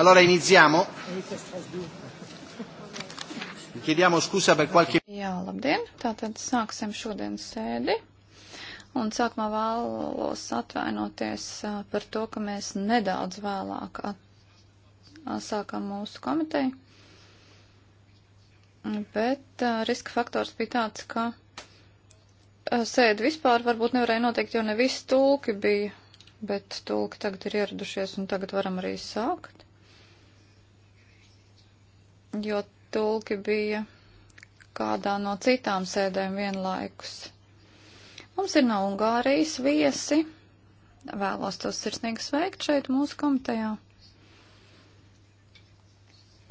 Allora iniziamo. Chiediamo scusa par qualche. Jā, labdien! Tātad sāksim šodienas sēdi. Un sākumā vēlos atvainoties par to, ka mēs nedaudz vēlāk sākām mūsu komiteju. Bet riska faktors bija tāds, ka sēdi vispār varbūt nevarēja noteikt, jo ne visi tulki bija, bet tulki tagad ir ieradušies un tagad varam arī sākt jo tulki bija kādā no citām sēdēm vienlaikus. Mums ir no Ungārijas viesi. Vēlos tos sirsnīgi sveikt šeit mūsu komitejā.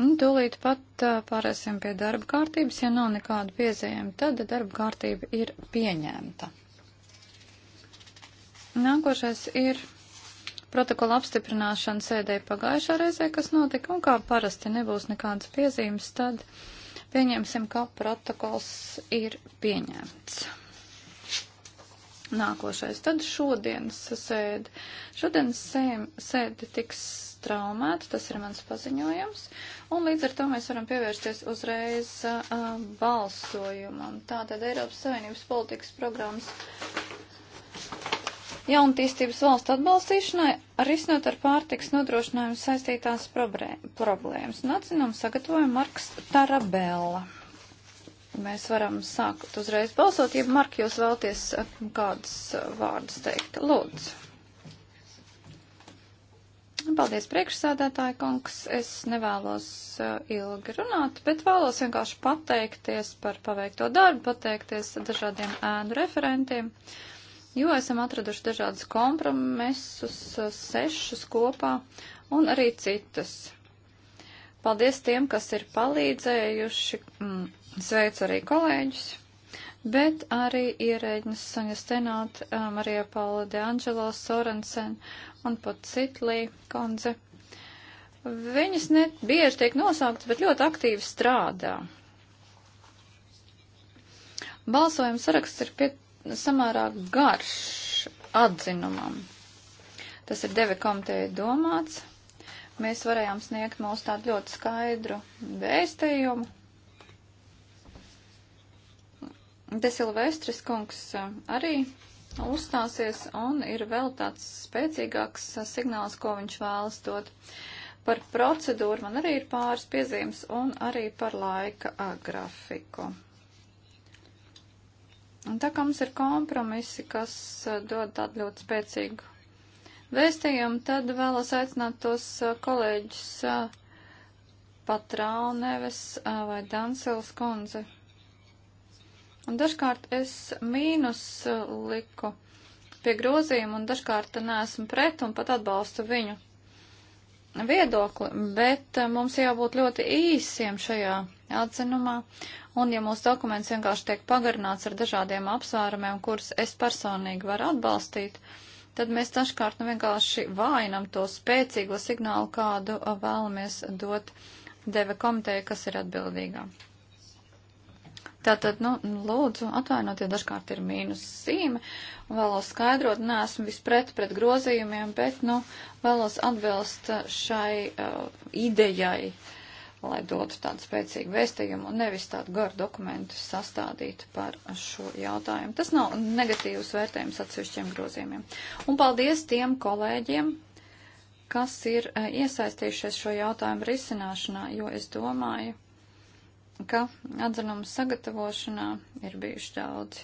Un tūlīt pat pārēsim pie darba kārtības, ja nav nekādu piezējumu, tad darba kārtība ir pieņemta. Nākošais ir protokola apstiprināšanu sēdē pagājušā reizē, kas notika, un kā parasti nebūs nekādas piezīmes, tad pieņemsim, ka protokols ir pieņemts. Nākošais tad šodienas sēde. Šodienas sēde tiks traumēta, tas ir mans paziņojums, un līdz ar to mēs varam pievērsties uzreiz uh, balsojumam. Tātad Eiropas Savienības politikas programmas jauntīstības valstu atbalstīšanai, risinot ar pārtiks nodrošinājumu saistītās problēmas. Nacinumu sagatavoja Marks Tarabella. Mēs varam sākt uzreiz balsot, ja Mark jūs vēlties eh, kādus eh, vārdus teikt. Lūdzu. Paldies, priekšsādātāja kungs. Es nevēlos eh, ilgi runāt, bet vēlos vienkārši pateikties par paveikto darbu, pateikties dažādiem ēnu referentiem. Uh, jo esam atraduši dažādus kompromisus, eh, sešus kopā un arī citus. Paldies tiem, kas ir palīdzējuši, mm, sveicu arī kolēģus, bet arī ierēģinus Soņa Stenāt, eh, Marija Paula De Angelo, Sorensen un pat Citlī Konze. Viņas ne bieži tiek nosauktas, bet ļoti aktīvi strādā. Balsojuma saraksts ir pietiekami samērā garš atzinumam. Tas ir deve komiteja domāts. Mēs varējām sniegt mūsu tādu ļoti skaidru vēstījumu. Desilvestris kungs uh, arī uzstāsies un ir vēl tāds spēcīgāks uh, signāls, ko viņš vēlas dot. Par procedūru man arī ir pāris piezīmes un arī par laika uh, grafiku. Un tā kā mums ir kompromisi, kas eh, dod tādu ļoti spēcīgu vēstījumu, tad vēlos aicināt tos eh, kolēģus eh, Patrāneves vai Dansils kundzi. Un dažkārt es mīnus liku pie grozījuma un dažkārt neesmu pret un pat atbalstu viņu viedokli, bet mums jābūt ļoti īsiem šajā atzinumā Un ja mūsu dokuments vienkārši tiek pagarināts ar dažādiem apsvērumiem, kurus es personīgi varu atbalstīt, tad mēs dažkārt nu vienkārši vājinam to spēcīgo signālu, kādu vēlamies dot deve komiteja, kas ir atbildīgā. Tātad, nu, lūdzu, atvainojiet, ja dažkārt ir mīnus zīme, un vēlos skaidrot, neesmu vispret pret grozījumiem, bet, nu, vēlos atbilst šai uh, idejai, lai dotu tādu spēcīgu vēstījumu un nevis tādu garu dokumentu sastādītu par šo jautājumu. Tas nav negatīvs vērtējums atsevišķiem grozījumiem. Un paldies tiem kolēģiem, kas ir eh, iesaistījušies šo jautājumu risināšanā, jo es domāju, ka atzinumu sagatavošanā ir bijuši daudz,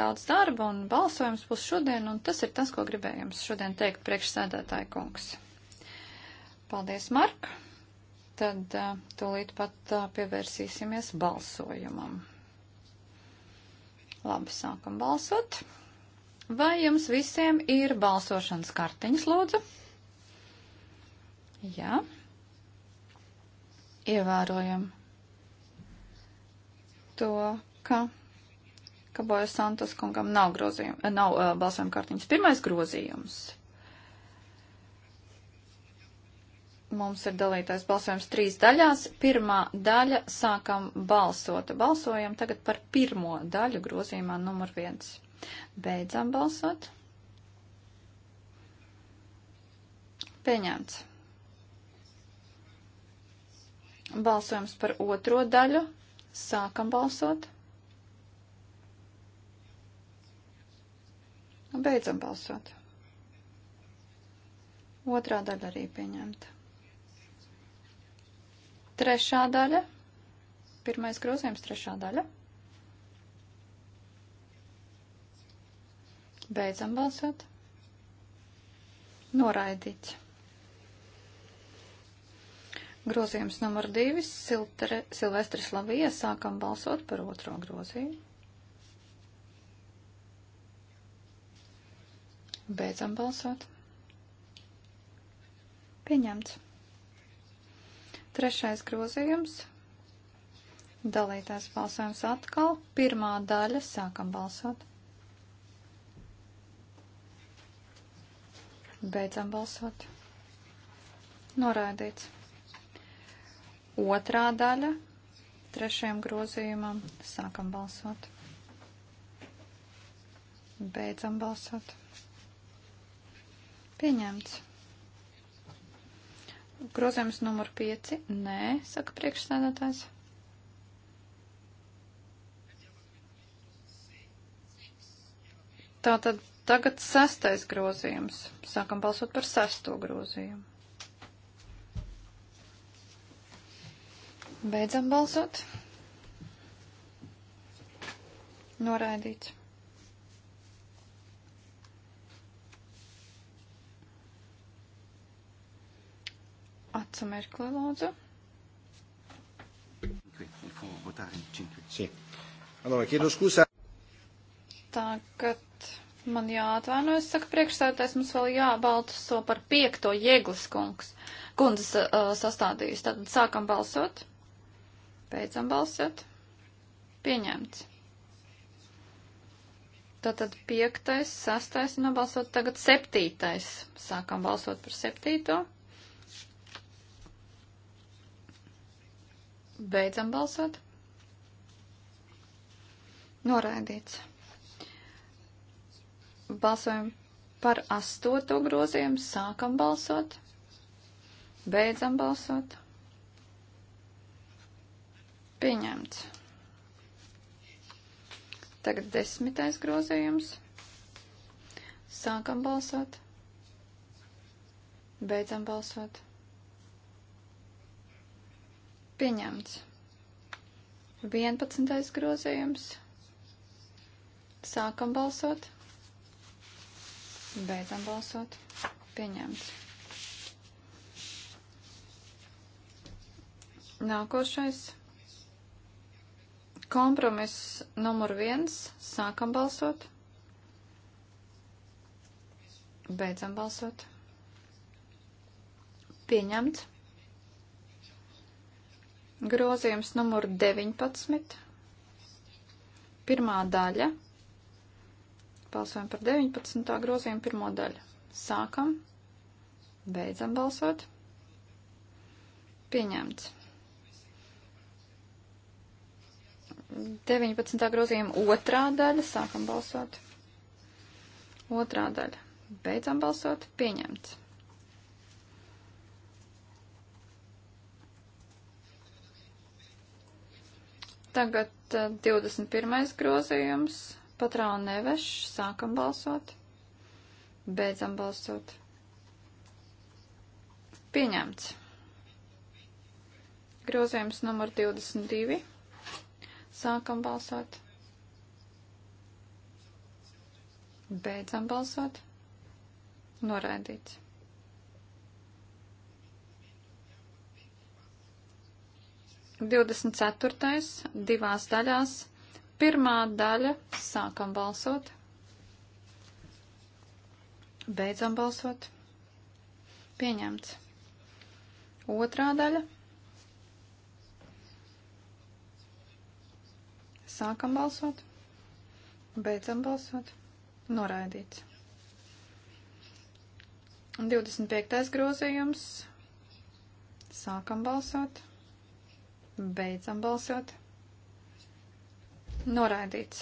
daudz darba un balsojums būs šodien, un tas ir tas, ko gribēju jums šodien teikt priekšsēdētāja kungs. Paldies, Marka! tad tūlīt pat pievērsīsimies balsojumam. Labi, sākam balsot. Vai jums visiem ir balsošanas kartiņas, lūdzu? Jā. Ievērojam to, ka Kaboja Santos kungam nav, grozījum, nav uh, balsojuma kartiņas. Pirmais grozījums. Mums ir dalītais balsojums trīs daļās. Pirmā daļa sākam balsot. Balsojam tagad par pirmo daļu grozījumā numur viens. Beidzam balsot. Pieņemts. Balsojums par otro daļu. Sākam balsot. Beidzam balsot. Otrā daļa arī pieņemta. Trešā daļa. Pirmais grozījums, trešā daļa. Beidzam balsot. Noraidīts. Grozījums numur divi - Silvestris Lavija. Sākam balsot par otro grozījumu. Beidzam balsot. Pieņemts. Trešais grozījums. Dalītais balsojums atkal. Pirmā daļa. Sākam balsot. Beidzam balsot. Noraidīts. Otrā daļa. Trešajam grozījumam. Sākam balsot. Beidzam balsot. Pieņemts. Grozījums numur 5. Nē, saka priekšsēdētājs. Tātad tagad sestais grozījums. Sākam balsot par sesto grozījumu. Beidzam balsot. Noraidīts. Atsumerkli lūdzu. Tagad man jāatvainojas, saka priekšsēdētājs, mums vēl jābalso par piekto Jēglis kungs. Kundzes uh, sastādījis. Tad sākam balsot. Beidzam balsot. Pieņemts. Tātad piektais, sastais ir nobalsot, tagad septītais. Sākam balsot par septīto. Beidzam balsot. Noraidīts. Balsojam par astoto grozījumu. Sākam balsot. Beidzam balsot. Pieņemts. Tagad desmitais grozījums. Sākam balsot. Beidzam balsot. Pieņemts. 11. grozījums. Sākam balsot. Beidzam balsot. Pieņemts. Nākošais. Kompromiss numur viens. Sākam balsot. Beidzam balsot. Pieņemts. Grozījums numur 19. Pirmā daļa. Balsojam par 19. grozījumu pirmo daļu. Sākam. Beidzam balsot. Pieņemts. 19. grozījuma otrā daļa. Sākam balsot. Otrā daļa. Beidzam balsot. Pieņemts. Tagad 21. Eh, grozījums. Patrāna neveš. Sākam balsot. Beidzam balsot. Pieņemts. Grozījums numur 22. Sākam balsot. Beidzam balsot. Noraidīts. 24. divās daļās. Pirmā daļa sākam balsot. Beidzam balsot. Pieņemts. Otrā daļa. Sākam balsot. Beidzam balsot. Noraidīts. 25. grozījums. Sākam balsot. Beidzam balsot. Noraidīts.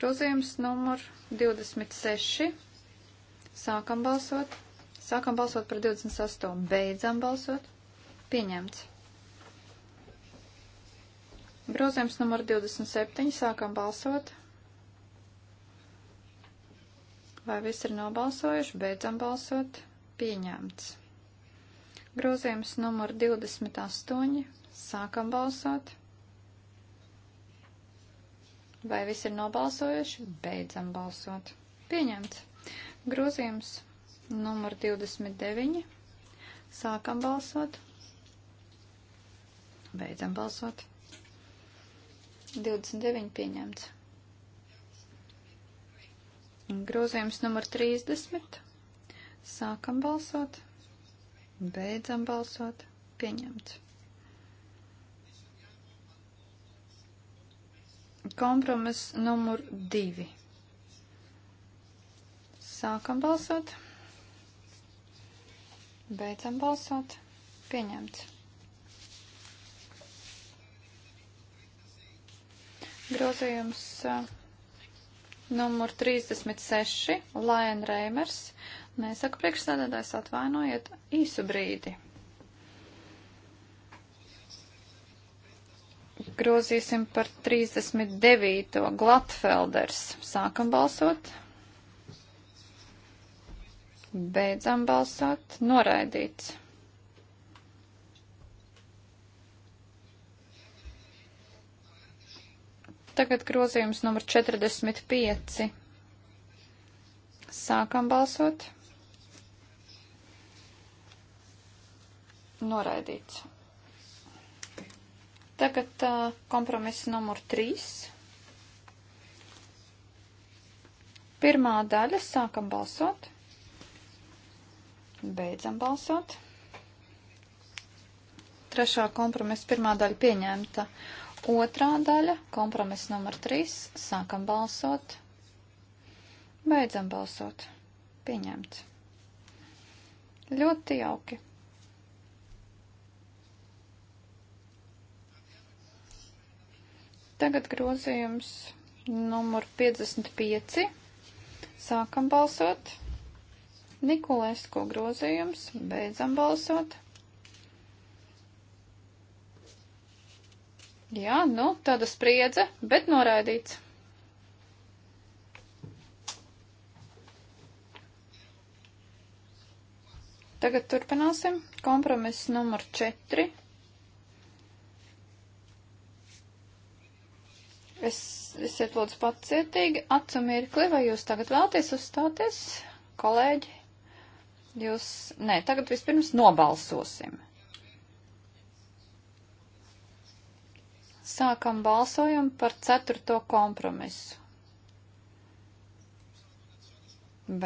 Grozījums numur 26. Sākam balsot. Sākam balsot par 28. Beidzam balsot. Pieņemts. Grozījums numur 27. Sākam balsot. Vai visi ir nobalsojuši? Beidzam balsot. Pieņemts. Grozījums numur 28. Sākam balsot. Vai visi ir nobalsojuši? Beidzam balsot. Pieņemts. Grozījums numur 29. Sākam balsot. Beidzam balsot. 29 pieņemts. Grozījums numur 30. Sākam balsot. Beidzam balsot. Pieņemts. Kompromiss numur divi. Sākam balsot. Beidzam balsot. Pieņemts. Grozījums uh, numur 36, Laina Reimers. Nesaka priekšsēdētājs atvainojiet īsu brīdi. grozīsim par 39. Glatfelders. Sākam balsot. Beidzam balsot. Noraidīts. Tagad grozījums numur 45. Sākam balsot. Noraidīts. Tagad uh, kompromiss numur 3. Pirmā daļa sākam balsot. Beidzam balsot. Trešā kompromisa pirmā daļa pieņemta. Otrā daļa, kompromisa numur 3, sākam balsot. Beidzam balsot. Pieņemts. Ļoti jauki. Tagad grozījums numur 55. Sākam balsot. Nikolēsko grozījums. Beidzam balsot. Jā, nu, tāda spriedze, bet noraidīts. Tagad turpināsim. Kompromiss numur 4. Es esiet lūdzu pacietīgi, atsumirkli, vai jūs tagad vēlaties uzstāties, kolēģi? Jūs, nē, tagad vispirms nobalsosim. Sākam balsojumu par ceturto kompromisu.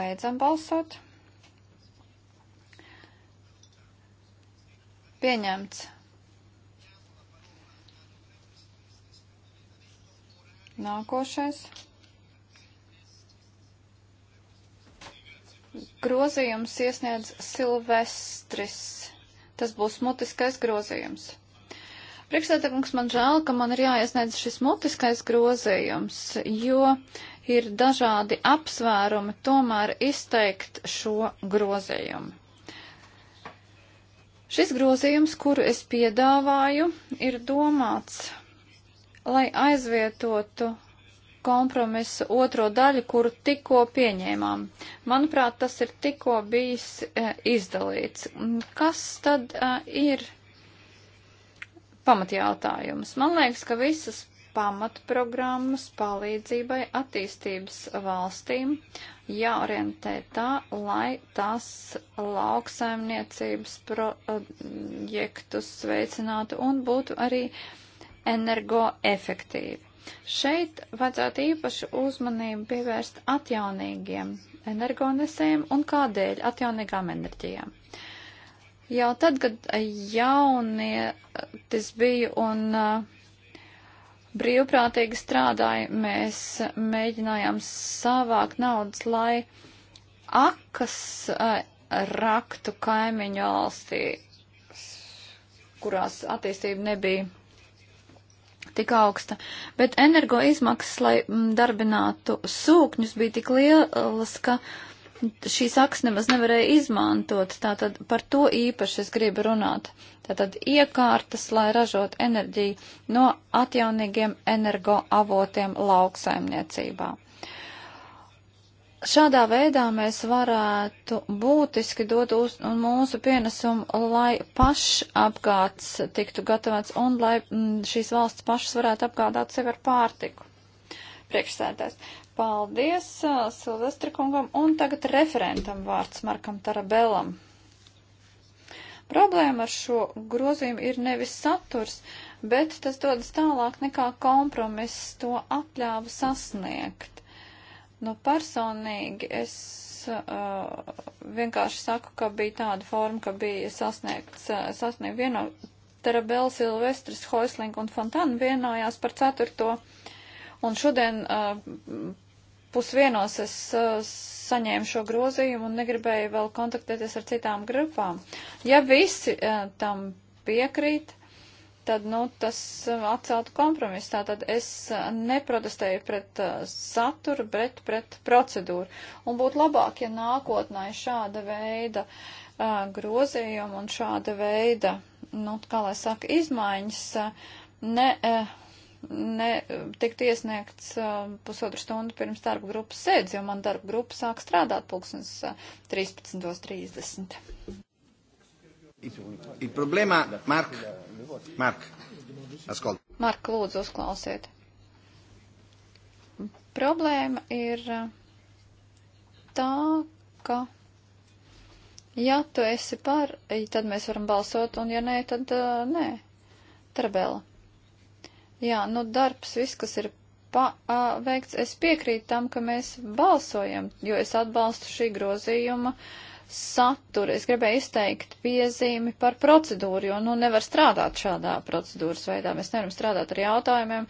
Beidzam balsot. Pieņemts Nākošais. Grozījums iesniedz Silvestris. Tas būs mutiskais grozījums. Priekšsēdētājums man žēl, ka man ir jāiesniedz šis mutiskais grozījums, jo ir dažādi apsvērumi tomēr izteikt šo grozījumu. Šis grozījums, kuru es piedāvāju, ir domāts lai aizvietotu kompromisa otro daļu, kuru tikko pieņēmām. Manuprāt, tas ir tikko bijis e, izdalīts. Kas tad e, ir pamatjautājums? Man liekas, ka visas pamatprogrammas palīdzībai attīstības valstīm jāorientē tā, lai tas lauksaimniecības eh, projektus veicinātu un būtu arī uh, energoefektīvi. Šeit vajadzētu īpašu uzmanību pievērst atjaunīgiem energonesējiem un kādēļ atjaunīgām enerģijām. Jau tad, kad jaunietis bija un uh, brīvprātīgi strādāja, mēs mēģinājām savākt naudas, lai akas uh, raktu kaimiņu valstī, kurās attīstība nebija tik augsta, bet energo izmaksas, lai mm, darbinātu sūkņus, bija tik lielas, ka šīs aks nemaz nevarēja izmantot. Tātad par to īpaši es gribu runāt. Tātad iekārtas, lai ražot enerģiju no atjaunīgiem energo avotiem lauksaimniecībā. Šādā veidā mēs varētu būtiski dot uz, mūsu pienesumu, lai pašapgāds tiktu gatavots un lai m, mm, šīs valsts pašas varētu apgādāt sevi ar pārtiku. Priekšsēdēs. Paldies uh, Silvestra kungam un tagad referentam vārds Markam Tarabelam. Problēma ar šo grozījumu ir nevis saturs, bet tas dodas tālāk nekā kompromiss to atļāva sasniegt Nu, personīgi es uh, vienkārši saku, ka bija tāda forma, ka bija sasniegts, uh, sasniegt vieno, Terabel, Silvestris, Hoisling un Fontāna vienojās par ceturto. Un šodien uh, pusvienos es uh, saņēmu šo grozījumu un negribēju vēl kontaktēties ar citām grupām. Ja visi uh, tam piekrīt, tad, nu, tas uh, atceltu kompromisu. Tātad es uh, neprotestēju pret uh, saturu, bet pret procedūru. Un būtu labāk, ja nākotnē šāda veida uh, grozījuma un šāda veida, nu, kā lai saka, izmaiņas ne, uh, ne tikt iesniegts uh, pusotru stundu pirms darba grupas sēdz, jo man darba grupa sāk strādāt pulksnes 13.30. Il problēma, Mark, Mark, ascolta. Mark, lūdzu, uzklausiet. Problēma ir eh, tā, ka, ja tu esi par, eh, tad mēs varam balsot, un ja nē, tad uh, nē. Trabela. Jā, nu darbs, viss, kas ir paveikts, uh, es piekrītu tam, ka mēs balsojam, jo es atbalstu šī grozījuma uh, saturu. Es gribēju izteikt piezīmi par procedūru, jo nu nevar strādāt šādā procedūras veidā. Mēs nevaram strādāt ar jautājumiem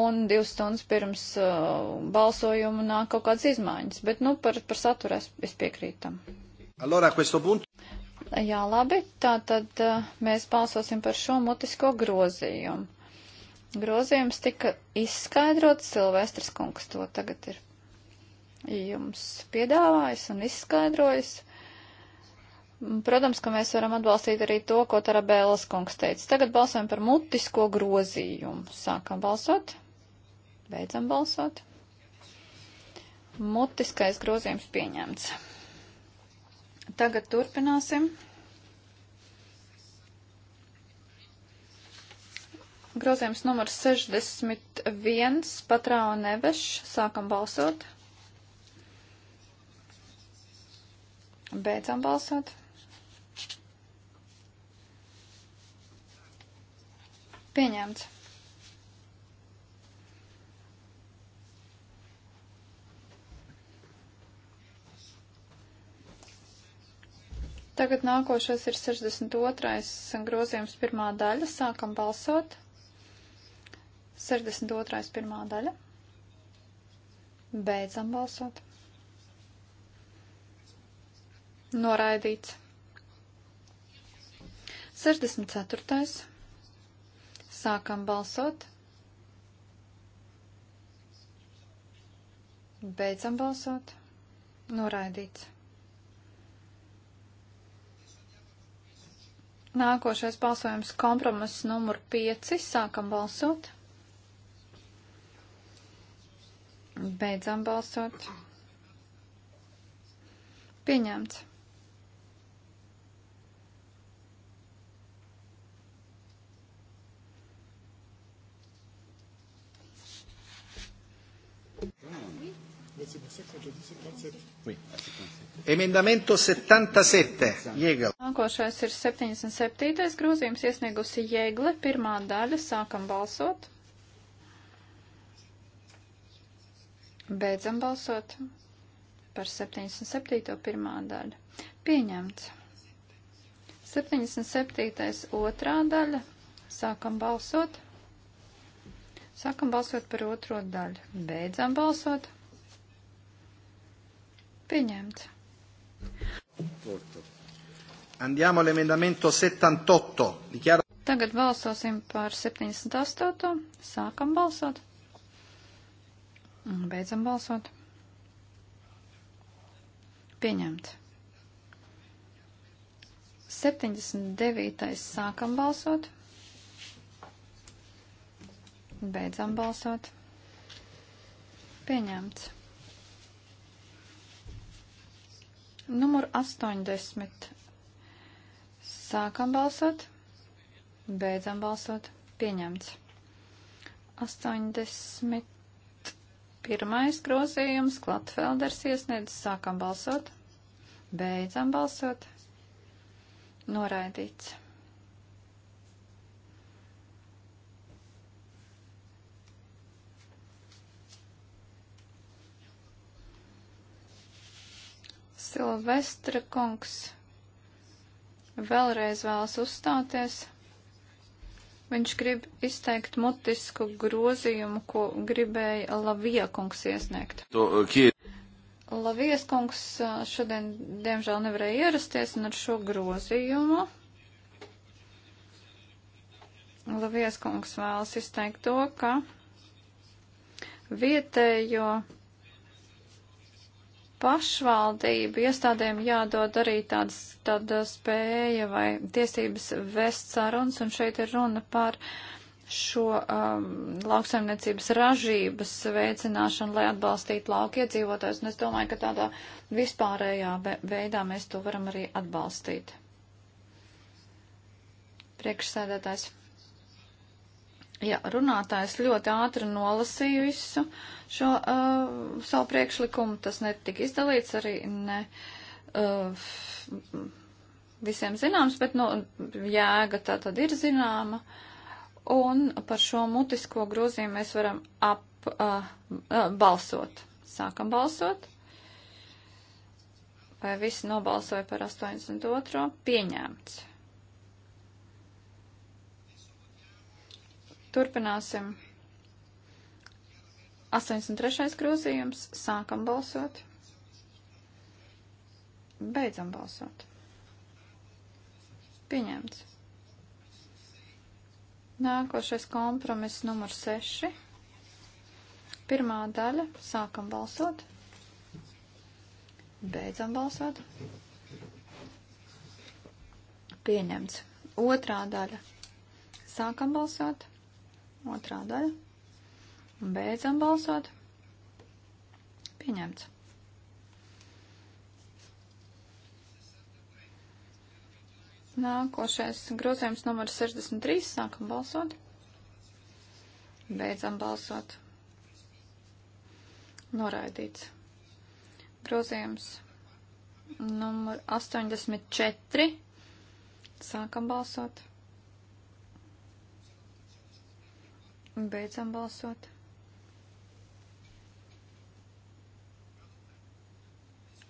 un divas stundas pirms uh, balsojuma nāk kaut kādas izmaiņas. Bet nu par, par saturu es, es piekrītu tam. Allora, Jā, labi, tā tad uh, mēs balsosim par šo mutisko grozījumu. Grozījums tika izskaidrots, Silvestris kungs to tagad ir jums piedāvājis un izskaidrojis. Protams, ka mēs varam atbalstīt arī to, ko Tarabēlas kungs teica. Tagad balsojam par mutisko grozījumu. Sākam balsot, beidzam balsot. Mutiskais grozījums pieņemts. Tagad turpināsim. Grozījums numurs 61, patrāva neveš, sākam balsot. Beidzam balsot. Pieņemts. Tagad nākošais ir 62. grozījums pirmā daļa. Sākam balsot. 62. pirmā daļa. Beidzam balsot. Noraidīts. 64. Sākam balsot. Beidzam balsot. Noraidīts. Nākošais balsojums kompromiss numur 5. Sākam balsot. Beidzam balsot. Pieņemts. Emendamento 77. Jēgle. Nākošais ir 77. grozījums iesniegusi Jēgle. Pirmā daļa. Sākam balsot. Beidzam balsot par 77. pirmā daļa. Pieņemts. 77. otrā daļa. Sākam balsot. Sākam balsot par otro daļu. Beidzam balsot. Pieņemt. Andiamo all'emendamento 78. Dichiaro... Tagad balsosim par 78. Sākam balsot. Un beidzam balsot. Pieņemt. 79. sākam balsot. Beidzam balsot. Pieņemts. Numur 80. Sākam balsot. Beidzam balsot. Pieņemts. 81. grozījums. Klatfelders iesniedz. Sākam balsot. Beidzam balsot. Noraidīts. Silvestra kungs vēlreiz vēlas uzstāties. Viņš grib izteikt mutisku grozījumu, ko gribēja Lavija kungs iesniegt. To, okay. Uh, Lavijas kungs uh, šodien, diemžēl, nevarēja ierasties un ar šo grozījumu. Lavijas kungs vēlas izteikt to, ka vietējo pašvaldību iestādēm jādod arī tāds, tāda spēja vai tiesības vest sarunas, un šeit ir runa par šo um, lauksaimniecības ražības veicināšanu, lai atbalstītu laukiedzīvotājs, un es domāju, ka tādā vispārējā veidā mēs to varam arī atbalstīt. Priekšsēdētājs. Jā, runātājs ļoti ātri nolasīja visu šo uh, savu priekšlikumu. Tas netika izdalīts arī ne uh, visiem zināms, bet no, nu, jēga tā tad ir zināma. Un par šo mutisko grozījumu mēs varam apbalsot. Uh, uh, Sākam balsot. Vai visi nobalsoja par 82. pieņēmts? Turpināsim. 83. grozījums. Sākam balsot. Beidzam balsot. Pieņemts. Nākošais kompromiss numur 6. Pirmā daļa. Sākam balsot. Beidzam balsot. Pieņemts. Otrā daļa. Sākam balsot. Otrā daļa. Beidzam balsot. Pieņemts. Nākošais grozījums numurs 63. Sākam balsot. Beidzam balsot. Noraidīts. Grozījums numur 84. Sākam balsot. Beidzam balsot.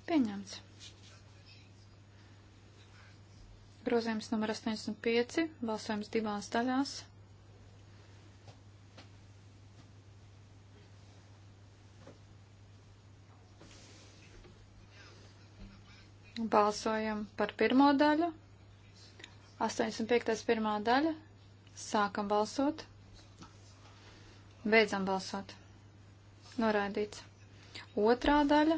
Pieņemts. Grozījums numur 85, balsojums divās daļās. Balsojam par pirmo daļu. 85. pirmā daļa. Sākam balsot. Beidzam balsot. Noraidīts. Otrā daļa.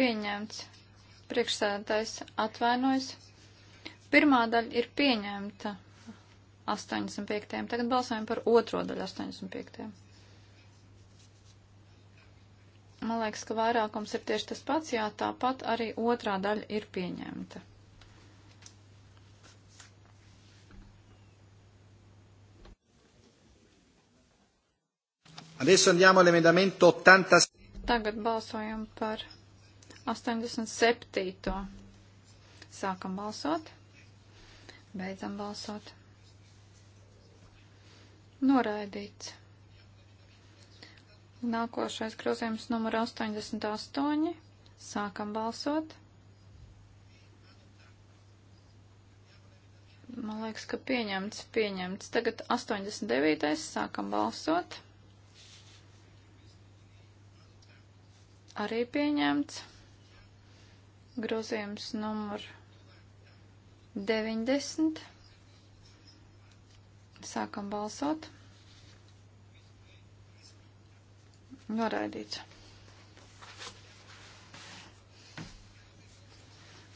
Pieņemts. Priekšsēdētājs atvainojas. Pirmā daļa ir pieņemta 85. Tagad balsojam par otro daļu 85. Man liekas, ka vairākums ir tieši tas pats, jā, tāpat arī otrā daļa ir pieņemta. Adesso andiamo all'emendamento 86. Tagad balsojam par 87. Sākam balsot. Beidzam balsot. Noraidīts. Nākošais grozījums numur 88. Sākam balsot. Man liekas, ka pieņemts, pieņemts. Tagad 89. sākam balsot. Arī pieņemts. Grozījums numur 90. Sākam balsot. Noraidīts.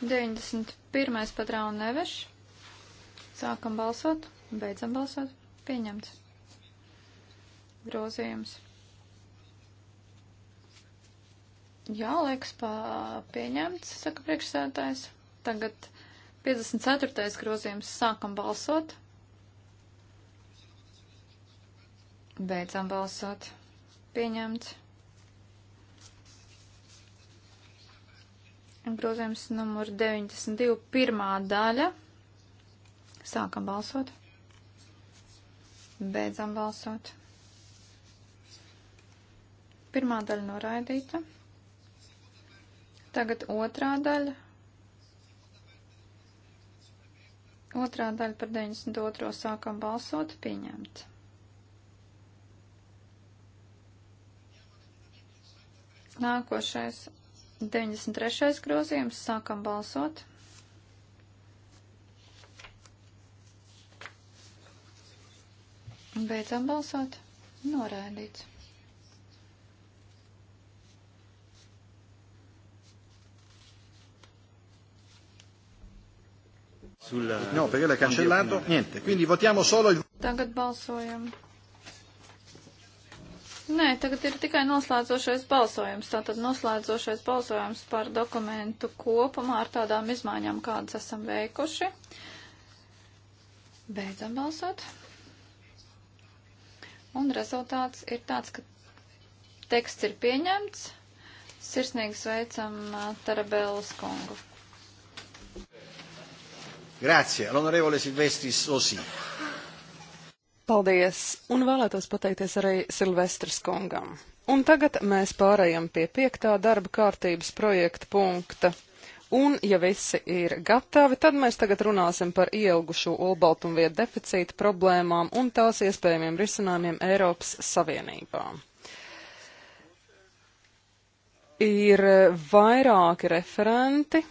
91. patrāna neveš. Sākam balsot, beidzam balsot. Pieņemts. Grozījums. Jā, liekas, pā, pieņemts, saka priekšsētājs. Tagad 54. grozījums. Sākam balsot. Beidzam balsot pieņemts. Grozījums numur 92, pirmā daļa. Sākam balsot. Beidzam balsot. Pirmā daļa noraidīta. Tagad otrā daļa. Otrā daļa par 92. sākam balsot, pieņemta. Nākošais 93. grozījums. Sākam balsot. Beidzam balsot. Noraidīts. Sulla... No, perché l'ha cancellato. Niente, quindi votiamo solo il... Tagad balsojam Nē, tagad ir tikai noslēdzošais balsojums. Tātad noslēdzošais balsojums par dokumentu kopumā ar tādām izmaiņām, kādas esam veikuši. Beidzam balsot. Un rezultāts ir tāds, ka teksts ir pieņemts. Sirsnīgi sveicam uh, Tarabēlas kungu. Grazie, l'onorevole Silvestris Osī. Paldies! Un vēlētos pateikties arī Silvestras kungam. Un tagad mēs pārējām pie piektā darba kārtības projekta punkta. Un, ja visi ir gatavi, tad mēs tagad runāsim par ielgušo olbaltumvietu deficīta problēmām un tās iespējamiem risinājumiem Eiropas Savienībā. Ir vairāki referenti,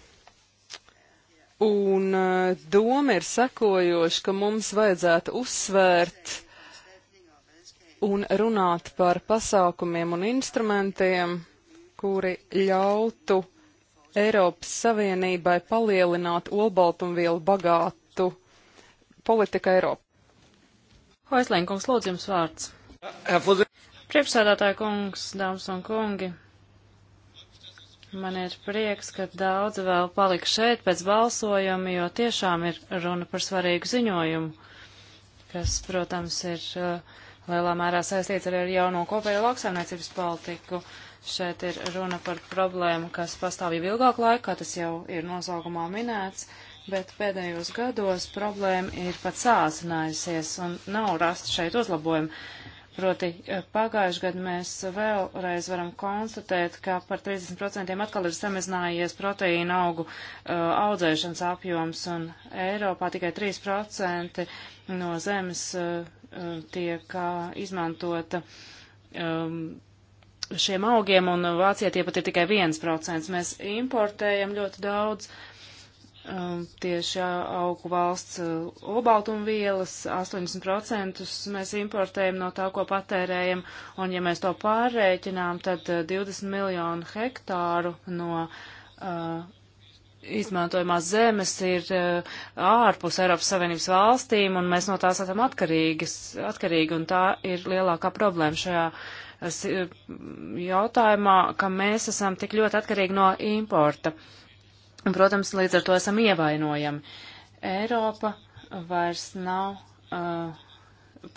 Un uh, doma ir sekojoša, ka mums vajadzētu uzsvērt un runāt par pasākumiem un instrumentiem, kuri ļautu Eiropas Savienībai palielināt olbaltumvielu bagātu politiku Eiropā. Hoislēn kungs, lūdzu jums vārds. Priekšsēdētāja kungs, dāmas un kungi, Man ir prieks, ka daudz vēl palika šeit pēc balsojuma, jo tiešām ir runa par svarīgu ziņojumu, kas, protams, ir uh, lielā mērā saistīts arī ar jauno kopējo lauksaimniecības politiku. Šeit ir runa par problēmu, kas pastāv jau ilgāku laiku, kā tas jau ir nosaukumā minēts, bet pēdējos gados problēma ir pat sāsinājusies un nav rast šeit uzlabojumu. Proti eh, pagājuši gadu mēs vēlreiz varam konstatēt, ka par 30% atkal ir samazinājies proteīna augu uh, audzēšanas apjoms, un Eiropā tikai 3% no zemes uh, tiek uh, izmantota um, šiem augiem, un Vācijā tie pat ir tikai 1%. Mēs importējam ļoti daudz uh, Um, tieši augu valsts olbaltumvielas, 80% mēs importējam no tā, ko patērējam, un ja mēs to pārrēķinām, tad 20 miljonu hektāru no uh, izmantojamās zemes ir uh, ārpus Eiropas Savienības valstīm, un mēs no tās esam atkarīgas, atkarīgi, un tā ir lielākā problēma šajā jautājumā, ka mēs esam tik ļoti atkarīgi no importa. Uh, Un, protams, līdz ar to esam ievainojami. Eiropa vairs nav uh,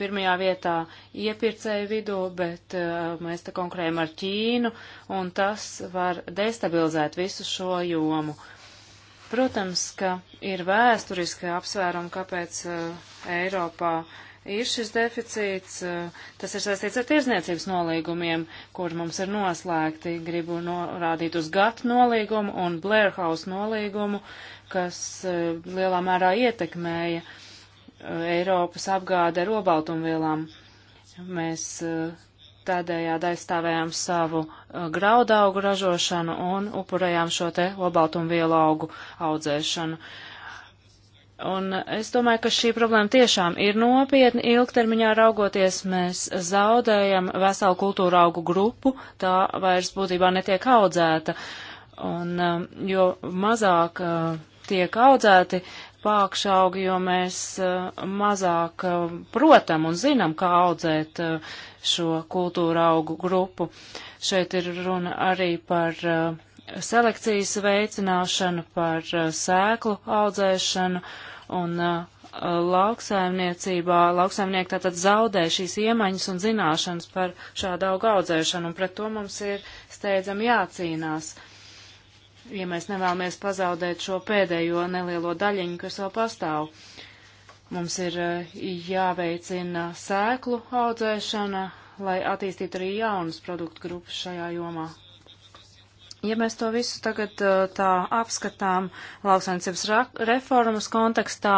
pirmajā vietā iepirkēju vidū, bet uh, mēs te konkurējam ar Ķīnu, un tas var destabilizēt visu šo jomu. Protams, ka ir vēsturiski apsvērumi, kāpēc uh, Eiropā ir šis deficīts, eh, tas ir saistīts ar tirzniecības nolīgumiem, kur mums ir noslēgti. Gribu norādīt uz GATT nolīgumu un Blair House nolīgumu, kas eh, lielā mērā ietekmēja eh, Eiropas apgāde ar obaltumvielām. Mēs tādējādi aizstāvējām savu graudaugu ražošanu un upurējām šo te obaltumvielu augu audzēšanu. Uh, Un es domāju, ka šī problēma tiešām ir nopietna. Ilgtermiņā raugoties, mēs zaudējam veselu kultūra augu grupu, tā vairs būtībā netiek audzēta. Un um, jo mazāk uh, tiek audzēti pākšaugi, jo mēs uh, mazāk uh, protam un zinām, kā audzēt šo kultūra augu grupu. Šeit ir runa arī par selekcijas veicināšanu, par uh, sēklu audzēšanu un uh, lauksaimniecībā. Lauksaimnieki tātad zaudē šīs iemaņas un zināšanas par šādu augu audzēšanu, un pret to mums ir steidzami jācīnās, ja mēs nevēlamies pazaudēt šo pēdējo nelielo daļiņu, kas vēl pastāv. Mums ir uh, jāveicina sēklu audzēšana, lai attīstītu arī jaunas produktu grupas šajā jomā. Ja mēs to visu tagad uh, tā apskatām lauksainicības reformas kontekstā,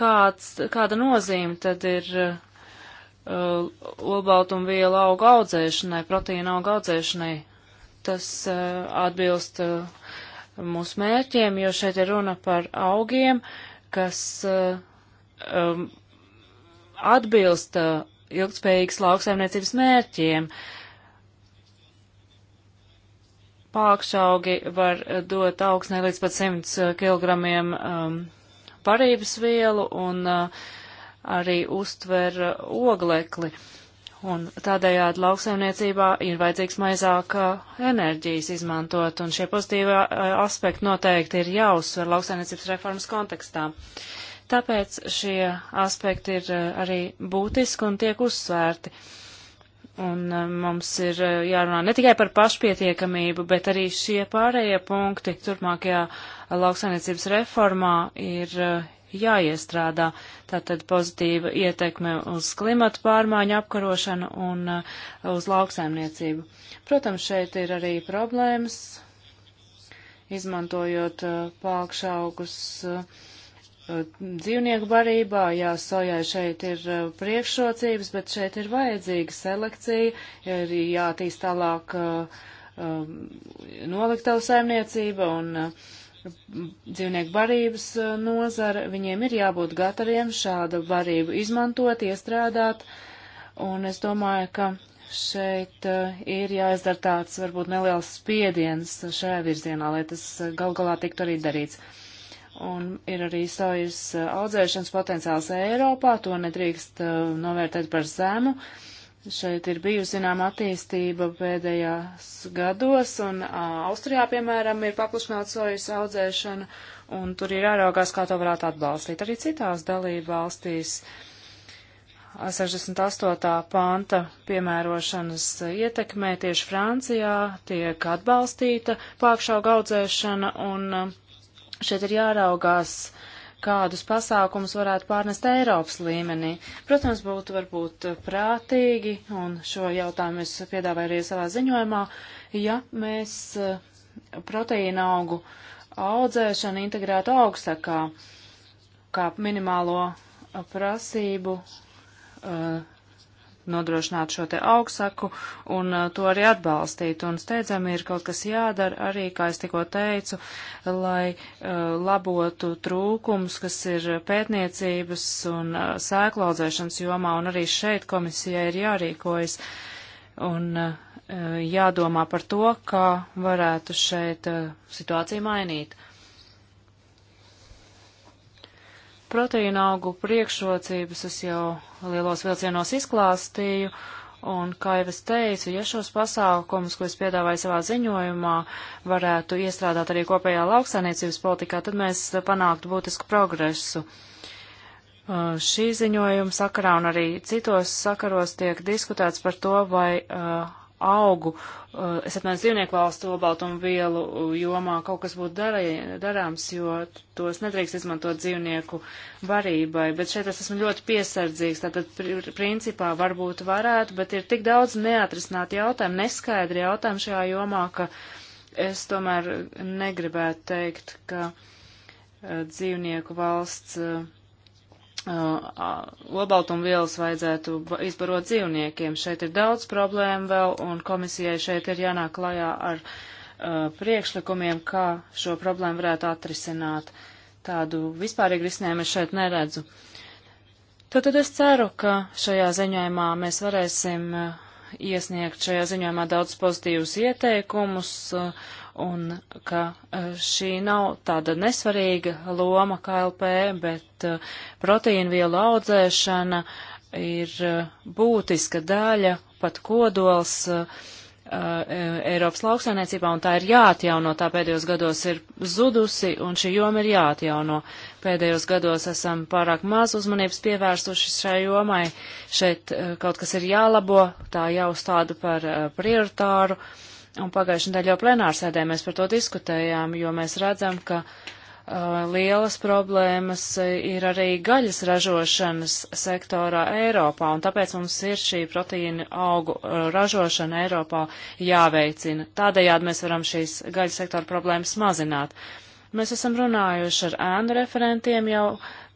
kāds, kāda nozīme tad ir uh, olbaltumvielu augu audzēšanai, proteīna augu audzēšanai, tas uh, atbilst uh, mūsu mērķiem, jo šeit ir runa par augiem, kas uh, um, atbilst uh, ilgspējīgas lauksaimniecības mērķiem. Uh, Pākšaugi var eh, dot augsnē līdz pat 100 eh, kg um, parības vielu un uh, arī uztver uh, oglekli. Un tādējādi lauksaimniecībā ir vajadzīgs maizāk enerģijas izmantot, un šie pozitīvā aspekti noteikti ir jāuzsver lauksaimniecības reformas kontekstā. Tāpēc šie aspekti ir arī būtiski un tiek uzsvērti. Uh, Un eh, mums ir eh, jārunā ne tikai par pašpietiekamību, bet arī šie pārējie punkti turpmākajā lauksainiecības reformā ir eh, jāiestrādā. Tātad pozitīva ietekme uz klimatu pārmaiņu apkarošanu un uz lauksaimniecību. Protams, šeit ir arī problēmas, izmantojot pākšaugus. Uh, dzīvnieku barībā, jā, sojai šeit ir uh, priekšrocības, bet šeit ir vajadzīga selekcija, ir jātīst tālāk uh, um, noliktavu saimniecība un uh, dzīvnieku barības nozara. Viņiem ir jābūt gataviem šādu barību izmantot, iestrādāt, un es domāju, ka šeit ir jāizdara tāds varbūt neliels spiediens šajā virzienā, lai tas gal galā tiktu arī darīts un ir arī sojas uh, audzēšanas potenciāls Eiropā, to nedrīkst uh, novērtēt par zemu. Šeit ir bijusi zinām attīstība pēdējās gados, un uh, Austrijā, piemēram, ir paplašināta sojas audzēšana, un tur ir jāraugās, kā to varētu atbalstīt. Arī citās dalība valstīs 68. panta piemērošanas ietekmē tieši Francijā tiek atbalstīta pākšauga audzēšana, un Šeit ir jāraugās, kādus pasākumus varētu pārnest Eiropas līmenī. Protams, būtu varbūt prātīgi, un šo jautājumu es piedāvāju arī savā ziņojumā, ja mēs eh, proteīna augu audzēšanu integrētu augstakā kā minimālo eh, prasību uh, nodrošināt šo te augsaku un uh, to arī atbalstīt. Un steidzami ir kaut kas jādara arī, kā es tikko teicu, lai uh, labotu trūkums, kas ir pētniecības un uh, sēklaudzēšanas jomā, un arī šeit komisijai ir jārīkojas. Un jādomā par to, kā varētu šeit situāciju mainīt. Proteīna augu priekšrocības es jau lielos vilcienos izklāstīju, un, kā jau es teicu, ja šos pasākumus, ko es piedāvāju savā ziņojumā, varētu iestrādāt arī kopējā lauksainiecības politikā, tad mēs panāktu būtisku progresu. Uh, šī ziņojuma sakarā un arī citos sakaros tiek diskutēts par to, vai uh, augu, uh, es atmanu dzīvnieku valstu obaltumu vielu uh, jomā kaut kas būtu darī, darāms, jo tos nedrīkst izmantot dzīvnieku varībai, bet šeit es esmu ļoti piesardzīgs, tātad pr principā varbūt varētu, bet ir tik daudz neatrisināti jautājumi, neskaidri jautājumi šajā jomā, ka es tomēr negribētu teikt, ka uh, dzīvnieku valsts uh, Uh, olbaltumvielas vajadzētu izbarot dzīvniekiem. Šeit ir daudz problēmu vēl, un komisijai šeit ir jānāk klajā ar uh, priekšlikumiem, kā šo problēmu varētu atrisināt. Tādu vispārīgu risinājumu es šeit neredzu. Tad, tad es ceru, ka šajā ziņojumā mēs varēsim uh, iesniegt šajā ziņojumā daudz pozitīvus ieteikumus, uh, un ka e, šī nav tāda nesvarīga loma KLP, bet e, proteīnu vielu audzēšana ir e, būtiska daļa, pat kodols Eiropas lauksainiecībā, un tā ir jāatjauno, tā pēdējos gados ir zudusi, un šī joma ir jāatjauno. Pēdējos gados esam pārāk maz uzmanības pievērstuši šai jomai, šeit kaut kas ir jālabo, tā jau stādu par prioritāru. Uh, Un pagājušajā nedēļā jau plenārsēdē mēs par to diskutējām, jo mēs redzam, ka uh, lielas problēmas uh, ir arī gaļas ražošanas sektorā Eiropā, un tāpēc mums ir šī proteīna augu uh, ražošana Eiropā jāveicina. Tādējādi mēs varam šīs gaļas sektora problēmas mazināt. Mēs esam runājuši ar ēnu referentiem jau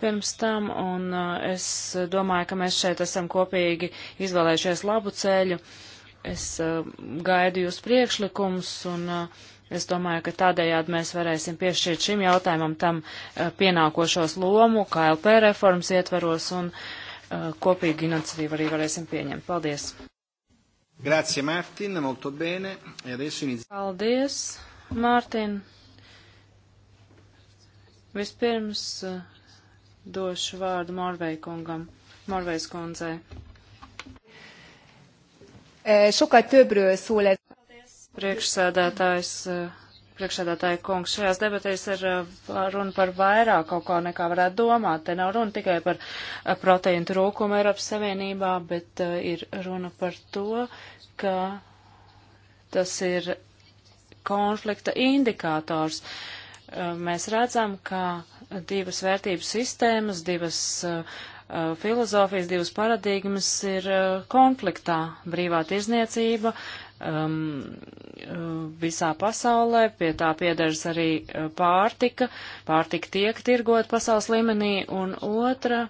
pirms tam, un uh, es domāju, ka mēs šeit esam kopīgi izvēlējušies labu ceļu. Uh, Es eh, gaidu jūs priekšlikumus un eh, es domāju, ka tādējādi mēs varēsim piešķirt šim jautājumam tam eh, pienākošos lomu KLP reformas ietvaros un kopīgu iniciatīvu arī varēsim pieņemt. Paldies! Grazie Martin, molto bene. E adesso iniziamo. Paldies, Mārtin. Vispirms došu vārdu Morvei kungam, Morvejas kundzei. Eh, sokkal többről szól ez. Priekšsēdētājs, eh, priekšsēdētāja kungs, šajās debatēs ir eh, runa par vairāk kaut kā nekā varētu domāt. Te nav runa tikai par proteīnu trūkumu Eiropas Savienībā, bet ir runa par to, ka tas ir konflikta indikators. Mēs redzam, ka divas vērtības sistēmas, divas uh, Eh, filozofijas divas paradigmas ir eh, konfliktā. Brīvā tirzniecība um, visā pasaulē, pie tā piedaras arī pārtika. Pārtika tiek tirgot pasaules līmenī, un otra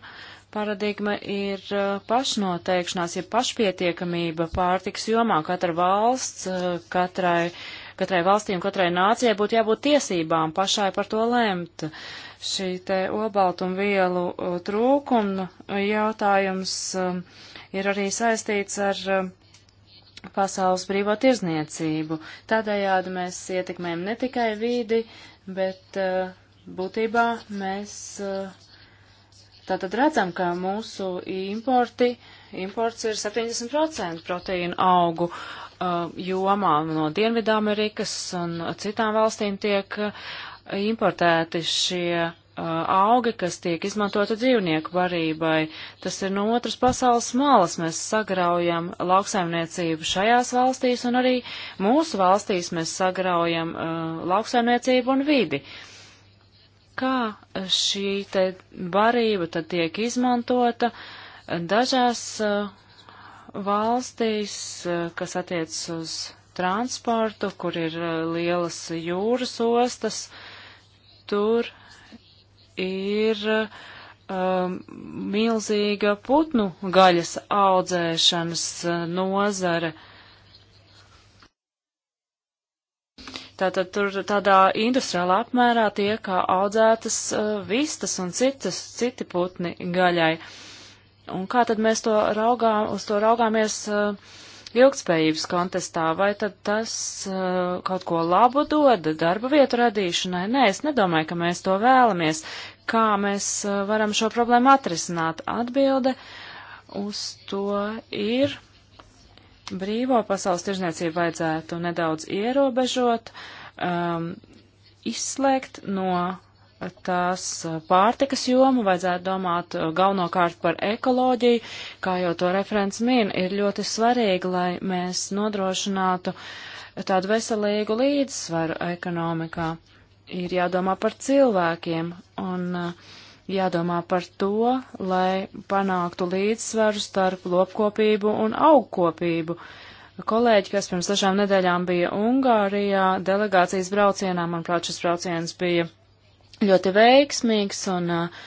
paradigma ir pašnoteikšanās, ja pašpietiekamība pārtiks jomā. Katra valsts, katrai uh, katrai valstī un katrai nācijai būtu jābūt tiesībām pašai par to lēmt. Šī te obaltumvielu uh, trūkuma jautājums um, ir arī saistīts ar um, pasaules brīvo tirzniecību. Tādējādi mēs ietekmējam ne tikai vīdi, bet uh, būtībā mēs uh, tātad redzam, ka mūsu importi, imports ir 70% proteīnu augu Uh, jomā no Dienvidāmerikas un citām valstīm tiek uh, importēti šie uh, augi, kas tiek izmantota dzīvnieku barībai. Tas ir no otras pasaules malas. Mēs sagraujam lauksaimniecību šajās valstīs un arī mūsu valstīs mēs sagraujam uh, lauksaimniecību un vidi. Kā šī te barība tad tiek izmantota dažās uh, valstīs, eh, kas attiec uz transportu, kur ir eh, lielas jūras ostas, tur ir um, milzīga putnu gaļas audzēšanas nozare. Tātad tur tādā industriālā apmērā tiek audzētas uh, vistas un citas, citi putni gaļai. Uh, Un kā tad mēs to raugā, uz to raugāmies uh, ilgtspējības kontestā? Vai tad tas uh, kaut ko labu dod darba vietu radīšanai? Nē, es nedomāju, ka mēs to vēlamies. Kā mēs uh, varam šo problēmu atrisināt? Atbilde uz to ir brīvo pasaules tirzniecību vajadzētu nedaudz ierobežot, um, izslēgt no tās eh, pārtikas jomu, vajadzētu domāt eh, galvenokārt par ekoloģiju, kā jau to referents min, ir ļoti svarīgi, lai mēs nodrošinātu tādu veselīgu līdzsvaru ekonomikā. Ir jādomā par cilvēkiem un eh, jādomā par to, lai panāktu līdzsvaru starp lopkopību un augkopību. Kolēģi, kas pirms dažām nedēļām bija Ungārijā, delegācijas braucienā, manuprāt, šis brauciens bija ļoti veiksmīgs, un uh,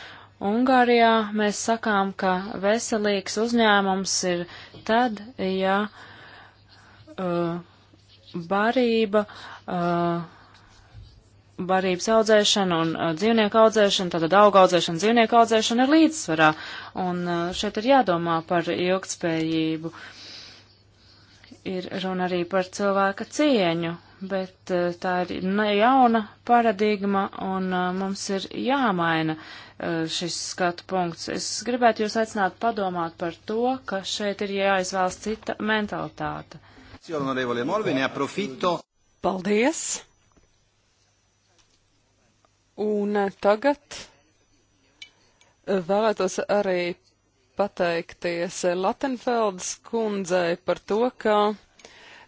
Ungārijā mēs sakām, ka veselīgs uzņēmums ir tad, ja uh, barība, uh, barības audzēšana un uh, dzīvnieku audzēšana, tātad auga audzēšana, dzīvnieku audzēšana ir līdzsvarā, un uh, šeit ir jādomā par ilgtspējību. Ir runa arī par cilvēka cieņu, bet eh, tā ir jauna paradigma un eh, mums ir jāmaina eh, šis skatu punkts. Es gribētu jūs aicināt padomāt par to, ka šeit ir jāizvēlas cita mentalitāte. Paldies! Un tagad vēlētos arī pateikties Latenfeldes kundzei par to, ka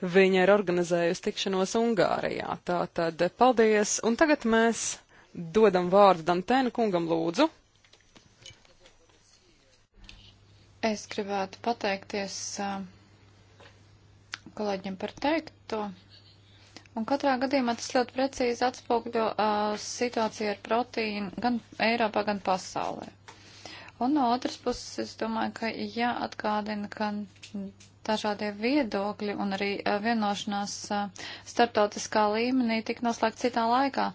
Viņa ir organizējusi tikšanos Ungārijā. Tātad paldies, un tagad mēs dodam vārdu Dantēna kungam lūdzu. Es gribētu pateikties kolēģiem par teikto. Un katrā gadījumā tas ļoti precīzi atspoguļo uh, situāciju ar proteīnu gan Eiropā, gan pasaulē. Un no otras puses, es domāju, ka jāatgādina, ka dažādie viedokļi un arī vienošanās starptautiskā līmenī tika noslēgt citā laikā.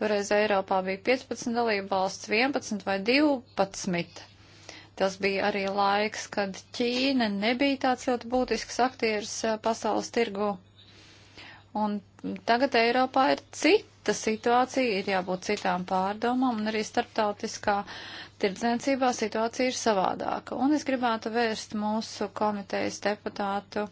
Toreiz Eiropā bija 15 dalību valsts, 11 vai 12. Tas bija arī laiks, kad Ķīna nebija tāds ļoti būtisks aktieris pasaules tirgu. Un tagad Eiropā ir citi cita situācija, ir jābūt citām pārdomām, un arī starptautiskā tirdzniecībā situācija ir savādāka. Un es gribētu vērst mūsu komitejas deputātu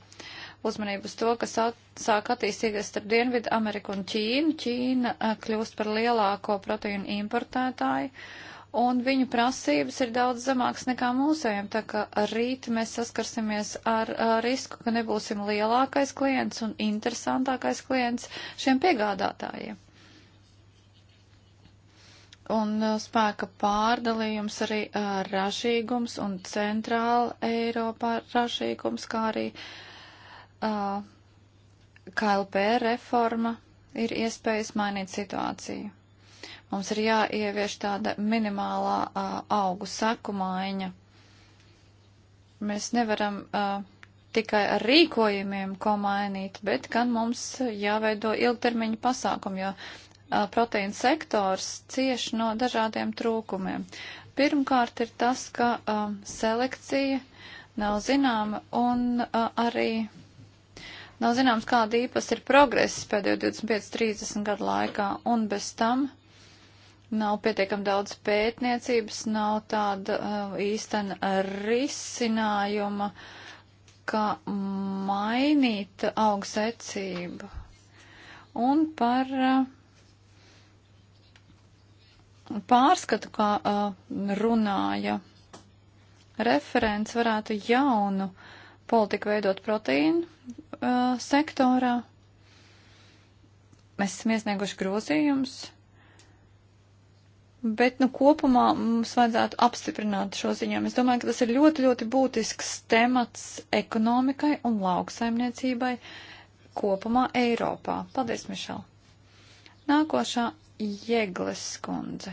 uzmanību uz to, ka sāk attīstīties starp Dienvidu Ameriku un Ķīnu. Ķīna eh, kļūst par lielāko proteīnu importētāju un viņu prasības ir daudz zemākas nekā mūsējiem, tā ka rīt mēs saskarsimies ar, ar eh, risku, ka nebūsim lielākais klients un interesantākais klients šiem piegādātājiem. Un uh, spēka pārdalījums arī uh, ražīgums un centrāla Eiropā ražīgums, kā arī uh, KLP reforma ir iespējas mainīt situāciju. Mums ir jāievieš tāda minimālā uh, augu seku maiņa. Mēs nevaram uh, tikai ar rīkojumiem ko mainīt, bet gan mums jāveido ilgtermiņa pasākumi, jo proteīna sektors cieši no dažādiem trūkumiem. Pirmkārt ir tas, ka a, selekcija nav zināma un a, arī nav zināms, kāda īpas ir progress pēdējo 25-30 gadu laikā un bez tam nav pietiekami daudz pētniecības, nav tāda uh, īstena risinājuma, kā mainīt augsecību. Un par uh, pārskatu, kā runāja referents, varētu jaunu politiku veidot proteīnu sektorā. Mēs esam iesnieguši grozījumus. Bet, nu, kopumā mums vajadzētu apstiprināt šo ziņojumu. Es domāju, ka tas ir ļoti, ļoti būtisks temats ekonomikai un lauksaimniecībai kopumā Eiropā. Paldies, Mišel! Nākošā Jēglis kundze.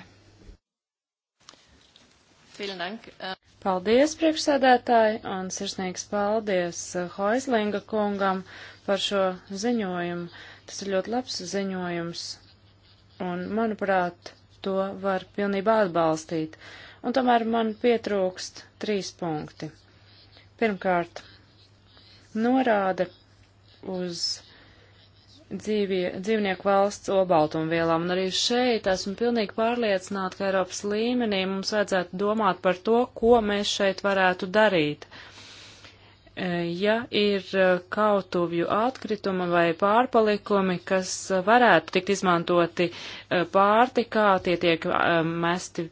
Paldies, priekšsēdētāji, un sirsnīgs paldies eh, Hoislinga kungam par šo ziņojumu. Tas ir ļoti labs ziņojums, un, manuprāt, to var pilnībā atbalstīt. Un tomēr man pietrūkst trīs punkti. Pirmkārt, norāde uz dzīvie, dzīvnieku valsts obaltumvielām. Un arī šeit esmu pilnīgi pārliecināta, ka Eiropas līmenī mums vajadzētu domāt par to, ko mēs šeit varētu darīt. E, ja ir e, kautuvju atkritumi vai pārpalikumi, kas varētu tikt izmantoti e, pārtikā, tie tiek mesti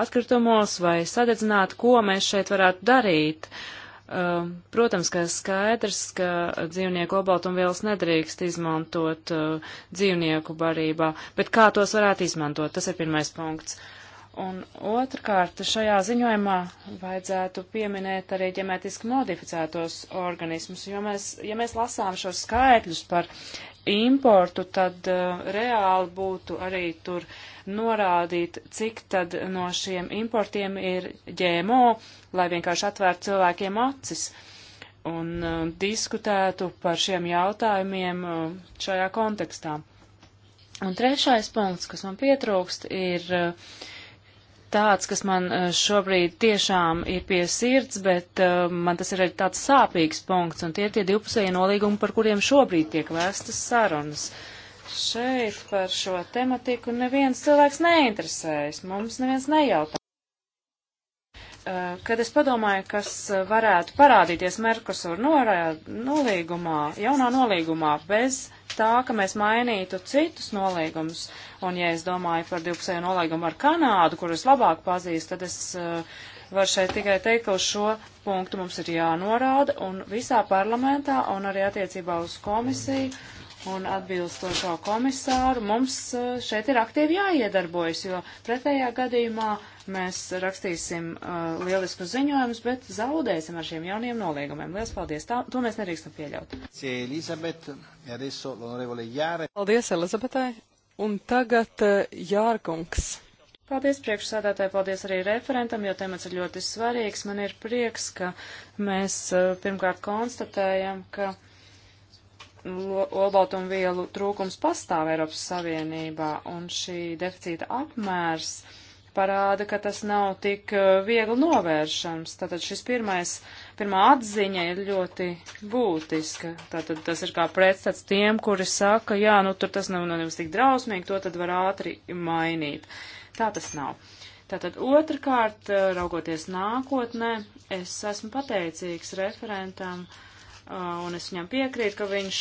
atkritumos vai sadedzināti, ko mēs šeit varētu darīt. Uh, Um, protams, ka skaidrs, ka dzīvnieku obaltumvielas nedrīkst izmantot uh, dzīvnieku barībā, bet kā tos varētu izmantot, tas ir pirmais punkts. Uh, Un otrkārt, šajā ziņojumā vajadzētu pieminēt arī ģenētiski modificētos organismus, jo mēs, ja mēs lasām šos skaitļus par importu, tad uh, reāli būtu arī tur norādīt, cik tad no šiem importiem ir ģēmo, lai vienkārši atvērtu cilvēkiem acis un uh, diskutētu par šiem jautājumiem uh, šajā kontekstā. Un trešais punkts, kas man pietrūkst, ir uh, tāds, kas man eh, šobrīd tiešām ir pie sirds, bet uh, man tas ir arī tāds sāpīgs punkts, un tie ir tie divpusējie nolīgumi, par kuriem šobrīd tiek vēstas sarunas. Šeit par šo tematiku neviens cilvēks neinteresējas, mums neviens nejautā. Eh, kad es padomāju, kas eh, varētu parādīties Merkusur nolīgumā, jaunā nolīgumā, bez tā, ka mēs mainītu citus nolīgumus, un ja es domāju par divpusēju nolīgumu ar Kanādu, kur es labāk pazīstu, tad es uh, eh, var šeit tikai teikt, ka uz šo punktu mums ir jānorāda un visā parlamentā un arī attiecībā uz komisiju un atbilstošo komisāru mums šeit ir aktīvi jāiedarbojas, jo pretējā gadījumā Mēs rakstīsim uh, lielisku ziņojumus, bet zaudēsim ar šiem jauniem noliegumiem. Lielas paldies! Tā, to mēs nedrīkstam pieļaut. E paldies, Elizabetai! Un tagad uh, Jārkungs. Paldies priekšsādātāji, paldies arī referentam, jo temats ir ļoti svarīgs. Man ir prieks, ka mēs uh, pirmkārt konstatējam, ka olbaltumvielu trūkums pastāv Eiropas Savienībā un šī deficīta apmērs parāda, ka tas nav tik uh, viegli novēršams. Tātad šis pirmais, pirmā atziņa ir ļoti būtiska. Tātad tas ir kā pretstats tiem, kuri saka, jā, nu tur tas nav no jums tik drausmīgi, to tad var ātri mainīt. Tā tas nav. Tātad otrkārt, uh, raugoties nākotnē, es esmu pateicīgs referentam. Uh, un es viņam piekrītu, ka viņš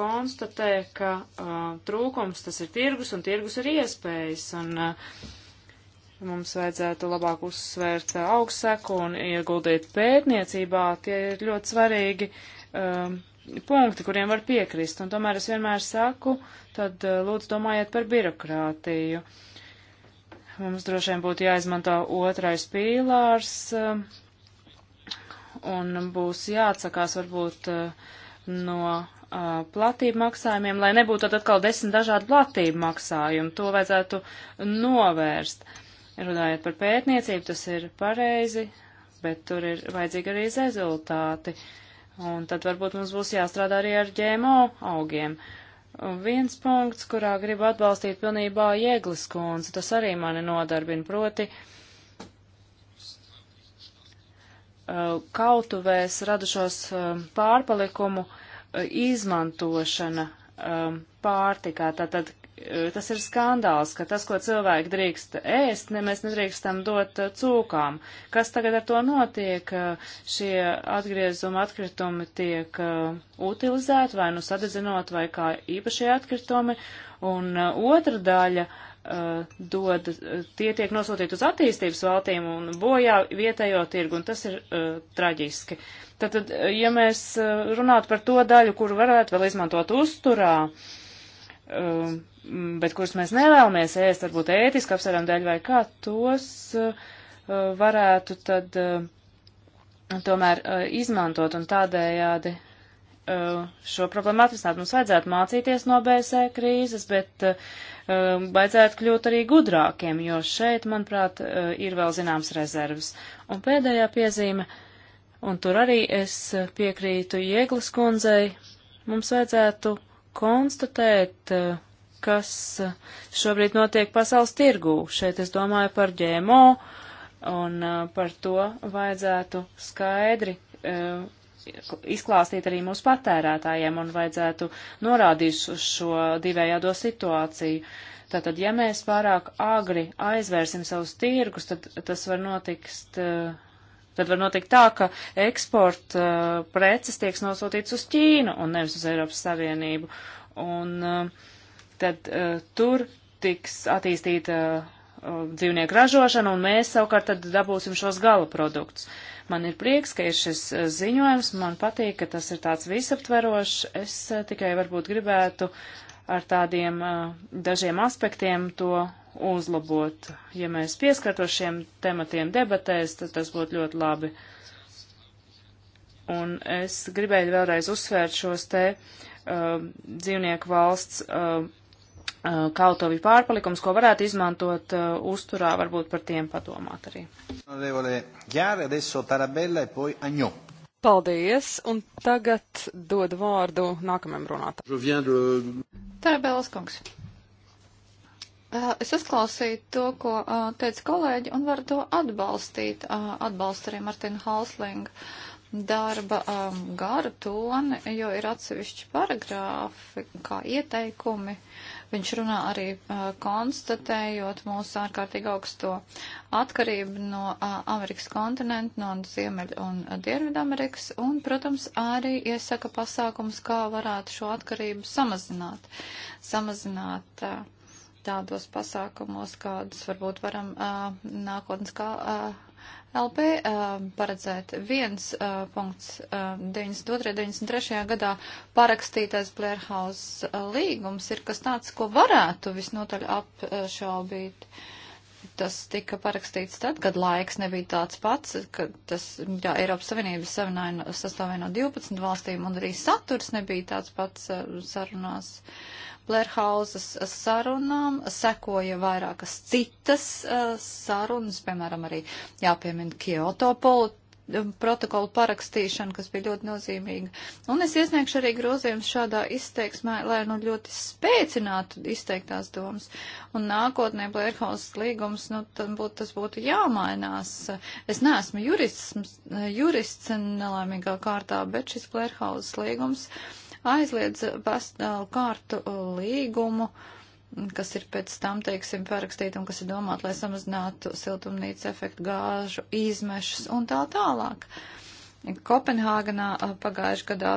konstatē, ka uh, trūkums tas ir tirgus un tirgus ir iespējas. Un, uh, Mums vajadzētu labāk uzsvērt augstseku un ieguldīt pētniecībā. Tie ir ļoti svarīgi um, punkti, kuriem var piekrist. Un tomēr es vienmēr saku, tad uh, lūdzu domājiet par birokrātiju. Mums droši vien būtu jāizmanto otrais pīlārs um, un būs jāatsakās varbūt uh, no uh, platību maksājumiem, lai nebūtu tad atkal desmit dažādi platību maksājumi. To vajadzētu novērst. Uh, Runājot par pētniecību, tas ir pareizi, bet tur ir vajadzīgi arī rezultāti. Un tad varbūt mums būs jāstrādā arī ar ģēmo augiem. Un viens punkts, kurā gribu atbalstīt pilnībā Jēglis kundze, tas arī mani nodarbina, proti uh, kautuvēs radušos um, pārpalikumu uh, izmantošana um, pārtikā. Tātad, tas ir skandāls, ka tas, ko cilvēki drīkst ēst, ne mēs nedrīkstam dot uh, cūkām. Kas tagad ar to notiek? Uh, šie atgriezuma atkritumi tiek uh, utilizēti vai nu sadedzinot vai kā īpašie atkritumi, un otra daļa dod, tie tiek nosūtīti uz attīstības valstīm un bojā vietējo tirgu, un tas ir uh, traģiski. Tātad, ja mēs runātu par to daļu, kuru varētu vēl izmantot uzturā, uh, bet kurus mēs nevēlamies ēst, varbūt ētiski apsvērumu dēļ vai kā, tos uh, varētu tad uh, tomēr uh, izmantot un tādējādi šo problēmu atrisināt. Mums vajadzētu mācīties no BSE krīzes, bet um, vajadzētu kļūt arī gudrākiem, jo šeit, manuprāt, ir vēl zināms rezervas. Un pēdējā piezīme, un tur arī es piekrītu Ieglas kundzei, mums vajadzētu konstatēt uh, kas šobrīd notiek pasaules tirgū. Šeit es domāju par ģēmo un uh, par to vajadzētu skaidri uh, izklāstīt arī mūsu patērētājiem un vajadzētu norādīt uz šo divējādo situāciju. Tātad, ja mēs pārāk agri aizvērsim savus tirgus, tad tas var notikt. Uh, tad var notikt tā, ka eksporta preces tiek nosūtīts uz Ķīnu un nevis uz Eiropas Savienību. Un uh, tad uh, tur tiks attīstīta uh, dzīvnieku ražošana, un mēs savukārt tad dabūsim šos gala produktus. Man ir prieks, ka ir šis uh, ziņojums, man patīk, ka tas ir tāds visaptverošs. Es uh, tikai varbūt gribētu ar tādiem uh, dažiem aspektiem to uzlabot. Ja mēs pieskartos šiem tematiem debatēs, tad tas būtu ļoti labi. Un es gribēju vēlreiz uzsvērt šos te uh, dzīvnieku valsts uh, Uh, kautovju pārpalikums, ko varētu izmantot uh, uzturā, varbūt par tiem padomāt arī. E Paldies, un tagad dod vārdu nākamajam runātājam. Tarabēlas kungs. Uh, es uzklausīju to, ko uh, teica kolēģi, un varu to atbalstīt. Atbalstu arī Martina Halslinga darba um, garu toni, jo ir atsevišķi paragrāfi, kā ieteikumi, Viņš runā arī uh, konstatējot mūsu ārkārtīgi augsto atkarību no uh, Amerikas kontinenta, no Ziemeļa un Dienvidamerikas, un, protams, arī iesaka pasākums, kā varētu šo atkarību samazināt. Samazināt uh, tādos pasākumos, kādus varbūt varam uh, nākotnes kā. Uh, LP uh, eh, paredzēt viens uh, punkts uh, 92. 93. gadā parakstītais Blairhaus uh, eh, līgums ir kas tāds, ko varētu visnotaļ apšaubīt. Uh, tas tika parakstīts tad, kad laiks nebija tāds pats, kad tas, jā, Eiropas Savienības sastāvēja no 12 valstīm, un arī saturs nebija tāds pats eh, sarunās. Blērhauzas sarunām sekoja vairākas citas uh, sarunas, piemēram, arī jāpiemina Kyoto politika Um, protokolu parakstīšanu, kas bija ļoti nozīmīga. Un es iesniegšu arī grozījumus šādā izteiksmē, lai nu ļoti spēcinātu izteiktās domas. Un nākotnē Blērhausas līgums, nu, tad būtu, tas būtu jāmainās. Es neesmu jurists, jurists nelēmīgā kārtā, bet šis Blērhausas līgums aizliedz veselu uh, kārtu uh, līgumu. Uh, kas ir pēc tam, teiksim, parakstīti un kas ir domāti, lai samazinātu siltumnīca efektu gāžu izmešas un tā tālāk. Kopenhāganā pagājuši gadā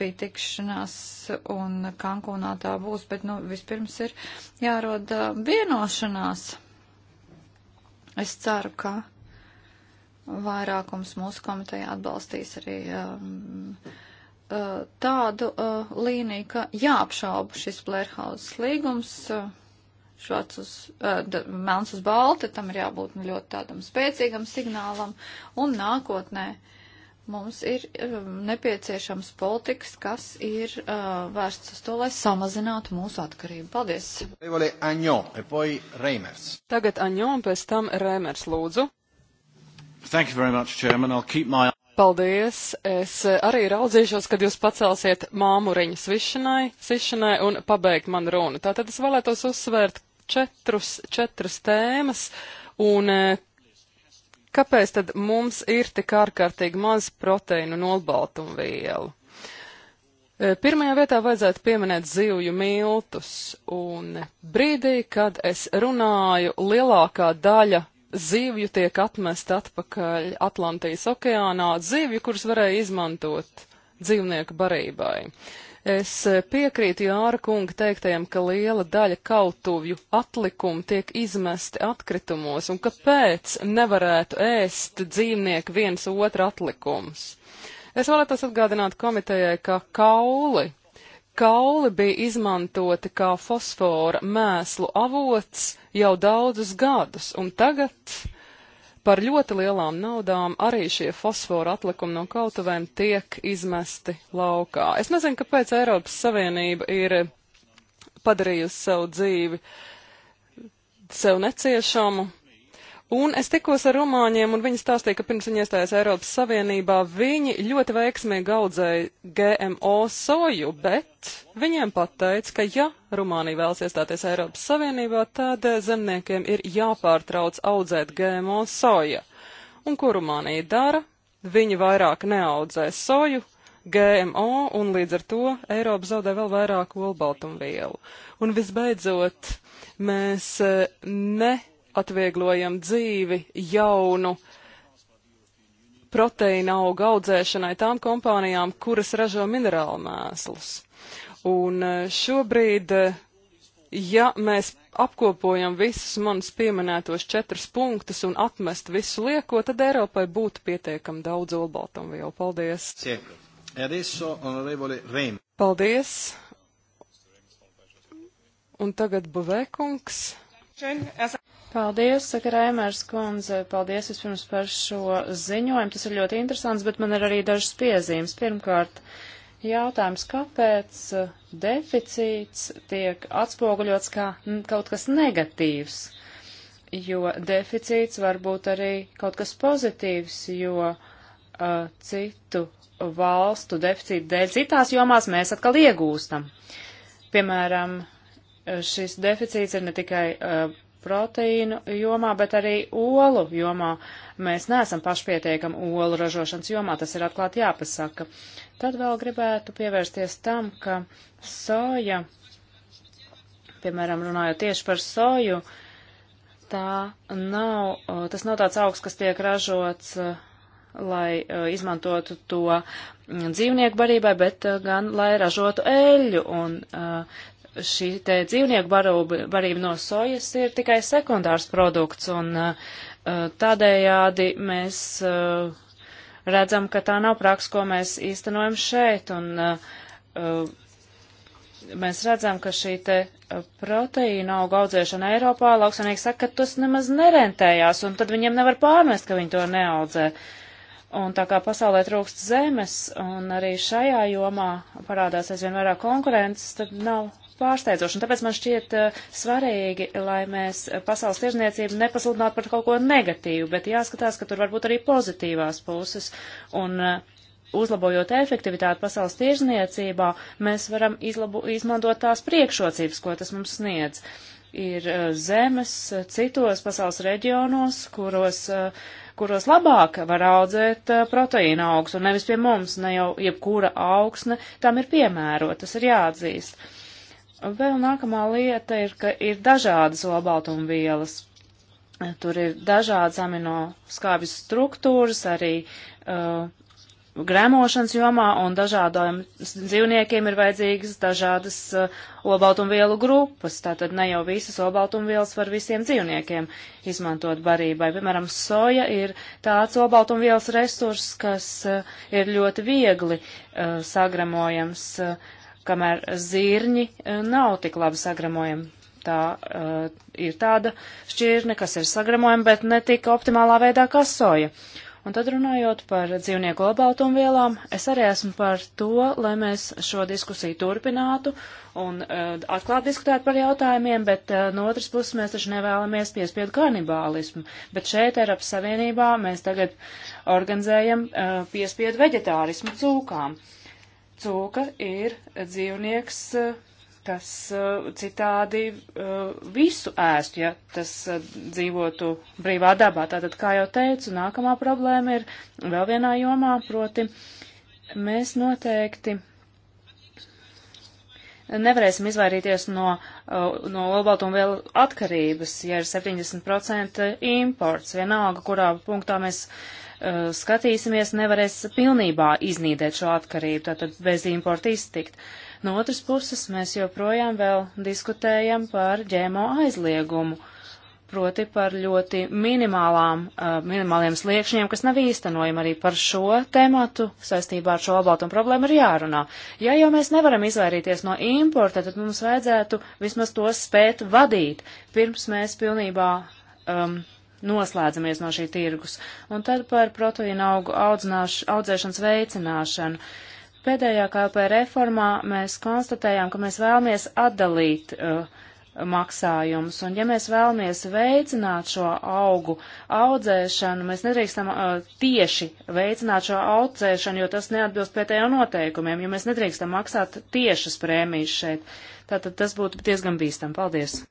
bija tikšanās un Kankūnā tā būs, bet, nu, vispirms ir jārod vienošanās. Es ceru, ka vairākums mūsu komiteja atbalstīs arī um, Uh, tādu uh, līniju, ka jāapšauba šis Blērhausas līgums, uh, šāds uz, uh, melns uz balti, tam ir jābūt nu, ļoti tādam spēcīgam signālam, un nākotnē mums ir um, nepieciešams politikas, kas ir uh, vērsts uz to, lai samazinātu mūsu atkarību. Paldies! E Tagad Aņo un pēc tam Rēmers lūdzu. Thank you very much, Chairman. I'll keep my Paldies! Es eh, arī raudzīšos, kad jūs pacelsiet māmuriņu svišanai, sišanai un pabeigt man runu. Tātad es vēlētos uzsvērt četrus, četras tēmas un eh, kāpēc tad mums ir tik ārkārtīgi maz proteīnu un olbaltumvielu? Eh, pirmajā vietā vajadzētu pieminēt zivju miltus, un brīdī, kad es runāju, lielākā daļa zivju tiek atmest atpakaļ Atlantijas okeānā, zivju, kuras varēja izmantot dzīvnieku barībai. Es eh, piekrītu Jāra kunga teiktajam, ka liela daļa kautuvju atlikumu tiek izmesti atkritumos, un kāpēc nevarētu ēst dzīvnieku viens otru atlikumus? Es vēlētos atgādināt komitejai, ka kauli Kauli bija izmantoti kā fosfora mēslu avots jau daudzus gadus, un tagad par ļoti lielām naudām arī šie fosfora atlikumi no kautuvēm tiek izmesti laukā. Es nezinu, kāpēc Eiropas Savienība ir padarījusi savu dzīvi sev neciešamu, Un es tikos ar Rumāņiem, un viņi stāstīja, ka pirms viņi iestājās Eiropas Savienībā, viņi ļoti veiksmīgi audzēja GMO soju, bet viņiem pateica, ka ja Rumānija vēlas iestāties Eiropas Savienībā, tad zemniekiem ir jāpārtrauc audzēt GMO soja. Un ko Rumānija dara? Viņi vairāk neaudzē soju, GMO, un līdz ar to Eiropa zaudē vēl vairāk olbaltumvielu. Un visbeidzot, mēs eh, ne atvieglojam dzīvi jaunu proteīna auga audzēšanai tām kompānijām, kuras ražo minerālu mēslus. Un e, šobrīd, e, ja mēs apkopojam visus manus pieminētos četrus punktus un atmest visu lieko, tad Eiropai būtu pietiekami daudz olbaltumvielu. Paldies! E adesso, Paldies! Un tagad Buvēkungs. Paldies, saka Rēmērs kundze. Paldies vispirms par šo ziņojumu. Tas ir ļoti interesants, bet man ir arī dažas piezīmes. Pirmkārt, jautājums, kāpēc uh, deficīts tiek atspoguļots kā kaut kas negatīvs? Jo deficīts var būt arī kaut kas pozitīvs, jo uh, citu valstu deficītu dēļ citās jomās mēs atkal iegūstam. Piemēram, šis deficīts ir ne tikai uh, proteīnu jomā, bet arī olu jomā. Mēs neesam pašpietiekami olu ražošanas jomā, tas ir atklāti jāpasaka. Tad vēl gribētu pievērsties tam, ka soja, piemēram, runājot tieši par soju, tā nav, tas nav tāds augs, kas tiek ražots, lai izmantotu to dzīvnieku barībai, bet gan lai ražotu eļļu. Un šī te dzīvnieku barība, barība no sojas ir tikai sekundārs produkts, un uh, tādējādi mēs uh, redzam, ka tā nav praksa, ko mēs īstenojam šeit, un uh, mēs redzam, ka šī te proteīna auga audzēšana Eiropā, lauksaimnieki saka, ka tas nemaz nerentējās, un tad viņiem nevar pārmest, ka viņi to neaudzē. Un tā kā pasaulē trūkst zemes, un arī šajā jomā parādās aizvien vairāk konkurences, tad nav pārsteidzoši, un tāpēc man šķiet uh, svarīgi, lai mēs eh, pasaules tirzniecību nepasludinātu par kaut ko negatīvu, bet jāskatās, ka tur var būt arī pozitīvās puses. Un, uh, Uzlabojot efektivitāti pasaules tirzniecībā, mēs varam izlabu, izmantot tās priekšrocības, ko tas mums sniedz. Ir uh, zemes citos pasaules reģionos, kuros uh, kuros labāk var audzēt uh, proteīna augsne, un nevis pie mums, ne jau jebkura augsne, tam ir piemērota, tas ir jāatzīst. Vēl nākamā lieta ir, ka ir dažādas olbaltumvielas. Tur ir dažādas amino skābju struktūras, arī uh, gremošanas jomā, un dažādiem dzīvniekiem ir vajadzīgas dažādas uh, olbaltumvielu grupas. Tātad ne jau visas olbaltumvielas var visiem dzīvniekiem izmantot barībai. Piemēram, soja ir tāds olbaltumvielas resurs, kas uh, ir ļoti viegli uh, sagremojams. Uh, kamēr zirņi e, nav tik labi sagramojami. Tā uh, ir tāda šķirne, kas ir sagramojama, bet ne tik optimālā veidā kā soja. Un tad runājot par dzīvnieku olbaltumvielām, es arī esmu par to, lai mēs šo diskusiju turpinātu un uh, e, atklāt diskutēt par jautājumiem, bet uh, no otras puses mēs taču nevēlamies piespiedu kanibālismu. Bet šeit Eiropas Savienībā mēs tagad organizējam uh, piespiedu veģetārismu cūkām. Uh, cūka ir dzīvnieks, kas eh, citādi eh, visu ēstu, ja tas eh, dzīvotu brīvā dabā. Tātad, kā jau teicu, nākamā problēma ir vēl vienā jomā, proti mēs noteikti nevarēsim izvairīties no, no olbaltumvielu atkarības, ja ir 70% imports. Vienalga, kurā punktā mēs Uh, skatīsimies, nevarēs pilnībā iznīdēt šo atkarību, tātad bez importa iztikt. No otras puses, mēs joprojām vēl diskutējam par ģēmo aizliegumu, proti par ļoti minimālām, uh, minimāliem sliekšņiem, kas nav īstenojami arī par šo tematu saistībā ar šo obaltumu problēmu ir jārunā. Ja jau mēs nevaram izvairīties no importa, tad mums vajadzētu vismaz tos spēt vadīt, pirms mēs pilnībā um, noslēdzamies no šī tirgus. Un tad par proteīna augu audzēšanas veicināšanu. Pēdējā KLP reformā mēs konstatējām, ka mēs vēlamies atdalīt uh, maksājumus. Un ja mēs vēlamies veicināt šo augu audzēšanu, mēs nedrīkstam uh, tieši veicināt šo audzēšanu, jo tas neatbilst pētējo noteikumiem, jo mēs nedrīkstam maksāt tiešas prēmijas šeit. Tātad tas būtu diezgan bīstam. Paldies!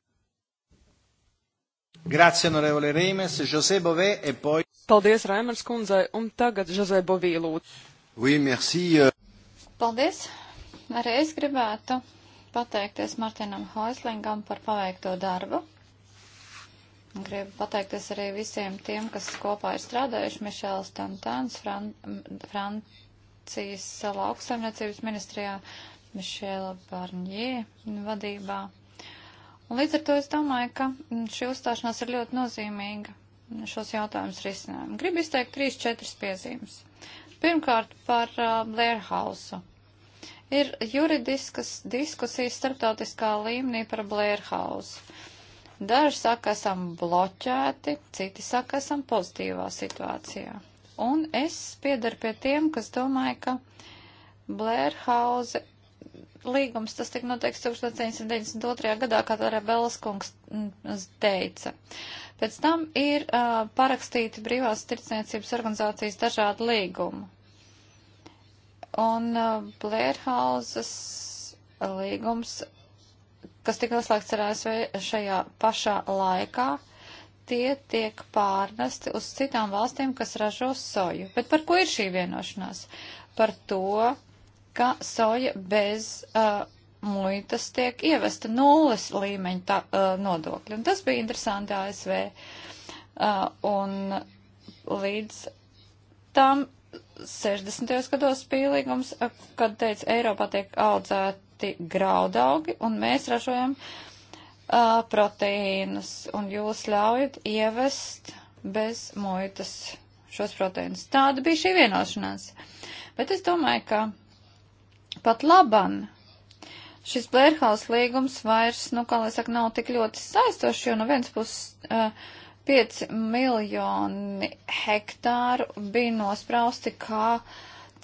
Grazie, onorevole Reimes, Jose Bové, e poi. Paldies, Raimers kundzei, un tagad Jose Bovī lūdzu. Oui, merci. Euh. Paldies. Arī es gribētu pateikties Martinam Hoislingam par paveikto darbu. Gribu pateikties arī visiem tiem, kas kopā ir strādājuši. Mišēls Tantāns, Fran Francijas lauksaimniecības ministrijā, Mišēla Barņē vadībā. Un līdz ar to es domāju, ka mm, šī uzstāšanās ir ļoti nozīmīga mm, šos jautājumus risinājumu. Gribu izteikt trīs, četras piezīmes. Pirmkārt, par uh, Blair House. Ir juridiskas diskusijas starptautiskā līmenī par Blair House. Daži saka, esam bloķēti, citi saka, esam pozitīvā situācijā. Un es piedaru pie tiem, kas domāja, ka Blērhauze līgums, tas tika noteikts 1992. gadā, kā tā Rebelas kungs mm, teica. Pēc tam ir uh, parakstīti brīvās tirdzniecības organizācijas dažādi līgumi. Un uh, Blērhauzes līgums, kas tika noslēgts ar ASV šajā pašā laikā, tie tiek pārnesti uz citām valstīm, kas ražo soju. Bet par ko ir šī vienošanās? Par to, ka soja bez uh, muitas tiek ievesta nulles līmeņa tā, uh, nodokļa. Un tas bija interesanti ASV. Uh, un līdz tam 60. gados bija līgums, uh, kad teica, Eiropā tiek audzēti graudaugi, un mēs ražojam uh, proteīnus, un jūs ļaujat ievest bez muitas šos proteīnus. Tāda bija šī vienošanās. Bet es domāju, ka Pat laban šis Blērhaus līgums vairs, nu, kā lai saka, nav tik ļoti saistošs, jo no nu viens puses uh, eh, 5 miljoni hektāru bija nosprausti kā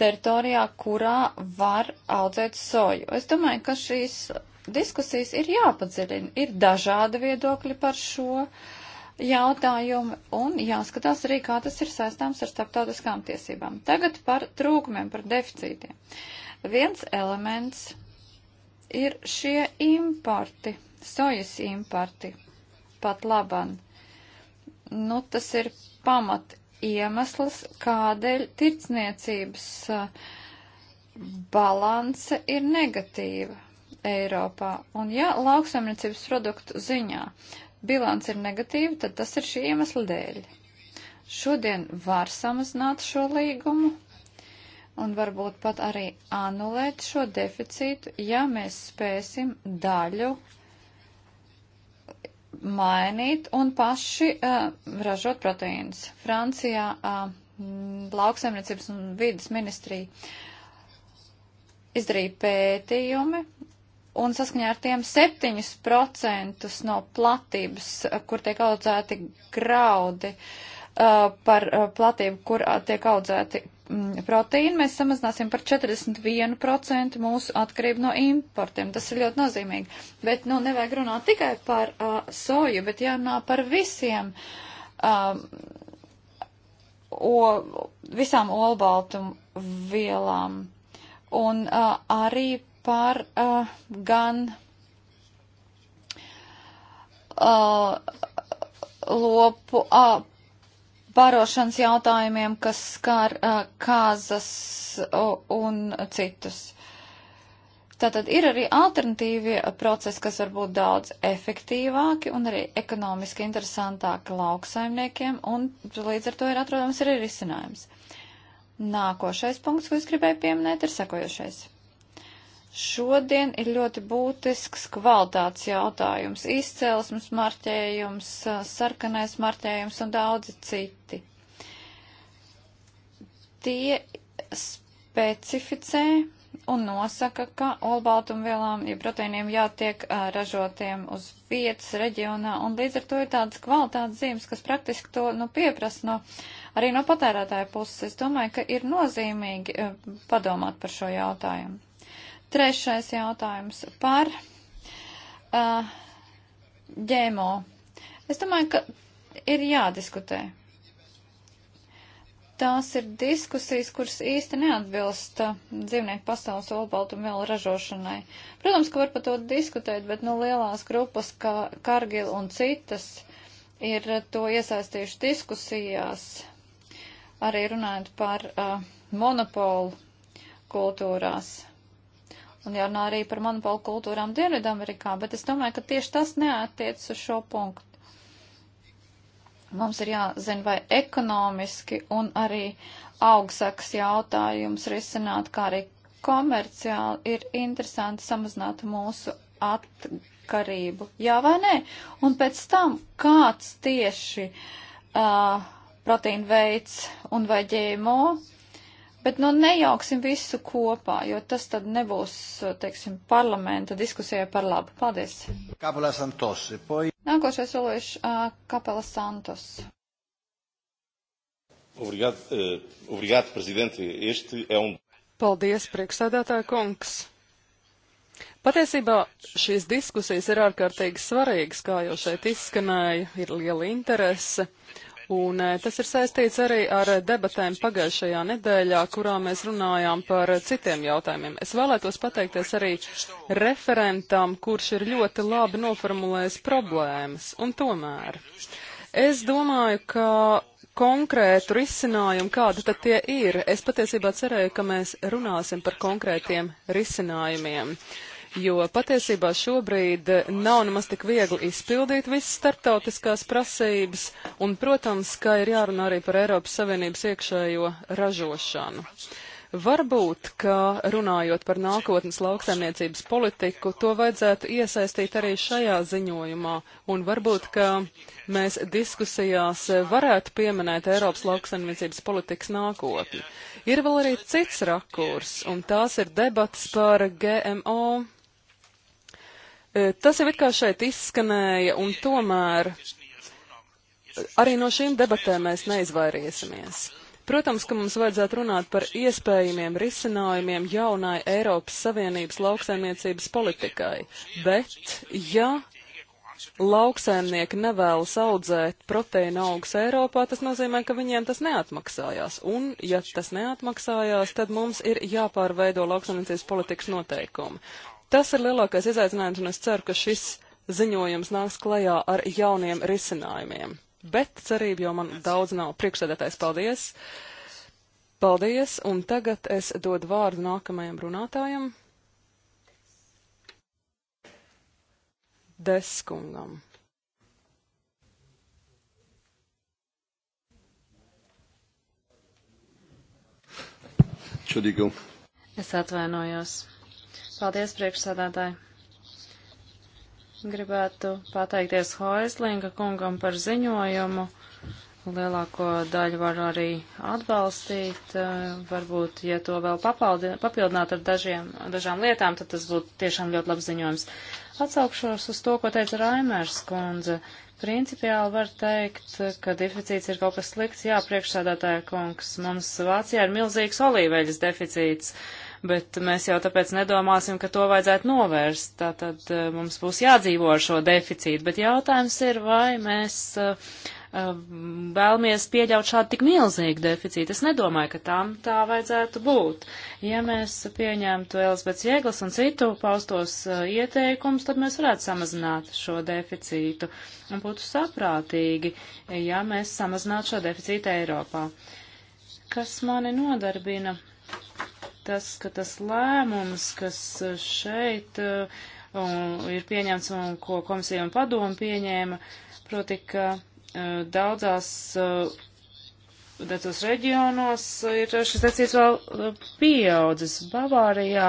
teritorijā, kurā var audzēt soju. Es domāju, ka šīs diskusijas ir jāpadziļina. Ir dažādi viedokļi par šo jautājumu un jāskatās arī, kā tas ir saistāms ar starptautiskām tiesībām. Tagad par trūkumiem, par deficītiem. Uh, Viens elements ir šie importi, sojas importi pat laban. Nu, tas ir pamat iemesls, kādēļ tirdzniecības eh, balance ir negatīva Eiropā. Un ja lauksaimniecības produktu ziņā bilance ir negatīva, tad tas ir šī iemesla dēļ. Šodien var samazināt šo līgumu, un varbūt pat arī anulēt šo deficītu, ja mēs spēsim daļu mainīt un paši uh, ražot proteīnus. Francijā uh, lauksaimniecības un vidas ministrija izdarīja pētījumi, un saskaņā ar tiem 7% no platības, kur tiek audzēti graudi, uh, par uh, platību, kur uh, tiek audzēti Mm, proteīnu, mēs samazināsim par 41% mūsu atkarību no importiem. Tas ir ļoti nozīmīgi. Bet, nu, nevajag runāt tikai par uh, soju, bet jārunā par visiem. Um, O, visām olbaltumu vielām un uh, arī par uh, gan uh, lopu uh, pārošanas jautājumiem, kas skar uh, kāzas un citus. Tātad ir arī alternatīvi procesi, kas var būt daudz efektīvāki un arī ekonomiski interesantāki lauksaimniekiem, un līdz ar to ir atrodams arī risinājums. Nākošais punkts, ko es gribēju pieminēt, ir sekojošais. Šodien ir ļoti būtisks kvalitātes jautājums - izcelsmes marķējums, sarkanais marķējums un daudzi citi. Tie specificē un nosaka, ka olbaltumvielām, ja proteīniem jātiek uh, ražotiem uz vietas reģionā, un līdz ar to ir tādas kvalitātes zīmes, kas praktiski to nu, pieprasa no, arī no patērētāja puses. Es domāju, ka ir nozīmīgi uh, padomāt par šo jautājumu. Trešais jautājums par uh, ģēmo. Es domāju, ka ir jādiskutē. Tās ir diskusijas, kuras īsti neatbilst uh, dzīvnieku pasaules olbaltumu vēl ražošanai. Protams, ka var par to diskutēt, bet nu lielās grupas, kā ka Kargil un citas, ir uh, to iesaistījuši diskusijās, arī runājot par uh, monopolu kultūrās un jārunā arī par monopolu kultūrām Dienvidamerikā, bet es domāju, ka tieši tas neatiec uz šo punktu. Mums ir jāzina, vai ekonomiski un arī augsaks jautājums risināt, kā arī komerciāli ir interesanti samazināt mūsu atkarību. Jā vai nē? Un pēc tam, kāds tieši uh, proteīna veids un vai ģēmo Bet nu nejauksim visu kopā, jo tas tad nebūs, teiksim, parlamenta diskusijai par labu. Paldies. Kapela Santos. E poi... Nākošais solīšu uh, Kapela Santos. Obrigado, uh, obrigado, prezidente. Este é un... Um- Paldies, priekšsēdētāja kungs. Patiesībā šīs diskusijas ir ārkārtīgi svarīgas, kā jau šeit izskanēja, ir liela interese, Un e, tas ir saistīts arī ar debatēm pagājušajā nedēļā, kurā mēs runājām par citiem jautājumiem. Es vēlētos pateikties arī referentam, kurš ir ļoti labi noformulējis problēmas. Un tomēr es domāju, ka konkrētu risinājumu, kāda tad tie ir. Es patiesībā cerēju, ka mēs runāsim par konkrētiem risinājumiem. Uh, jo patiesībā šobrīd eh, nav nemaz tik viegli izpildīt visas starptautiskās prasības, un, protams, ka ir jārunā arī par Eiropas Savienības iekšējo ražošanu. Varbūt, ka runājot par nākotnes lauksaimniecības politiku, to vajadzētu iesaistīt arī šajā ziņojumā, un varbūt, ka mēs diskusijās varētu pieminēt Eiropas lauksaimniecības politikas nākotni. Ir vēl arī cits rakurs, un tās ir debats par GMO E, tas jau it kā šeit izskanēja, un tomēr arī no šīm debatēm mēs neizvairīsimies. Protams, ka mums vajadzētu runāt par iespējamiem risinājumiem jaunai Eiropas Savienības lauksaimniecības politikai, bet ja lauksaimnieki nevēlas audzēt proteīna augus Eiropā, tas nozīmē, ka viņiem tas neatmaksājās. Un, ja tas neatmaksājās, tad mums ir jāpārveido lauksaimniecības politikas noteikumi. Tas ir lielākais izaicinājums, un es ceru, ka šis ziņojums nāks klajā ar jauniem risinājumiem. Bet cerība jau man daudz nav. Priekšsēdētājs, paldies! Paldies, un tagad es dodu vārdu nākamajam runātājam. Deskungam. Entschuldigung. Es atvainojos. Paldies, priekšsādātāji! Gribētu pateikties Hoislinga kungam par ziņojumu. Lielāko daļu var arī atbalstīt. Varbūt, ja to vēl papaldi, papildināt ar dažiem, dažām lietām, tad tas būtu tiešām ļoti labs ziņojums. Atsaukšos uz to, ko teica Raimērs kundze. Principiāli var teikt, ka deficīts ir kaut kas slikts. Jā, priekšsādātāja kungs, mums Vācijā ir milzīgs olīveļas deficīts. Uh, bet mēs jau tāpēc nedomāsim, ka to vajadzētu novērst. Tātad eh, mums būs jādzīvo ar šo deficītu, bet jautājums ir, vai mēs eh, eh, vēlamies pieļaut šādu tik milzīgu deficītu. Es nedomāju, ka tam tā vajadzētu būt. Ja mēs pieņemtu Elizabetes Jēglas un citu paustos ieteikumus, tad mēs varētu samazināt šo deficītu. Un būtu saprātīgi, ja mēs samazinātu šo deficītu Eiropā. Kas mani nodarbina? tas, ka tas lēmums, kas šeit uh, ir pieņemts un ko komisija un padomu pieņēma, proti, ka uh, daudzās uh, Daudzos reģionos ir šis decīts vēl pieaudzis. Bavārijā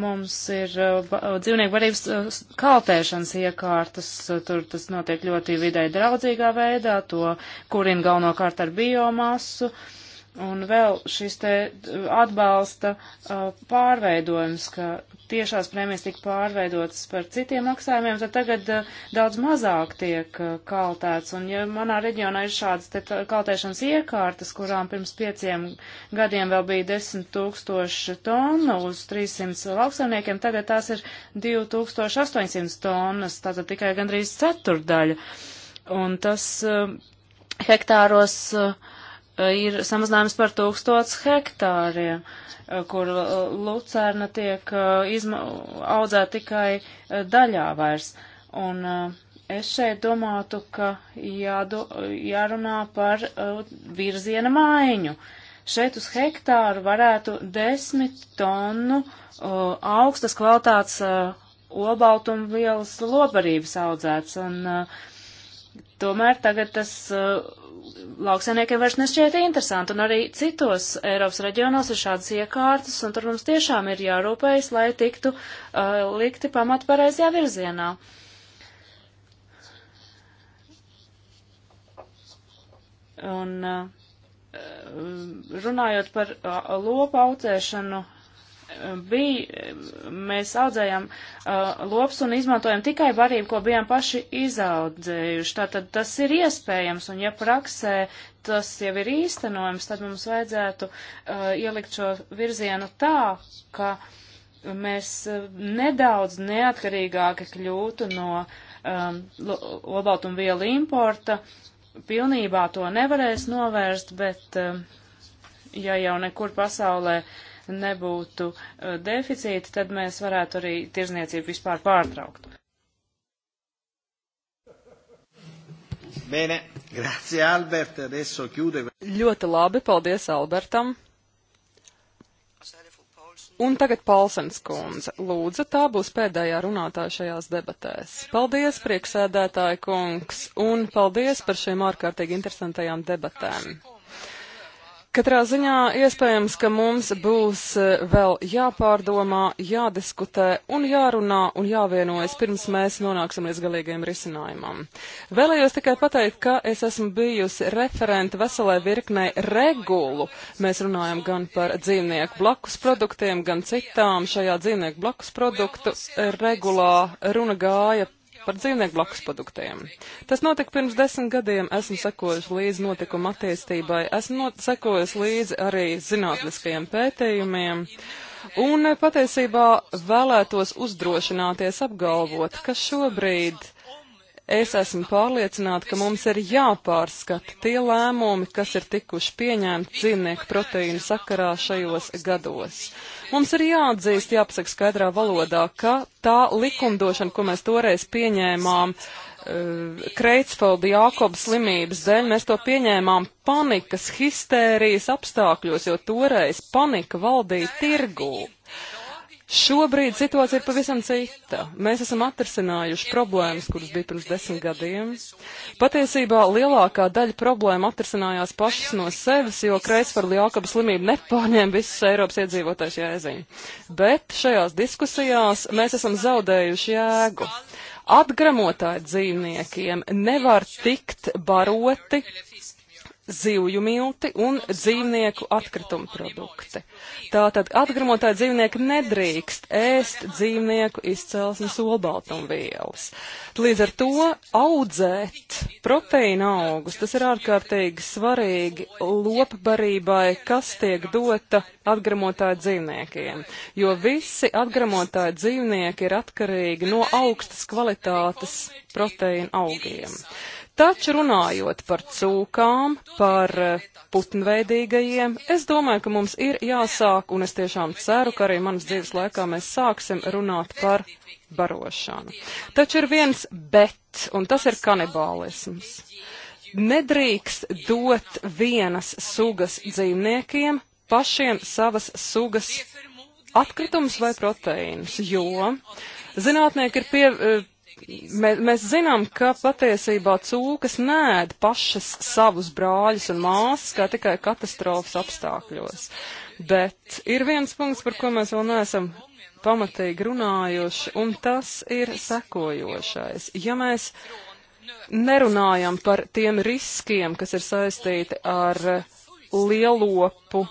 mums ir dzīvnieku varības kaltēšanas iekārtas, tur tas notiek ļoti vidē draudzīgā veidā, to kurina galvenokārt ar biomasu. Uh, Un vēl šis te atbalsta uh, pārveidojums, ka tiešās prēmijas tika pārveidotas par citiem maksājumiem, tad tagad uh, daudz mazāk tiek uh, kaltēts. Un ja manā reģionā ir šādas te kaltēšanas iekārtas, kurām pirms pieciem gadiem vēl bija 10 tūkstoši tonu uz 300 lauksaimniekiem, tagad tās ir 2800 tonnas, tātad tikai gandrīz ceturdaļa. Un tas hektāros uh, ir samazinājums par tūkstots hektāriem, eh, kur eh, lucerna tiek eh, izma, audzē tikai daļā vairs. Un es šeit domātu, ka jādo, jārunā par virziena maiņu. Šeit uz hektāru varētu desmit tonu augstas kvalitātes obaltumvielas lobarības audzēts. Un, Tomēr tagad tas uh, lauksainiekiem vairs nešķiet interesanti, un arī citos Eiropas reģionos ir šādas iekārtas, un tur mums tiešām ir jārūpējas, lai tiktu uh, likti pamat pareizajā virzienā. Un uh, runājot par uh, lopu audzēšanu bija, mēs audzējām uh, lops un izmantojam tikai barību, ko bijām paši izaudzējuši. Tātad tas ir iespējams, un ja praksē tas jau ir īstenojams, tad mums vajadzētu uh, ielikt šo virzienu tā, ka mēs uh, nedaudz neatkarīgāki kļūtu no um, olbaltumvielu importa. Pilnībā to nevarēs novērst, bet, um, ja jau nekur pasaulē uh, nebūtu uh, deficīti, tad mēs varētu arī tirzniecību vispār pārtraukt. Bene, grazie Albert, adesso chiude. Ļoti labi, paldies Albertam. Un tagad Palsens kundze. Lūdzu, tā būs pēdējā runātāja šajās debatēs. Paldies, prieksēdētāja kungs, un paldies par šīm ārkārtīgi interesantajām debatēm. Katrā ziņā iespējams, ka mums būs eh, vēl jāpārdomā, jādiskutē un jārunā un jāvienojas pirms mēs nonāksim līdz galīgiem risinājumam. Vēlējos tikai pateikt, ka es esmu bijusi referenta veselē virknei regulu. Mēs runājam gan par dzīvnieku blakus produktiem, gan citām. Šajā dzīvnieku blakus produktu eh, regulā runa gāja par dzīvnieku blakus produktiem. Tas notika pirms desmit gadiem, esmu sekojusi līdzi notikuma attīstībai, esmu sekojusi līdzi arī zinātniskajiem pētījumiem. Un eh, patiesībā vēlētos uzdrošināties apgalvot, ka šobrīd es esmu pārliecināta, ka mums ir jāpārskata tie lēmumi, kas ir tikuši pieņemti dzīvnieku proteīnu sakarā šajos gados. Mums ir jāatzīst, jāpasaka skaidrā valodā, ka tā likumdošana, ko mēs toreiz pieņēmām, eh, Kreitsfelda Jākoba slimības dēļ mēs to pieņēmām panikas, histērijas apstākļos, jo toreiz panika valdīja tirgū. Šobrīd situācija ir pavisam cita. Mēs esam atrisinājuši problēmas, kuras bija pirms desmit gadiem. Patiesībā lielākā daļa problēma atrisinājās pašas no sevis, jo Kreisvaru Jākaba slimība nepārņēma visus Eiropas iedzīvotājs jēziņu. Bet šajās diskusijās mēs esam zaudējuši jēgu. Atgramotāji dzīvniekiem nevar tikt baroti zivju milti un dzīvnieku atkritumu produkti. Tātad atgremotāji dzīvnieki nedrīkst ēst dzīvnieku izcelsmes olbaltumvielas. Līdz ar to audzēt proteīna augus, tas ir ārkārtīgi svarīgi lopbarībai, kas tiek dota atgremotāji dzīvniekiem, jo visi atgremotāji dzīvnieki ir atkarīgi no augstas kvalitātes proteīna augiem. Taču runājot par cūkām, par eh, putnveidīgajiem, es domāju, ka mums ir jāsāk, un es tiešām ceru, ka arī manas dzīves laikā mēs sāksim runāt par barošanu. Taču ir viens bet, un tas ir kanibālisms. Nedrīkst dot vienas sugas dzīvniekiem pašiem savas sugas atkritumus vai proteīnus, jo zinātnieki ir pie, eh, Mēs, mēs zinām, ka patiesībā cūkas nēd pašas savus brāļus un māsas, kā tikai katastrofas apstākļos. Bet ir viens punkts, par ko mēs vēl neesam pamatīgi runājuši, un tas ir sekojošais. Ja mēs nerunājam par tiem riskiem, kas ir saistīti ar lielopu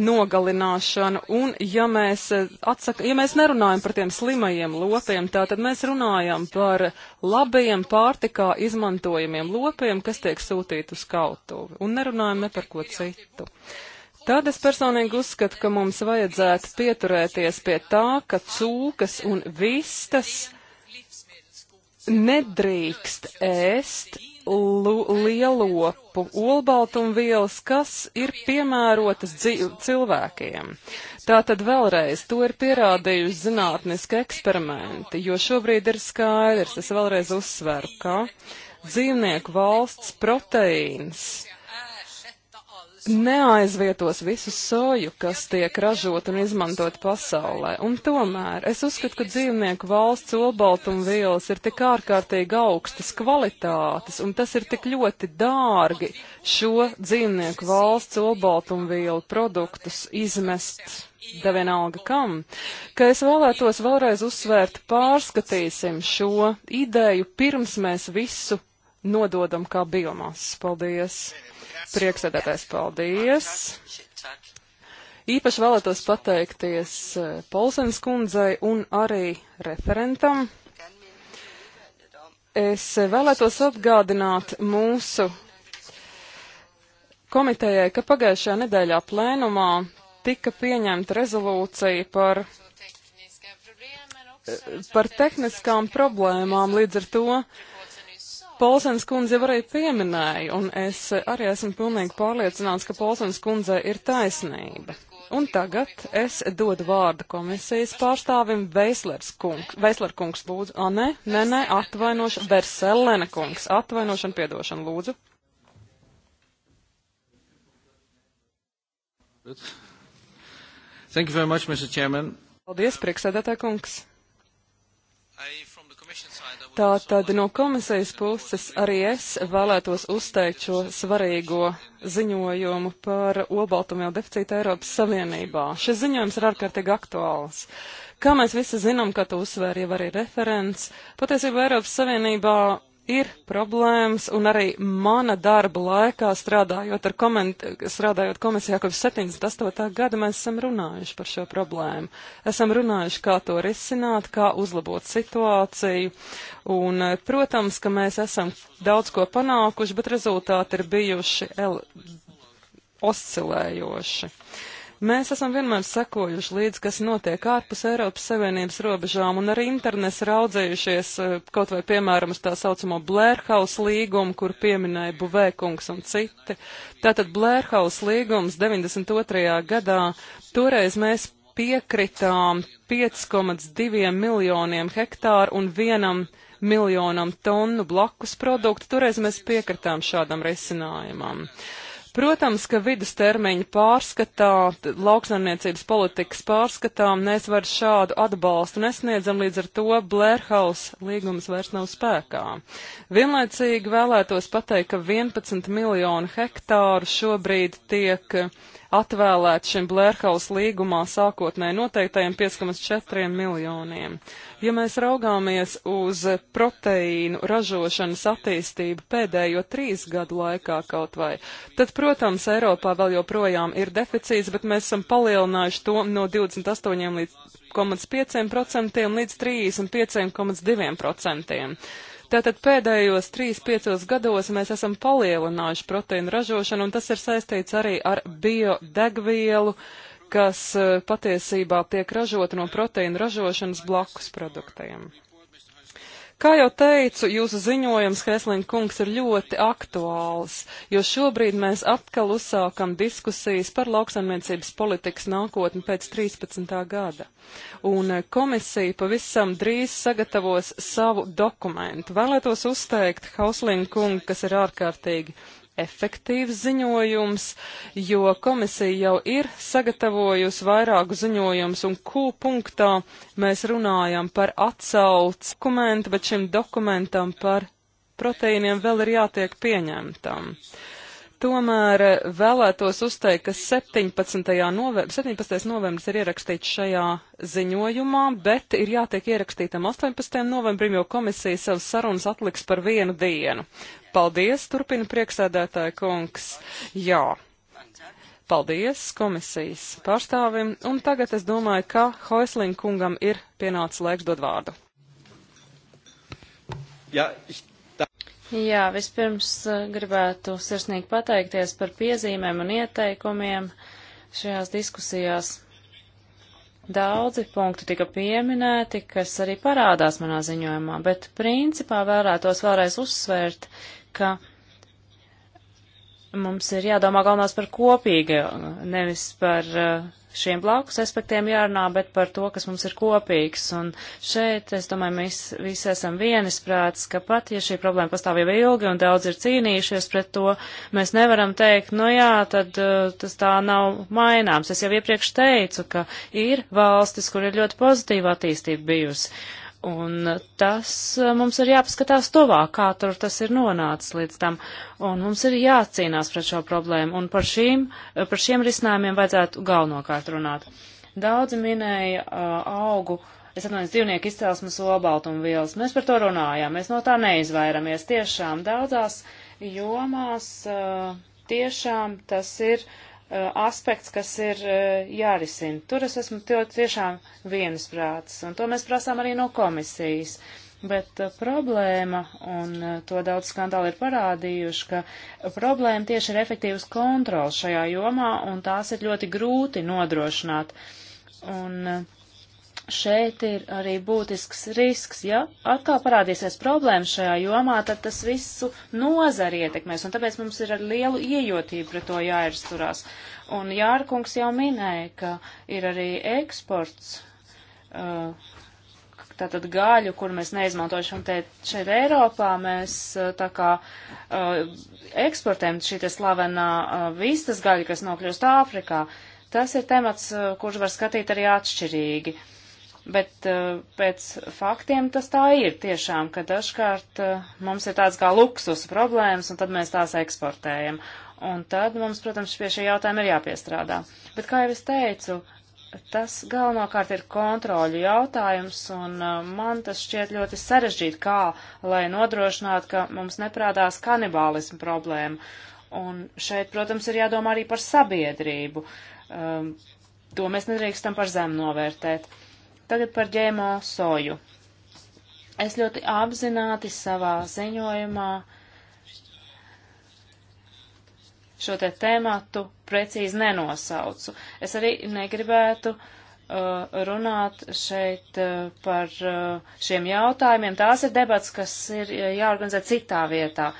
nogalināšanu, un ja mēs, eh, atsaka, ja mēs nerunājam par tiem slimajiem lopiem, tātad mēs runājam par labajiem pārtikā izmantojamiem lopiem, kas tiek sūtīti uz kautuvi, un nerunājam ne par ko citu. Tad es personīgi uzskatu, ka mums vajadzētu pieturēties pie tā, ka cūkas un vistas nedrīkst ēst lielopu olbaltumvielas, kas ir piemērotas cilvēkiem. Tātad vēlreiz, to ir pierādījuši zinātniski eksperimenti, jo šobrīd ir skaidrs, es vēlreiz uzsveru, ka dzīvnieku valsts proteīns neaizvietos visu soju, kas tiek ražot un izmantot pasaulē. Un tomēr es uzskatu, ka dzīvnieku valsts olbaltumvielas ir tik ārkārtīgi augstas kvalitātes, un tas ir tik ļoti dārgi šo dzīvnieku valsts olbaltumvielu produktus izmest devienalga kam, ka es vēlētos vēlreiz uzsvērt, pārskatīsim šo ideju pirms mēs visu nododam kā biomasas. Paldies! Prieksēdētājs, paldies! Īpaši vēlētos pateikties eh, Polsens kundzei un arī referentam. Es eh, vēlētos atgādināt mūsu komitejai, ka pagājušajā nedēļā plēnumā tika pieņemta rezolūcija par, eh, par tehniskām problēmām, līdz ar to Polsens kundze jau arī pieminēja, un es arī esmu pilnīgi pārliecināts, ka Polsens kundzei ir taisnība. Un tagad es dodu vārdu komisijas pārstāvim Veislers kungs. Veisler kungs, lūdzu. A, nē, nē, nē, atvainošana. Verselene kungs, atvainošana, piedošana, lūdzu. Thank you very much, Mr. Chairman. Paldies, prieksēdētāj kungs. I've Tātad no komisijas puses arī es vēlētos uzteikt šo svarīgo ziņojumu par obaltumvielu deficītu Eiropas Savienībā. Šis ziņojums ir ārkārtīgi aktuāls. Kā mēs visi zinām, kā to uzsvēra jau arī referents, patiesībā Eiropas Savienībā ir problēmas, un arī mana darba laikā, strādājot, ar koment, strādājot komisijā kopš 78. gada, mēs esam runājuši par šo problēmu. Esam runājuši, kā to risināt, kā uzlabot situāciju, un, protams, ka mēs esam daudz ko panākuši, bet rezultāti ir bijuši el... oscilējoši. Uh, Mēs esam vienmēr sekojuši līdz, kas notiek ārpus Eiropas Savienības robežām un arī internets raudzējušies eh, kaut vai piemēram uz tā saucamo Blērhaus līgumu, kur pieminēja Buvēkungs un citi. Tātad Blērhaus līgums 92. gadā toreiz mēs piekritām 5,2 miljoniem hektāru un vienam miljonam tonu blakus produktu. Toreiz mēs piekritām šādam risinājumam. Uh, Protams, ka vidustermiņa pārskatā, lauksaimniecības politikas pārskatā mēs vairs šādu atbalstu nesniedzam, līdz ar to Blērhaus līgums vairs nav spēkā. Vienlaicīgi vēlētos pateikt, ka 11 miljonu hektāru šobrīd tiek atvēlēts šim Blērhaus līgumā sākotnēji noteiktajiem 5,4 miljoniem. Ja mēs raugāmies uz proteīnu ražošanas attīstību pēdējo trīs gadu laikā kaut vai, tad, protams, Eiropā vēl joprojām ir deficīts, bet mēs esam palielinājuši to no 28 līdz 5,5% līdz 35,2%. Tātad pēdējos 3-5 gados mēs esam palielinājuši proteīnu ražošanu, un tas ir saistīts arī ar biodegvielu, kas eh, patiesībā tiek ražota no proteīnu ražošanas blakus produktiem. Kā jau teicu, jūsu ziņojums, Hesliņa kungs, ir ļoti aktuāls, jo šobrīd mēs atkal uzsākam diskusijas par lauksaimniecības politikas nākotni pēc 13. gada. Un eh, komisija pavisam drīz sagatavos savu dokumentu. Vēlētos uzteikt Hauslīnu kungu, kas ir ārkārtīgi efektīvs ziņojums, jo komisija jau ir sagatavojusi vairāku ziņojumus, un Q punktā mēs runājam par atsauc dokumentu, bet šim dokumentam par proteīniem vēl ir jātiek pieņemtam. Tomēr vēlētos uzteikt, ka 17. Novembr 17. novembris ir ierakstīts šajā ziņojumā, bet ir jātiek ierakstītam 18. novembrim, jo komisija savas sarunas atliks par vienu dienu. Paldies, turpina priekšsēdētāja kungs. Jā. Paldies komisijas pārstāvim, un tagad es domāju, ka Hoisling kungam ir pienācis laiks dod vārdu. Jā, tā... Jā vispirms uh, gribētu sirsnīgi pateikties par piezīmēm un ieteikumiem šajās diskusijās. Daudzi punkti tika pieminēti, kas arī parādās manā ziņojumā, bet principā vēlētos vēlreiz uzsvērt, ka mums ir jādomā galvenās par kopīgu, nevis par uh, šiem blakus aspektiem jārunā, bet par to, kas mums ir kopīgs. Un šeit, es domāju, mēs visi esam vienisprāts, ka pat, ja šī problēma pastāv jau ilgi un daudz ir cīnījušies pret to, mēs nevaram teikt, nu jā, tad uh, tas tā nav maināms. Es jau iepriekš teicu, ka ir valstis, kur ir ļoti pozitīva attīstība bijusi. Un tas eh, mums ir jāpaskatās tuvāk, kā tur tas ir nonācis līdz tam. Un mums ir jācīnās pret šo problēmu. Un par, šīm, eh, par šiem risinājumiem vajadzētu galvenokārt runāt. Daudzi minēja uh, augu, es atvainojos, dzīvnieku izcelsmes olbaltumvielas. Mēs par to runājām, mēs no tā neizvairamies. Tiešām daudzās jomās uh, tiešām tas ir uh, Eh, aspekts, kas ir eh, jārisina. Tur es esmu tiešām viensprāts, un to mēs prasām arī no komisijas. Bet eh, problēma, un to daudz skandāli ir parādījuši, ka problēma tieši ir efektīvas kontrols šajā jomā, un tās ir ļoti grūti nodrošināt. Un uh, šeit ir arī būtisks risks. Ja atkal parādīsies problēmas šajā jomā, tad tas visu nozari ietekmēs, un tāpēc mums ir ar lielu iejotību pret to jāizturās. Un Jārkungs jau minēja, ka ir arī eksports, uh, tātad gaļu, kur mēs neizmantojam te, šeit Eiropā, mēs uh, tā kā uh, eksportējam šī te slavenā vistas gaļa, kas nokļūst Āfrikā. Tas ir temats, kurš var skatīt arī atšķirīgi. Uh, bet uh, pēc faktiem tas tā ir tiešām, ka dažkārt uh, mums ir tāds kā luksus problēmas, un tad mēs tās eksportējam. Un tad mums, protams, pie šī jautājuma ir jāpiestrādā. Bet, kā jau es teicu, tas galvenokārt ir kontroļu jautājums, un uh, man tas šķiet ļoti sarežģīti, kā, lai nodrošinātu, ka mums neprādās kanibālismu problēma. Un šeit, protams, ir jādomā arī par sabiedrību. Um, to mēs nedrīkstam par zem novērtēt. Uh, Tagad par ģēmo soju. Es ļoti apzināti savā ziņojumā šo te tēmatu precīzi nenosaucu. Es arī negribētu uh, runāt šeit uh, par uh, šiem jautājumiem. Tās ir debats, kas ir uh, jāorganizē citā vietā.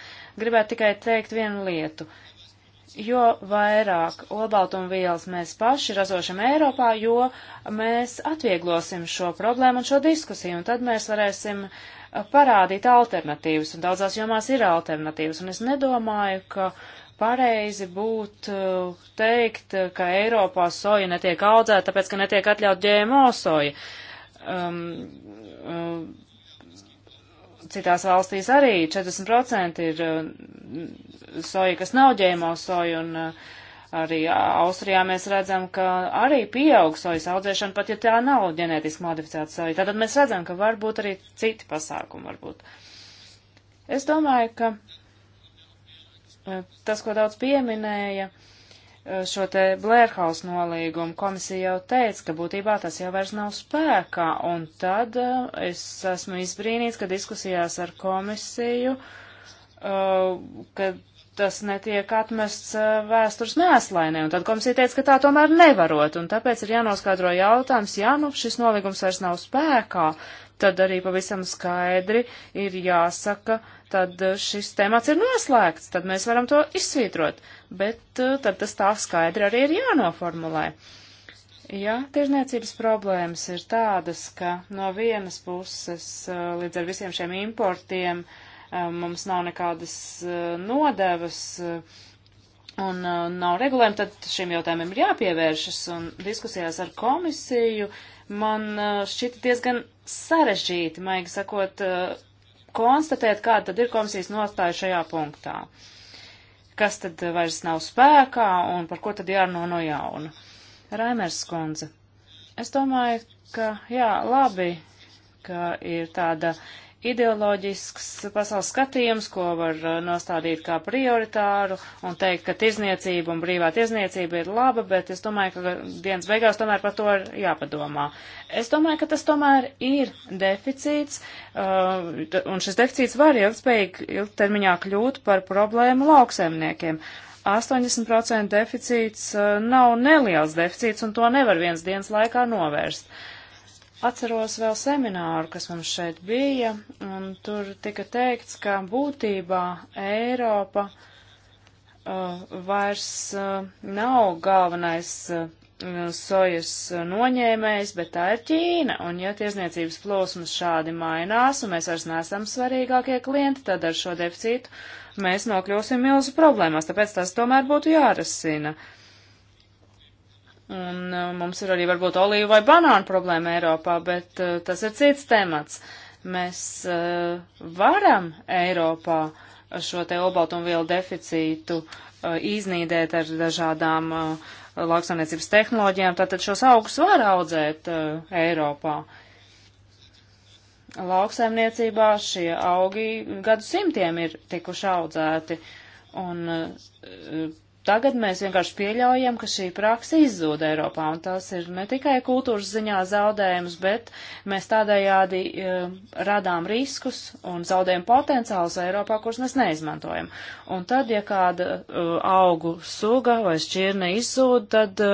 Gribētu tikai teikt vienu lietu jo vairāk olbaltumvielas mēs paši ražošam Eiropā, jo mēs atvieglosim šo problēmu un šo diskusiju, un tad mēs varēsim uh, parādīt alternatīvas, un daudzās jomās ir alternatīvas, un es nedomāju, ka pareizi būtu uh, teikt, uh, ka Eiropā soja netiek audzēta, tāpēc, ka netiek atļaut ģēmo soja. Um, um, citās valstīs arī 40% ir uh, soja, kas nav ģēmo soja, un uh, arī Austrijā mēs redzam, ka arī pieaug sojas audzēšana, pat ja tā nav ģenētiski modificēta soja. Tātad mēs redzam, ka var būt arī citi pasākumi, varbūt. Es domāju, ka uh, tas, ko daudz pieminēja, uh, Eh, šo te Blērhaus nolīgumu. Komisija jau teica, ka būtībā tas jau vairs nav spēkā, un tad eh, es esmu izbrīnīts, ka diskusijās ar komisiju, eh, ka tas netiek atmests vēstures mēslainē, un tad komisija teica, ka tā tomēr nevarot, un tāpēc ir jānoskaidro jautājums, ja nu šis nolīgums vairs nav spēkā, tad arī pavisam skaidri ir jāsaka, uh, tad eh, šis temats ir noslēgts, tad mēs varam to izsvītrot, bet eh, tad tas tā skaidri arī ir jānoformulē. Ja tirzniecības problēmas ir tādas, ka no vienas puses eh, līdz ar visiem šiem importiem mums nav nekādas nodevas un nav regulējumi, tad šiem jautājumiem ir jāpievēršas un diskusijās ar komisiju man šķita diezgan sarežģīti, maigi sakot, konstatēt, kāda tad ir komisijas nostāja šajā punktā, kas tad vairs nav spēkā un par ko tad jārunā no jauna. Raimers Skundze, es domāju, ka jā, labi, ka ir tāda ideoloģisks pasaules skatījums, ko var uh, nostādīt kā prioritāru un teikt, ka tirzniecība un brīvā tirzniecība ir laba, bet es domāju, ka dienas beigās tomēr par to ir jāpadomā. Es domāju, ka tas tomēr ir deficīts, uh, un šis deficīts var ilgspējīgi ilgtermiņā kļūt par problēmu lauksaimniekiem. 80% deficīts uh, nav neliels deficīts, un to nevar viens dienas laikā novērst. Uh, Atceros vēl semināru, kas mums šeit bija, un tur tika teikts, ka būtībā Eiropa uh, vairs uh, nav galvenais uh, sojas noņēmējs, bet tā ir Ķīna, un ja tiesniecības plūsmas šādi mainās, un mēs vairs nesam svarīgākie klienti, tad ar šo deficītu mēs nokļūsim milzu problēmās, tāpēc tas tomēr būtu jārasina. Uh, Un uh, mums ir arī varbūt olīvu vai banānu problēma Eiropā, bet uh, tas ir cits temats. Mēs uh, varam Eiropā šo te olbaltumvielu deficītu iznīdēt ar dažādām uh, lauksaimniecības tehnoloģijām, tātad šos augus var audzēt uh, Eiropā. Lauksaimniecībā šie augi gadu simtiem ir tikuši audzēti, un uh, tagad mēs vienkārši pieļaujam, ka šī praksa izzūd Eiropā, un tas ir ne tikai kultūras ziņā zaudējums, bet mēs tādējādi e, radām riskus un zaudējam potenciālus Eiropā, kurus mēs neizmantojam. Un tad, ja kāda e, augu suga vai šķirne izzūd, tad e,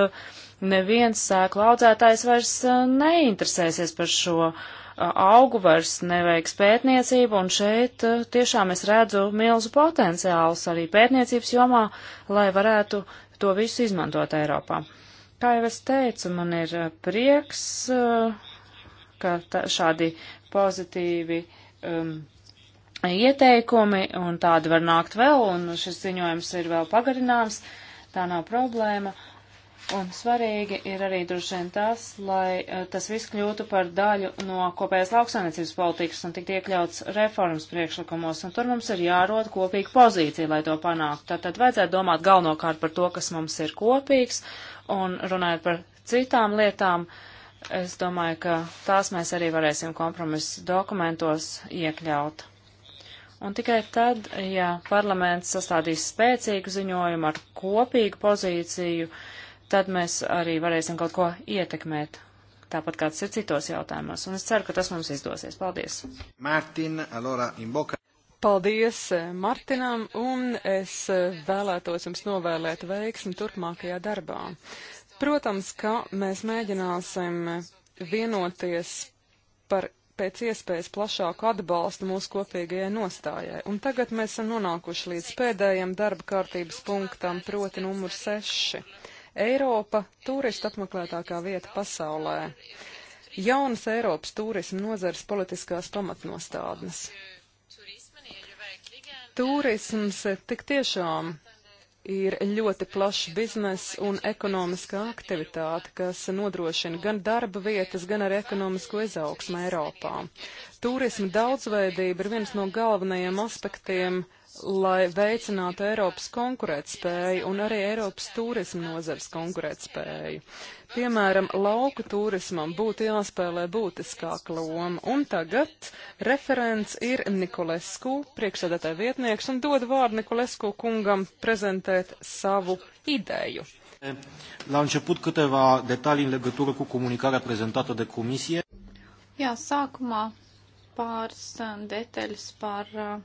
neviens sēklu audzētājs vairs neinteresēsies par šo uh, augu vairs neveiks pētniecību, un šeit eh, tiešām es redzu milzu potenciālus arī pētniecības jomā, lai varētu to visu izmantot Eiropā. Kā jau es teicu, man ir eh, prieks, eh, ka šādi pozitīvi um, ieteikumi un tādi var nākt vēl, un šis ziņojums ir vēl pagarināms, tā nav problēma. Uh, Un svarīgi ir arī droši vien tas, lai e, tas viss kļūtu par daļu no kopējās lauksaimniecības politikas un tiktu iekļauts reformas priekšlikumos, un tur mums ir jārod kopīga pozīcija, lai to panāktu. Tātad vajadzētu domāt galvenokārt par to, kas mums ir kopīgs, un runājot par citām lietām, es domāju, ka tās mēs arī varēsim kompromisu dokumentos iekļaut. Un tikai tad, ja parlaments sastādīs spēcīgu ziņojumu ar kopīgu pozīciju, uh, tad mēs arī varēsim kaut ko ietekmēt. Tāpat kāds ir citos jautājumos, un es ceru, ka tas mums izdosies. Paldies! Mārtin, allora, imboka. Paldies eh, Martinam, un es eh, vēlētos jums novēlēt veiksmi turpmākajā darbā. Protams, ka mēs mēģināsim eh, vienoties par pēc iespējas plašāku atbalstu mūsu kopīgajai nostājai. Un tagad mēs esam nonākuši līdz pēdējiem darba kārtības punktam, proti numur 6. Eiropa - turistu apmeklētākā vieta pasaulē. Jaunas Eiropas turismu nozars politiskās pamatnostādnes. Turisms tik tiešām ir ļoti plašs bizness un ekonomiskā aktivitāte, kas nodrošina gan darba vietas, gan arī ekonomisko izaugsmu Eiropā. Turisma daudzveidība ir viens no galvenajiem aspektiem lai veicinātu Eiropas konkurētspēju un arī Eiropas turismu nozares konkurētspēju. Piemēram, lauku turismam būtu jāspēlē būtiskāka loma, un tagad referents ir Nikolesku, priekšsēdētāja vietnieks, un dod vārdu Nikolesku kungam prezentēt savu ideju. La început câteva detalii în legătură cu comunicarea prezentată de comisie. Jā, sākumā pāris uh, detaļas par uh,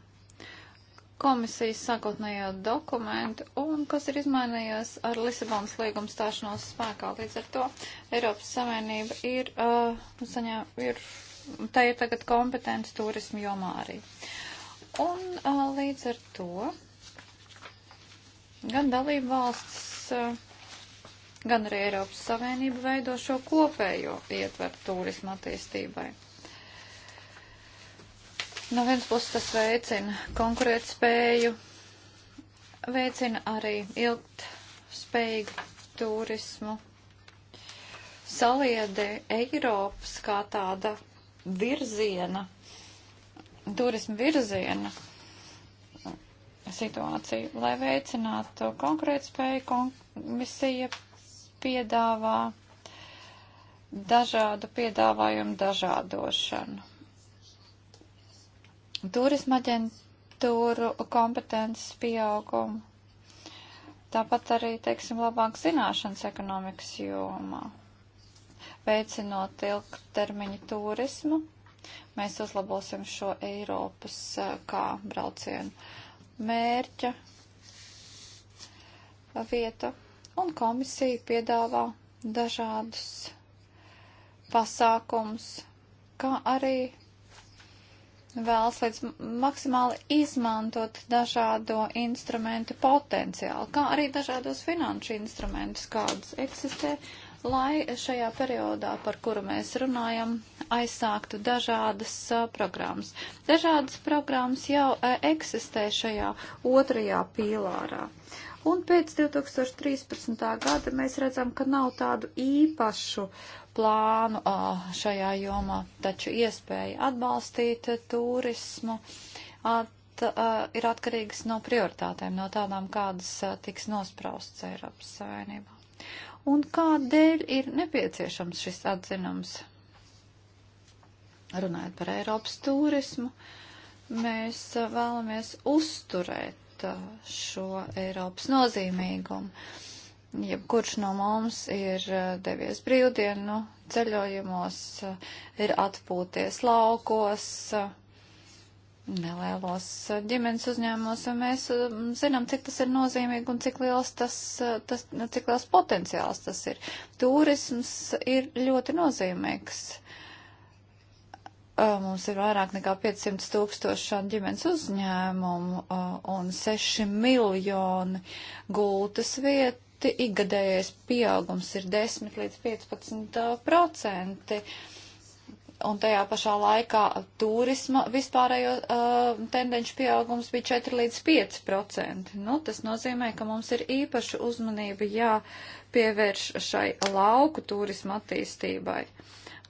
komisijas sākotnējo dokumentu un kas ir izmainījies ar Lisabonas līgumu stāšanos spēkā. Līdz ar to Eiropas Savienība ir, uh, saņē, ir tā ir tagad kompetence turismu jomā arī. Un uh, līdz ar to gan dalību valsts, uh, gan arī Eiropas Savienība veido šo kopējo ietveru turismu attīstībai. No vienas puses tas veicina konkurētspēju, veicina arī ilgtspējīgu turismu, saliedi Eiropas kā tāda virziena, turismu virziena situāciju, lai veicinātu konkurētspēju, komisija piedāvā dažādu piedāvājumu dažādošanu turisma aģentūru kompetences pieaugumu. Tāpat arī, teiksim, labāk zināšanas ekonomikas jomā. Veicinot ilgtermiņa turismu, mēs uzlabosim šo Eiropas eh, kā braucienu mērķa vietu, un komisija piedāvā dažādus pasākums, kā arī vēlas līdz maksimāli izmantot dažādo instrumentu potenciālu, kā arī dažādos finanšu instrumentus, kādas eksistē, lai šajā periodā, par kuru mēs runājam, aizsāktu dažādas uh, programmas. Dažādas programmas jau uh, eksistē šajā otrajā pīlārā. Un pēc 2013. gada mēs redzam, ka nav tādu īpašu uh, plānu šajā jomā, taču iespēja atbalstīt turismu at, ir atkarīgas no prioritātēm, no tādām, kādas tiks nospraustas Eiropas Savienībā. Un kādēļ ir nepieciešams šis atzinums? Runājot par Eiropas turismu, mēs vēlamies uzturēt šo Eiropas nozīmīgumu jebkurš no mums ir eh, devies brīvdienu ceļojumos, eh, ir atpūties laukos, eh, nelielos ģimenes uzņēmumos, un mēs zinām, cik tas ir nozīmīgi un cik liels, tas, tas, cik liels potenciāls tas ir. Turisms ir ļoti nozīmīgs. Mums ir vairāk nekā 500 tūkstoši šādu ģimenes uzņēmumu un 6 miljoni gultas vietu proti ikgadējais pieaugums ir 10 līdz 15 procenti. Un tajā pašā laikā turisma vispārējo uh, tendenci pieaugums bija 4 līdz 5 procenti. Nu, tas nozīmē, ka mums ir īpaša uzmanība jāpievērš šai lauku turisma attīstībai,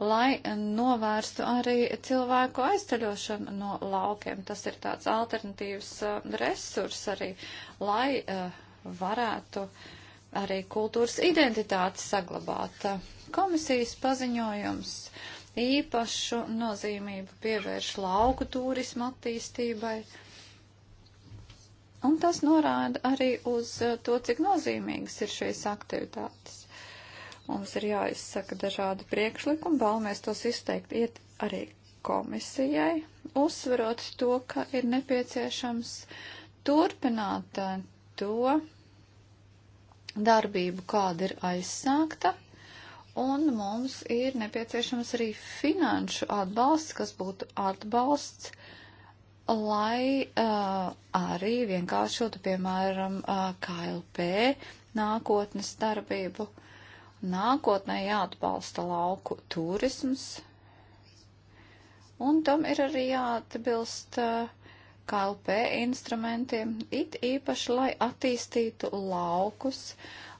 lai novērstu arī cilvēku aizceļošanu no laukiem. Tas ir tāds alternatīvs uh, resurs arī, lai uh, varētu uh, arī kultūras identitāti saglabāt. Komisijas paziņojums īpašu nozīmību pievērš lauku turismu attīstībai. Un tas norāda arī uz to, cik nozīmīgas ir šīs aktivitātes. Mums ir jāizsaka dažādi priekšlikumi, vēlamies tos izteikt iet arī komisijai, uzsverot to, ka ir nepieciešams turpināt to, darbību, kāda ir aizsākta, un mums ir nepieciešams arī finanšu atbalsts, kas būtu atbalsts, lai uh, arī vienkāršotu, piemēram, uh, KLP nākotnes darbību. Nākotnē jāatbalsta lauku turisms, un tam ir arī jāatbilst. Uh, KLP instrumentiem, it īpaši, lai attīstītu laukus,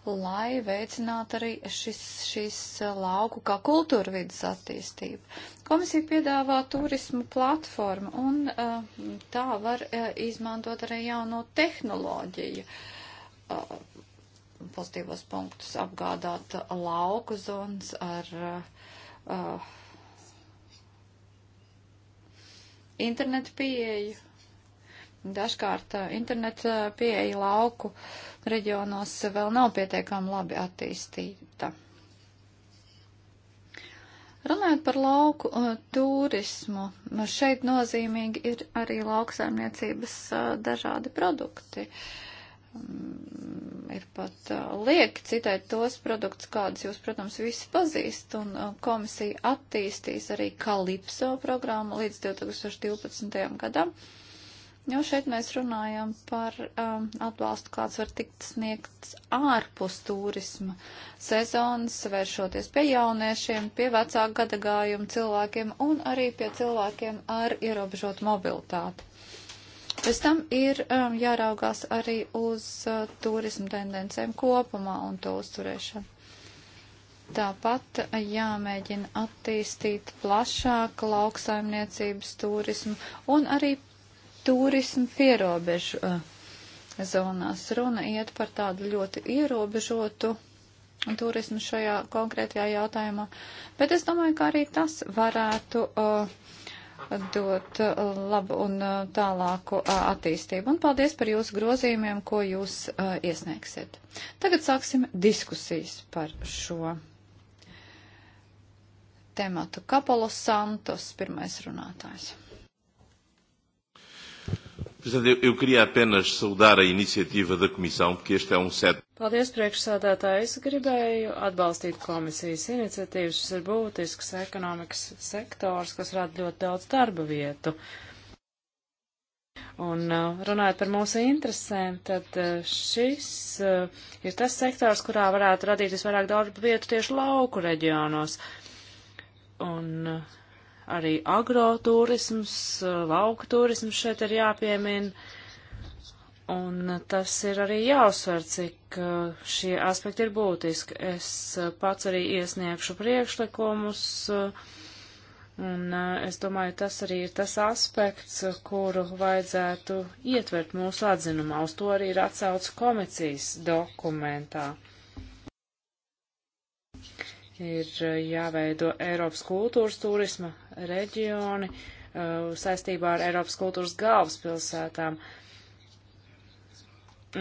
lai veicinātu arī šis, šis lauku kā kultūra vidas attīstību. Komisija piedāvā turismu platformu un uh, tā var uh, izmantot arī jauno tehnoloģiju uh, pozitīvos punktus apgādāt lauku zonas ar uh, internetu pieeju Dažkārt interneta pieeja lauku reģionos vēl nav pietiekami labi attīstīta. Runājot par lauku turismu, nu, šeit nozīmīgi ir arī lauksaimniecības dažādi produkti. Mm, ir pat lieki citēt tos produktus, kādus jūs, protams, visi pazīst, un komisija attīstīs arī Kalipso programmu līdz 2012. gadam. Jo šeit mēs runājam par um, atbalstu, kāds var tikt sniegts ārpus turisma sezonas, vēršoties pie jauniešiem, pie vecāku gadagājumu cilvēkiem un arī pie cilvēkiem ar ierobežotu mobilitāti. Pēc tam ir um, jāraugās arī uz uh, turismu tendencēm kopumā un to uzturēšanu. Tāpat uh, jāmēģina attīstīt plašāku lauksaimniecības turismu un arī turismu pierobežu uh, zonās. Runa iet par tādu ļoti ierobežotu turismu šajā konkrētajā jautājumā, bet es domāju, ka arī tas varētu uh, dot uh, labu un uh, tālāku uh, attīstību. Un paldies par jūsu grozījumiem, ko jūs iesniegsiet. Tagad sāksim diskusijas par šo tematu. Kapolos Santos, pirmais runātājs. Presidente, eu queria apenas saudar a iniciativa da Comissão, porque este é um set. Paldies, priekšsādātāji. Es gribēju atbalstīt komisijas iniciatīvas. Tas ir būtisks ekonomikas sektors, kas rada ļoti daudz darba vietu. Un uh, runājot par mūsu interesēm, tad uh, šis uh, ir tas sektors, kurā varētu radīt visvairāk darba vietu tieši lauku reģionos. Un uh, Arī agroturisms, eh, lauka turisms šeit ir jāpiemina. Un tas ir arī jāuzsver, cik eh, šie aspekti ir būtiski. Es eh, pats arī iesniegšu priekšlikumus, un es domāju, tas arī ir tas aspekts, kuru vajadzētu ietvert mūsu atzinumā. Uz to arī ir atsauts komisijas dokumentā ir eh, jāveido Eiropas kultūras turisma reģioni eh, saistībā ar Eiropas kultūras galvaspilsētām.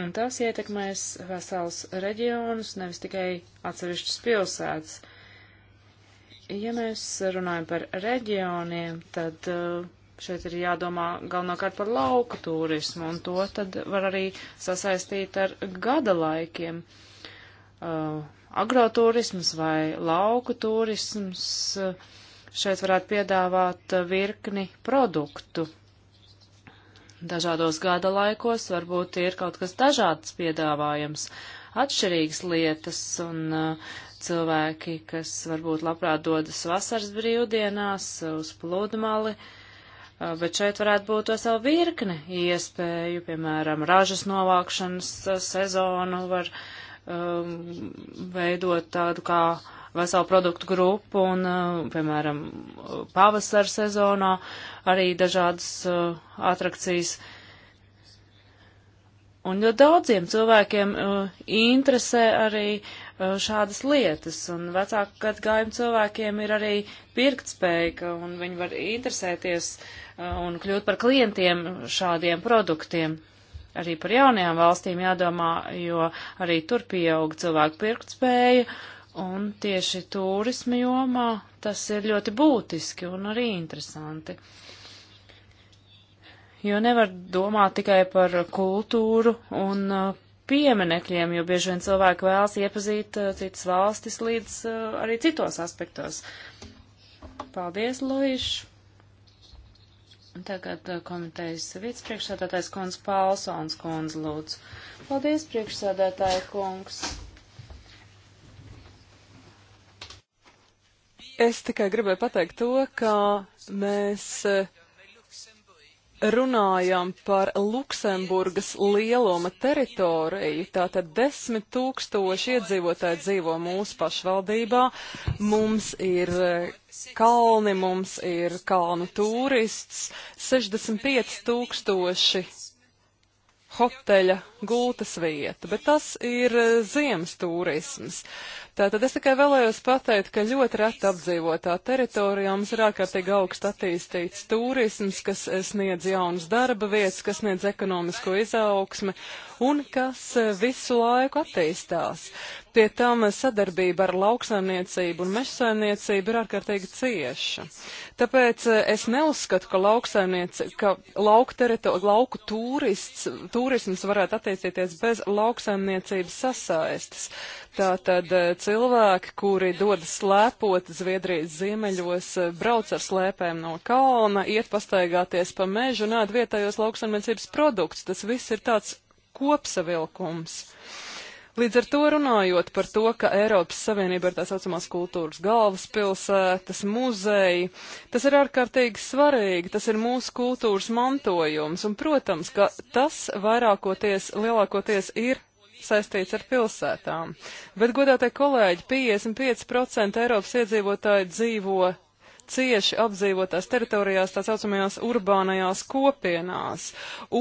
Un tas ietekmēs vesels reģionus, nevis tikai atsevišķas pilsētas. Ja mēs runājam par reģioniem, tad eh, šeit ir jādomā galvenokārt par lauka turismu, un to tad var arī sasaistīt ar gada laikiem. Uh, uh, agroturisms vai lauku turisms. Uh, šeit varētu piedāvāt uh, virkni produktu. Dažādos gada laikos varbūt ir kaut kas dažāds piedāvājums, atšķirīgas lietas un uh, cilvēki, kas varbūt labprāt dodas vasaras brīvdienās uh, uz pludmali, uh, bet šeit varētu būt vesela virkne iespēju, piemēram, ražas novākšanas uh, sezonu var uh, um, veidot tādu kā veselu produktu grupu un, uh, piemēram, pavasara sezonā arī dažādas uh, atrakcijas. Un ļoti daudziem cilvēkiem uh, interesē arī uh, šādas lietas, un vecāku gadgājumu cilvēkiem ir arī pirktspēja, un viņi var interesēties uh, un kļūt par klientiem šādiem produktiem arī par jaunajām valstīm jādomā, jo arī tur pieaug cilvēku pirktspēja, un tieši turisma jomā tas ir ļoti būtiski un arī interesanti. Jo nevar domāt tikai par kultūru un uh, pieminekļiem, jo bieži vien cilvēki vēlas iepazīt uh, citas valstis līdz uh, arī citos aspektos. Paldies, Luīši! Tagad uh, komitejas vicepriekšsādātājs kundz Pālsons kundz lūdzu. Paldies, priekšsādātāja kungs. Es tikai gribēju pateikt to, ka mēs uh, runājam par Luksemburgas lieluma teritoriju, tātad desmit tūkstoši iedzīvotāji dzīvo mūsu pašvaldībā, mums ir eh, kalni, mums ir kalnu turists, 65 tūkstoši hoteļa gultas vietu, bet tas ir eh, ziemas turisms. Tātad es tikai vēlējos pateikt, ka ļoti reta apdzīvotā teritorijā mums ir ārkārtīgi augsts attīstīts turisms, kas eh, sniedz jaunas darba vietas, kas sniedz ekonomisko izaugsmi un kas eh, visu laiku attīstās. Pie tam sadarbība ar lauksaimniecību un mežsaimniecību ir ārkārtīgi cieša. Tāpēc es neuzskatu, ka, ka lauk terito, lauku turists, turisms varētu attīstīties attīstīties bez lauksaimniecības sasaistes. Tātad eh, cilvēki, kuri dodas slēpot Zviedrijas ziemeļos, eh, brauc ar slēpēm no kalna, iet pastaigāties pa mežu un ēd vietējos lauksaimniecības produktus. Tas viss ir tāds kopsavilkums. Uh, Līdz ar to runājot par to, ka Eiropas Savienība ir tā saucamās kultūras galvaspilsētas, muzeji, tas ir ārkārtīgi svarīgi, tas ir mūsu kultūras mantojums, un, protams, ka tas vairākoties, lielākoties ir saistīts ar pilsētām. Bet, godātie kolēģi, 55% Eiropas iedzīvotāji dzīvo cieši apdzīvotās teritorijās, tā saucamajās urbānajās kopienās.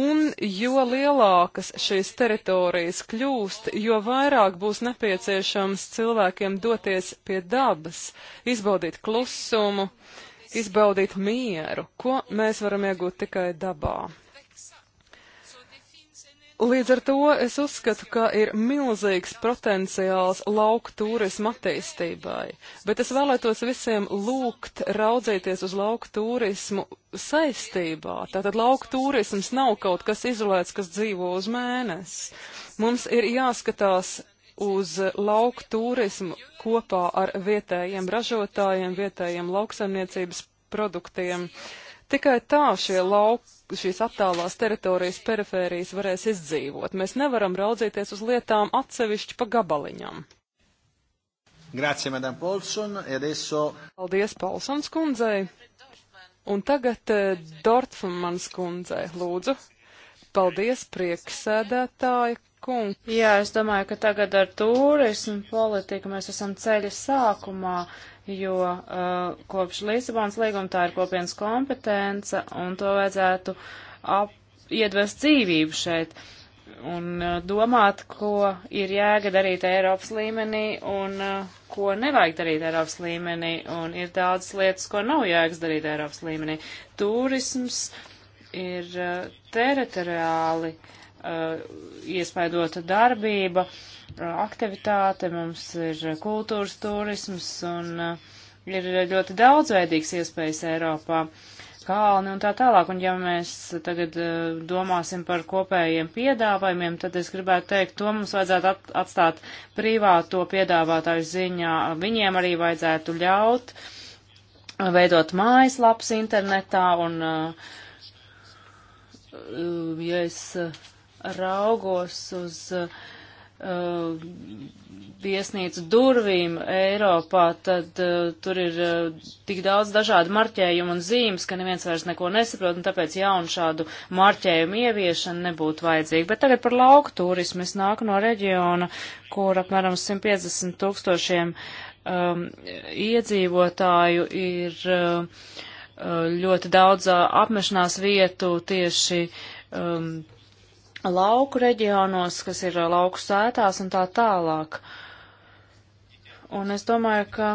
Un jo lielākas šīs teritorijas kļūst, jo vairāk būs nepieciešams cilvēkiem doties pie dabas, izbaudīt klusumu, izbaudīt mieru, ko mēs varam iegūt tikai dabā. Līdz ar to es uzskatu, ka ir milzīgs potenciāls lauku turismu attīstībai, bet es vēlētos visiem lūgt raudzīties uz lauku turismu saistībā. Tātad lauku turisms nav kaut kas izolēts, kas dzīvo uz mēnesi. Mums ir jāskatās uz lauku turismu kopā ar vietējiem ražotājiem, vietējiem lauksaimniecības produktiem. Uh, Tikai tā šie lauki, šīs attālās teritorijas perifērijas varēs izdzīvot. Mēs nevaram raudzīties uz lietām atsevišķi pa gabaliņam. Grazie, Madam Polson. E adesso... Paldies, Polsons kundzei. Un tagad eh, Dortmans kundzei, lūdzu. Paldies, prieksēdētāji, kungs. Jā, es domāju, ka tagad ar turismu politiku mēs esam ceļa sākumā jo uh, kopš Lisabonas līguma tā ir kopienas kompetence, un to vajadzētu ap, iedvest dzīvību šeit un uh, domāt, ko ir jēga darīt Eiropas līmenī un uh, ko nevajag darīt Eiropas līmenī, un ir daudz lietas, ko nav jēgas darīt Eiropas līmenī. Turisms ir uh, teritoriāli uh, Uh, iespaidota darbība, uh, aktivitāte, mums ir kultūras turisms un uh, ir ļoti daudzveidīgs iespējas Eiropā, kalni un tā tālāk. Un ja mēs tagad domāsim par kopējiem piedāvājumiem, tad es gribētu teikt, to mums vajadzētu atstāt privāto piedāvātāju ziņā. Viņiem arī vajadzētu ļaut veidot mājaslaps internetā un, ja es raugos uz uh, viesnīcu durvīm Eiropā, tad uh, tur ir uh, tik daudz dažādu marķējumu un zīmes, ka neviens vairs neko nesaprot, un tāpēc jaunu šādu marķējumu ieviešana nebūtu vajadzīga. Bet tagad par lauku turismu. Es nāku no reģiona, kur apmēram 150 tūkstošiem um, iedzīvotāju ir uh, uh ļoti daudz uh, apmešanās vietu tieši um, lauku reģionos, kas ir lauku sētās un tā tālāk. Un es domāju, ka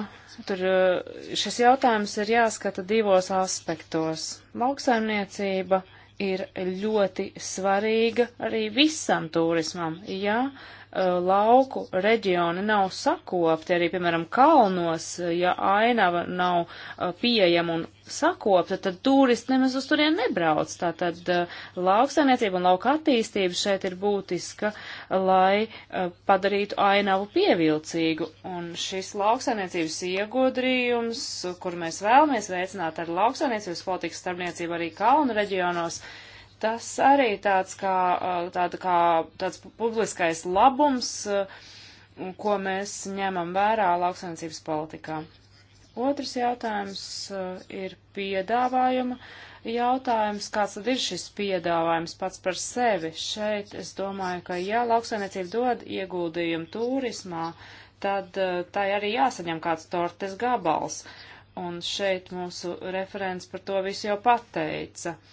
tur eh, šis jautājums ir jāskata divos aspektos. Lauksaimniecība ir ļoti svarīga arī visam turismam. Ja Uh, lauku reģioni nav sakopti, arī, piemēram, kalnos, uh, ja ainava nav uh, pieejama un sakopta, tad turisti nemaz uz turien nebrauc. Tātad lauksainiecība un lauka attīstība šeit ir būtiska, lai padarītu ainavu pievilcīgu. Un šis lauksainiecības ieguldījums, kur mēs vēlamies veicināt ar lauksainiecības politikas starpniecību arī kalnu reģionos, uh, tas arī tāds kā, uh, tāda kā tāds publiskais labums, uh, ko mēs ņemam vērā lauksaimniecības politikā. Otrs jautājums uh, ir piedāvājuma jautājums. Kāds tad ir šis piedāvājums pats par sevi? Šeit es domāju, ka ja lauksaimniecība dod ieguldījumu turismā, tad tai arī jāsaņem kāds tortes gabals. Un šeit mūsu referents par to visu jau pateica. Uh,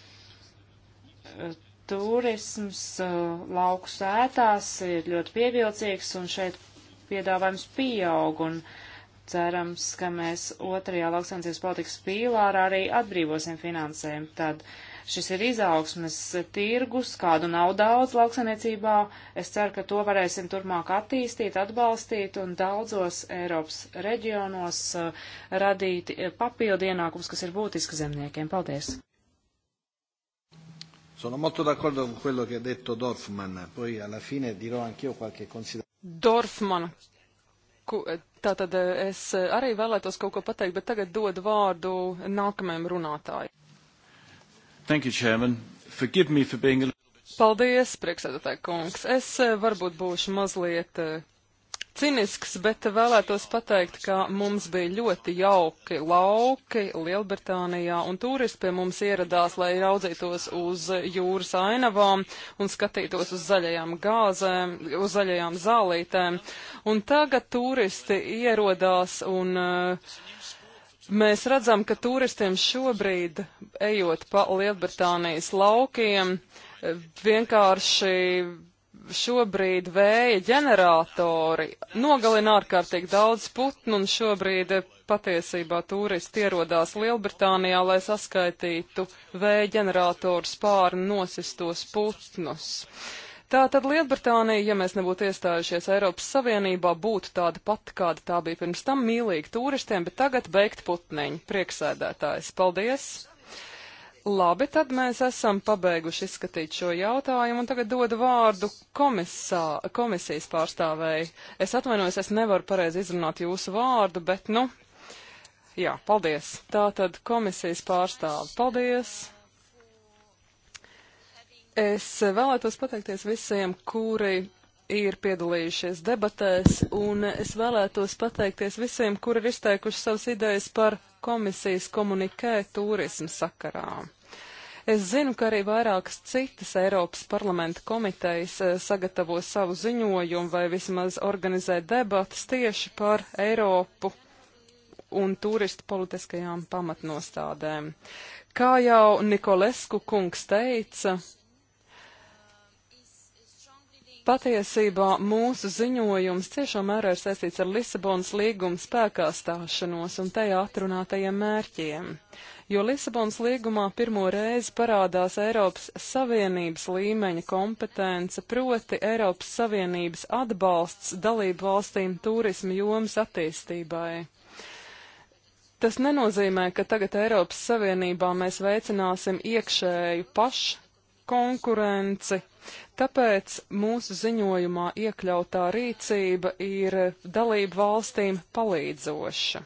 turisms uh, lauku sētās ir ļoti pievilcīgs un šeit piedāvājums pieaug un cerams, ka mēs otrajā lauksaimniecības politikas pīlārā arī atbrīvosim finansējumu. Tad šis ir izaugsmes tirgus, kādu nav daudz lauksaimniecībā. Es ceru, ka to varēsim turpmāk attīstīt, atbalstīt un daudzos Eiropas reģionos uh, radīt uh, papildu ienākums, kas ir būtiski zemniekiem. Paldies! Sono molto d'accordo con quello che ha detto Dorfman, poi alla fine dirò anch'io qualche considerazione. Dorfman, eh, tātad eh, es eh, arī vēlētos kaut ko pateikt, bet tagad dodu vārdu nākamajam runātājam. Thank you, Chairman. Forgive me for being a Paldies, priekšsēdētāji kungs. Es varbūt būšu mazliet cinisks, bet vēlētos pateikt, ka mums bija ļoti jauki lauki Lielbritānijā, un turisti pie mums ieradās, lai raudzītos uz jūras ainavām un skatītos uz zaļajām gāzēm, uz zaļajām zālītēm. Un tagad turisti ierodās un uh, Mēs redzam, ka turistiem šobrīd, ejot pa Lielbritānijas laukiem, eh, vienkārši šobrīd vēja ģeneratori nogalina ārkārtīgi daudz putnu, un šobrīd patiesībā turisti ierodās Lielbritānijā, lai saskaitītu vēja ģeneratoru spārnu nosistos putnus. Tātad Lielbritānija, ja mēs nebūtu iestājušies Eiropas Savienībā, būtu tāda pati, kāda tā bija pirms tam mīlīga turistiem, bet tagad beigt putniņi. Prieksēdētājs. Paldies! Labi, tad mēs esam pabeiguši izskatīt šo jautājumu un tagad dodu vārdu komisā, komisijas pārstāvēji. Es atvainojos, es nevaru pareizi izrunāt jūsu vārdu, bet nu, jā, paldies. Tā tad komisijas pārstāve, paldies. Es vēlētos pateikties visiem, kuri ir piedalījušies debatēs, un es vēlētos pateikties visiem, kuri ir izteikuši savas idejas par komisijas komunikē turismu sakarā. Es zinu, ka arī vairākas citas Eiropas parlamenta komitejas eh, sagatavo savu ziņojumu vai vismaz organizē debatas tieši par Eiropu un turistu politiskajām pamatnostādēm. Kā jau Nikolesku kungs teica, Patiesībā mūsu ziņojums ciešā mērā ir saistīts ar Lisabonas līguma spēkā stāšanos un tajā atrunātajiem mērķiem, jo Lisabonas līgumā pirmo reizi parādās Eiropas Savienības līmeņa kompetence, proti Eiropas Savienības atbalsts dalību valstīm turismu jomas attīstībai. Tas nenozīmē, ka tagad Eiropas Savienībā mēs veicināsim iekšēju pašu konkurenci. Tāpēc mūsu ziņojumā iekļautā rīcība ir dalību valstīm palīdzoša.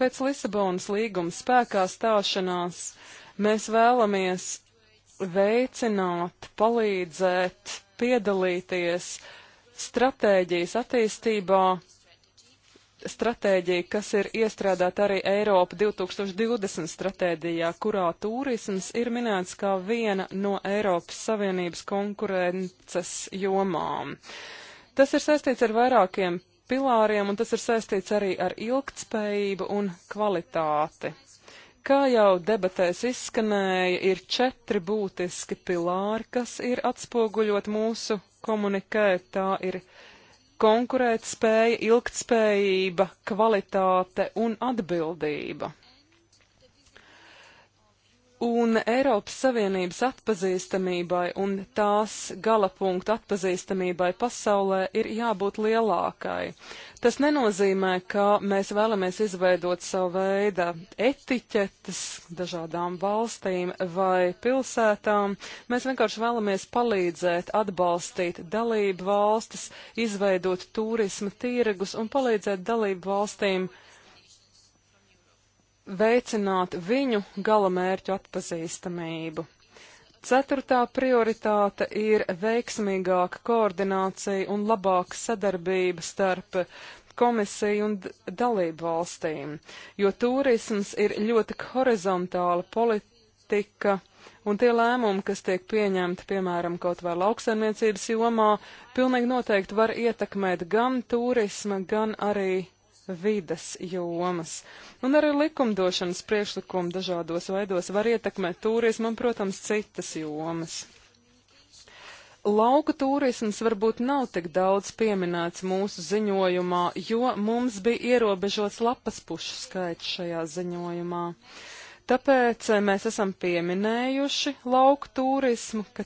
Pēc Lisabonas līguma spēkā stāšanās mēs vēlamies veicināt, palīdzēt, piedalīties stratēģijas attīstībā stratēģija, kas ir iestrādāta arī Eiropa 2020 stratēģijā, kurā turisms ir minēts kā viena no Eiropas Savienības konkurences jomām. Tas ir saistīts ar vairākiem pilāriem, un tas ir saistīts arī ar ilgtspējību un kvalitāti. Kā jau debatēs izskanēja, ir četri būtiski pilāri, kas ir atspoguļot mūsu komunikē. Tā ir uh, konkurētspēja, ilgtspējība, kvalitāte un atbildība un Eiropas Savienības atpazīstamībai un tās galapunktu atpazīstamībai pasaulē ir jābūt lielākai. Tas nenozīmē, ka mēs vēlamies izveidot savu veidu etiķetes dažādām valstīm vai pilsētām. Mēs vienkārši vēlamies palīdzēt, atbalstīt dalību valstis, izveidot turisma tirgus un palīdzēt dalību valstīm veicināt viņu galamērķu atpazīstamību. Ceturtā prioritāte ir veiksmīgāka koordinācija un labāka sadarbība starp komisiju un dalību valstīm, jo turisms ir ļoti horizontāla politika, un tie lēmumi, kas tiek pieņemti, piemēram, kaut vai lauksaimniecības jomā, pilnīgi noteikti var ietekmēt gan turisma, gan arī vidas jomas. Un arī likumdošanas priekšlikumi dažādos veidos var ietekmēt turismu un, protams, citas jomas. Lauka turisms varbūt nav tik daudz pieminēts mūsu ziņojumā, jo mums bija ierobežots lapas pušu skaits šajā ziņojumā. Tāpēc eh, mēs esam pieminējuši lauku turismu, ka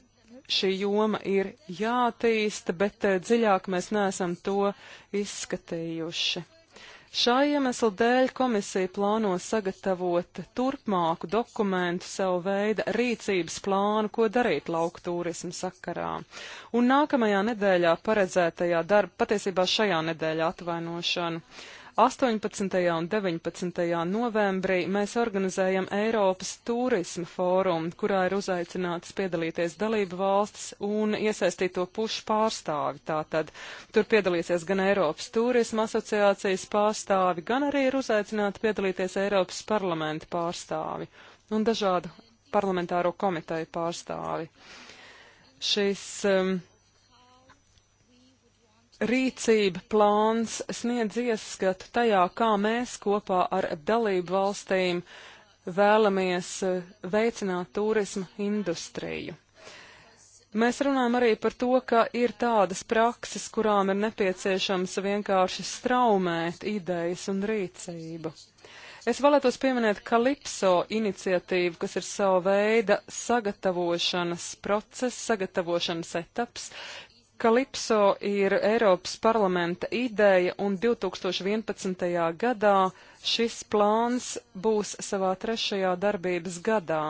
šī joma ir jātīsta, bet eh, dziļāk mēs neesam to izskatījuši. Šā iemesla dēļ komisija plāno sagatavot turpmāku dokumentu savu veidu rīcības plānu, ko darīt lauku turismu sakarā. Un nākamajā nedēļā paredzētajā darba, patiesībā šajā nedēļā atvainošanu 18. un 19. novembrī mēs organizējam Eiropas turisma fórumu, kurā ir uzaicinātas piedalīties dalību valstis un iesaistīto pušu pārstāvi. Tātad tur piedalīsies gan Eiropas turisma asociācijas pārstāvi, gan arī ir uzaicināti piedalīties Eiropas parlamenta pārstāvi un dažādu parlamentāro komiteju pārstāvi. Šis um, rīcība plāns sniedz ieskatu tajā, kā mēs kopā ar dalību valstīm vēlamies eh, veicināt turismu industriju. Mēs runājam arī par to, ka ir tādas prakses, kurām ir nepieciešams vienkārši straumēt idejas un rīcību. Es vēlētos pieminēt Kalipso iniciatīvu, kas ir sava veida sagatavošanas process, sagatavošanas etaps, Kalipso ir Eiropas parlamenta ideja, un 2011. gadā šis plāns būs savā trešajā darbības gadā.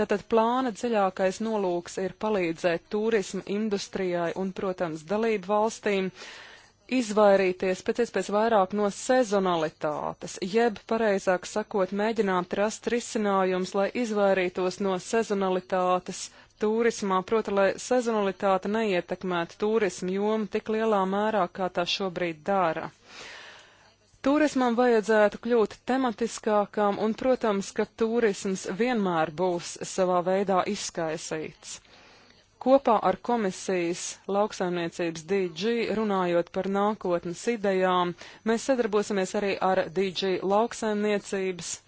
Tātad plāna dziļākais nolūks ir palīdzēt turismu industrijai un, protams, dalību valstīm izvairīties pēc iespējas vairāk no sezonalitātes, jeb, pareizāk sakot, mēģināt rast risinājums, lai izvairītos no sezonalitātes turismā, proti, lai sezonalitāte neietekmētu turismu jomu tik lielā mērā, kā tā šobrīd dara. Turismam vajadzētu kļūt tematiskākam, un, protams, ka turisms vienmēr būs savā veidā izskaisīts. Kopā ar komisijas lauksaimniecības DG runājot par nākotnes idejām, mēs sadarbosimies arī ar DG lauksaimniecības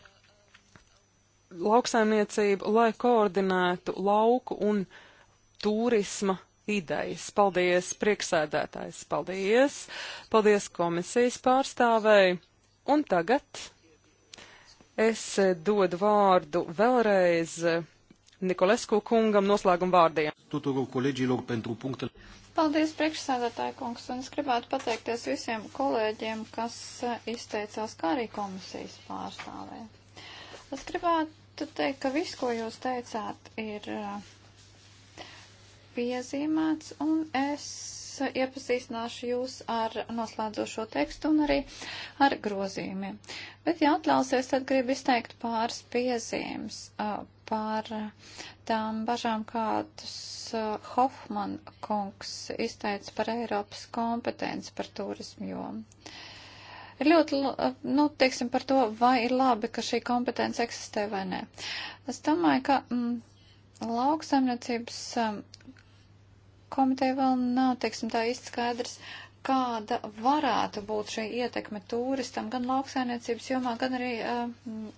lauksaimniecību, lai koordinētu lauku un turisma idejas. Paldies, prieksēdētājs, paldies, paldies komisijas pārstāvēji. Un tagad es dodu vārdu vēlreiz Nikolesku kungam noslēguma vārdiem. Paldies, priekšsēdētāji kungs, un es gribētu pateikties visiem kolēģiem, kas izteicās kā arī komisijas pārstāvē. Es gribētu gribētu teikt, ka viss, ko jūs teicāt, ir uh, piezīmēts, un es iepazīstināšu jūs ar noslēdzošo tekstu un arī ar grozījumiem. Bet, ja atļausies, tad gribu izteikt pāris piezīmes uh, par tām bažām, kādas uh, Hofman kungs izteica par Eiropas kompetenci par turismu jomu. Ir ļoti, nu, teiksim par to, vai ir labi, ka šī kompetence eksistē vai nē. Es domāju, ka mm, lauksaimniecības mm, komiteja vēl nav, teiksim, tā īsti skaidrs, kāda varētu būt šī ietekme turistam gan lauksainiecības jomā, gan arī uh,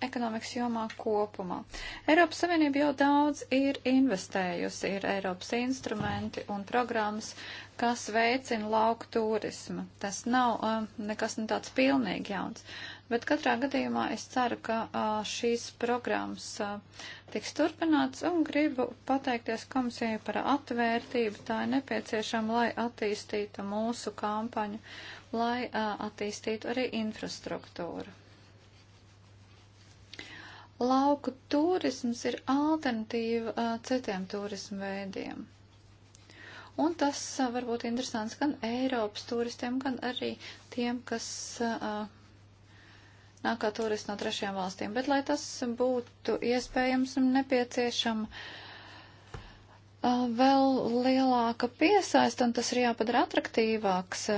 ekonomikas jomā kopumā. Eiropas Savienība jau daudz ir investējusi, ir Eiropas instrumenti un programmas, kas veicina lauku turismu. Tas nav uh, nekas nu tāds pilnīgi jauns. Bet katrā gadījumā es ceru, ka uh, šīs programmas uh, tiks turpināts un gribu pateikties komisijai par atvērtību. Tā ir nepieciešama, lai attīstītu mūsu kampaņu, lai uh, attīstītu arī infrastruktūru. Lauku turisms ir alternatīva uh, citiem turismu veidiem Un tas var būt interesants gan Eiropas turistiem, gan arī tiem, kas uh, nāk kā turisti no trešajām valstīm. Bet, lai tas būtu iespējams un nepieciešama uh, vēl lielāka piesaista, un tas ir jāpadara atraktīvāks. Uh,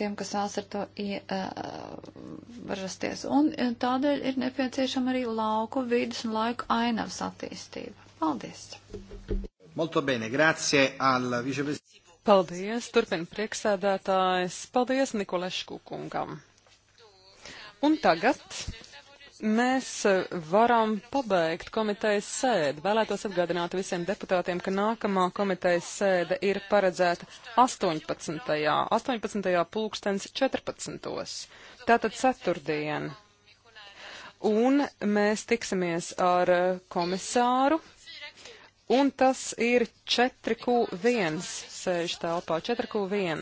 tiem, kas vēlas ar to ierasties. Un tādēļ ir nepieciešama arī lauku vidas un laiku ainavas attīstība. Paldies! Molto bene, grazie al viceprezidents. Paldies, turpina prieksēdētājs. Paldies Nikolešku kungam. Un tagad mēs varam pabeigt komitejas sēdi. Vēlētos atgādināt visiem deputātiem, ka nākamā komitejas sēde ir paredzēta 18. 18. pulkstens 14. Tātad ceturtdien. Un mēs tiksimies ar komisāru Un tas ir 4Q1, sēž telpā, 4Q1.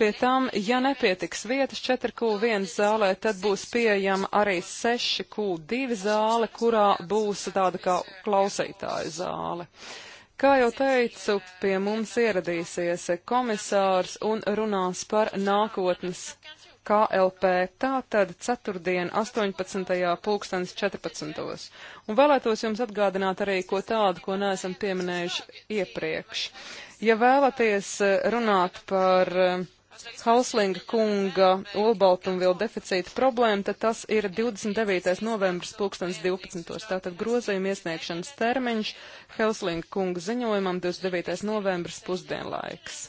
Pie tam, ja nepietiks vietas 4Q1 zālē, tad būs pieejama arī 6Q2 zāle, kurā būs tāda kā klausītāju zāle. Kā jau teicu, pie mums ieradīsies komisārs un runās par nākotnes KLP, tātad ceturtdien 18. pulkstens 14. Un vēlētos jums atgādināt arī ko tādu, ko neesam pieminējuši iepriekš. Ja vēlaties eh, runāt par eh, Hauslinga kunga olbaltumvielu deficīta problēma, tad tas ir 29. novembris 2012. Tātad grozījuma iesniegšanas termiņš Hauslinga kunga ziņojumam 29. novembris pusdienlaiks.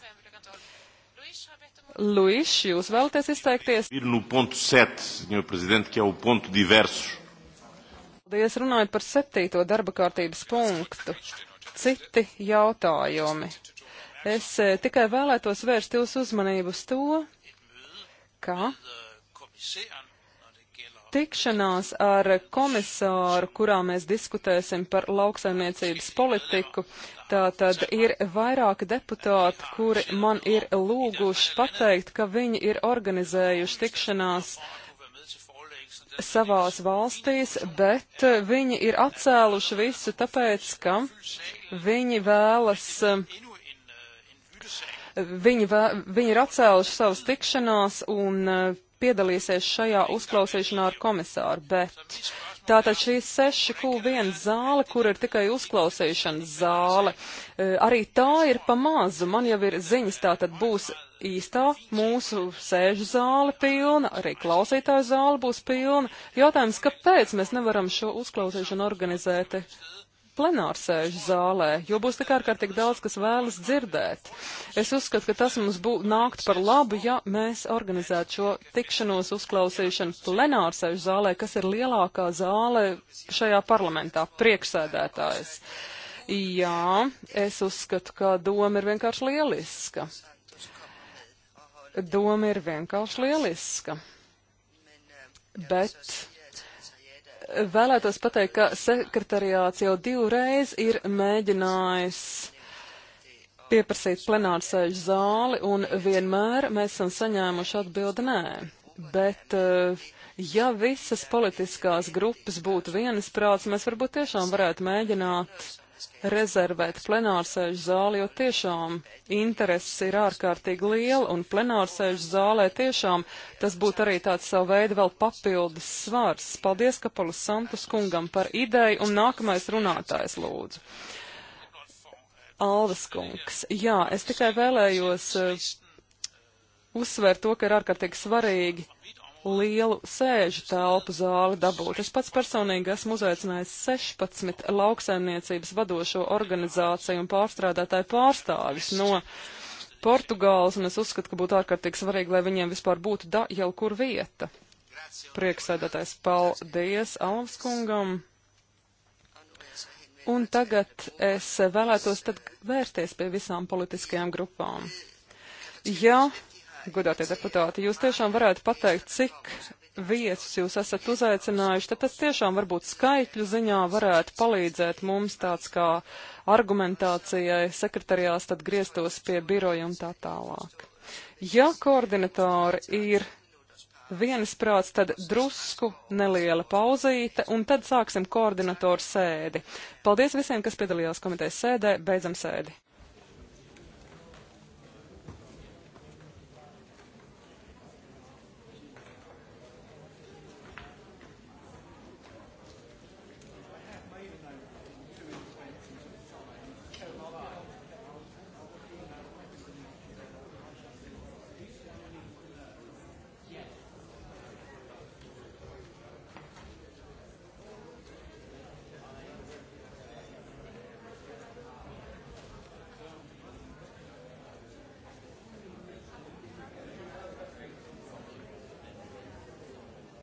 Luís, jūs vēlaties izteikties? Ir no pontu 7, senhor prezidente, que é o pontu diversos. Paldies, runājot par septīto darba kārtības punktu. Citi jautājumi. Es e, tikai vēlētos vērst jūsu uzmanību uz to, ka tikšanās ar komisāru, kurā mēs diskutēsim par lauksaimniecības politiku. Tātad ir vairāki deputāti, kuri man ir lūguši pateikt, ka viņi ir organizējuši tikšanās savās valstīs, bet viņi ir atcēluši visu tāpēc, ka viņi vēlas viņi, vē, viņi ir atcēluši savas tikšanās un piedalīsies šajā uzklausīšanā ar komisāru, bet tātad šī 6Q1 zāle, kur ir tikai uzklausīšanas zāle, e, arī tā ir pa mazu. Man jau ir ziņas, tātad būs īstā mūsu sēžu zāle pilna, arī klausītāju zāle būs pilna. Jautājums, kāpēc mēs nevaram šo uzklausīšanu organizēt plenārsēžu zālē, jo būs tik ārkārtīgi daudz, kas vēlas dzirdēt. Es uzskatu, ka tas mums būtu nākt par labu, ja mēs organizētu šo tikšanos uzklausīšanu plenārsēžu zālē, kas ir lielākā zāle šajā parlamentā, priekšsēdētājs. Jā, es uzskatu, ka doma ir vienkārši lieliska. Doma ir vienkārši lieliska. Bet vēlētos pateikt, ka sekretariāts jau divreiz ir mēģinājis pieprasīt plenārsēžu zāli, un vienmēr mēs esam saņēmuši atbildi nē. Bet, eh, ja visas politiskās grupas būtu vienas prāts, mēs varbūt tiešām varētu mēģināt rezervēt plenārsēžu zāli, jo tiešām intereses ir ārkārtīgi liela, un plenārsēžu zālē tiešām tas būtu arī tāds savu veidu vēl papildus svars. Paldies Kapalu Santus kungam par ideju, un nākamais runātājs lūdzu. Alvas kungs. Jā, es tikai vēlējos eh, uzsvērt to, ka ir ārkārtīgi svarīgi lielu sēžu telpu zāli dabūt. Es pats personīgi esmu uzaicinājis 16 lauksaimniecības vadošo organizāciju un pārstrādātāju pārstāvis no Portugāles, un es uzskatu, ka būtu ārkārtīgi svarīgi, lai viņiem vispār būtu da, jau kur vieta. Prieksēdētājs paldies Almskungam. Un tagad es vēlētos tad vērsties pie visām politiskajām grupām. Ja godātie deputāti, jūs tiešām varētu pateikt, cik viesus jūs esat uzaicinājuši, tad tas tiešām varbūt skaitļu ziņā varētu palīdzēt mums tāds kā argumentācijai, sekretariās tad grieztos pie biroja un tā tālāk. Ja koordinatori ir viensprāts, tad drusku neliela pauzīte, un tad sāksim koordinatoru sēdi. Paldies visiem, kas piedalījās komitejas sēdē, beidzam sēdi.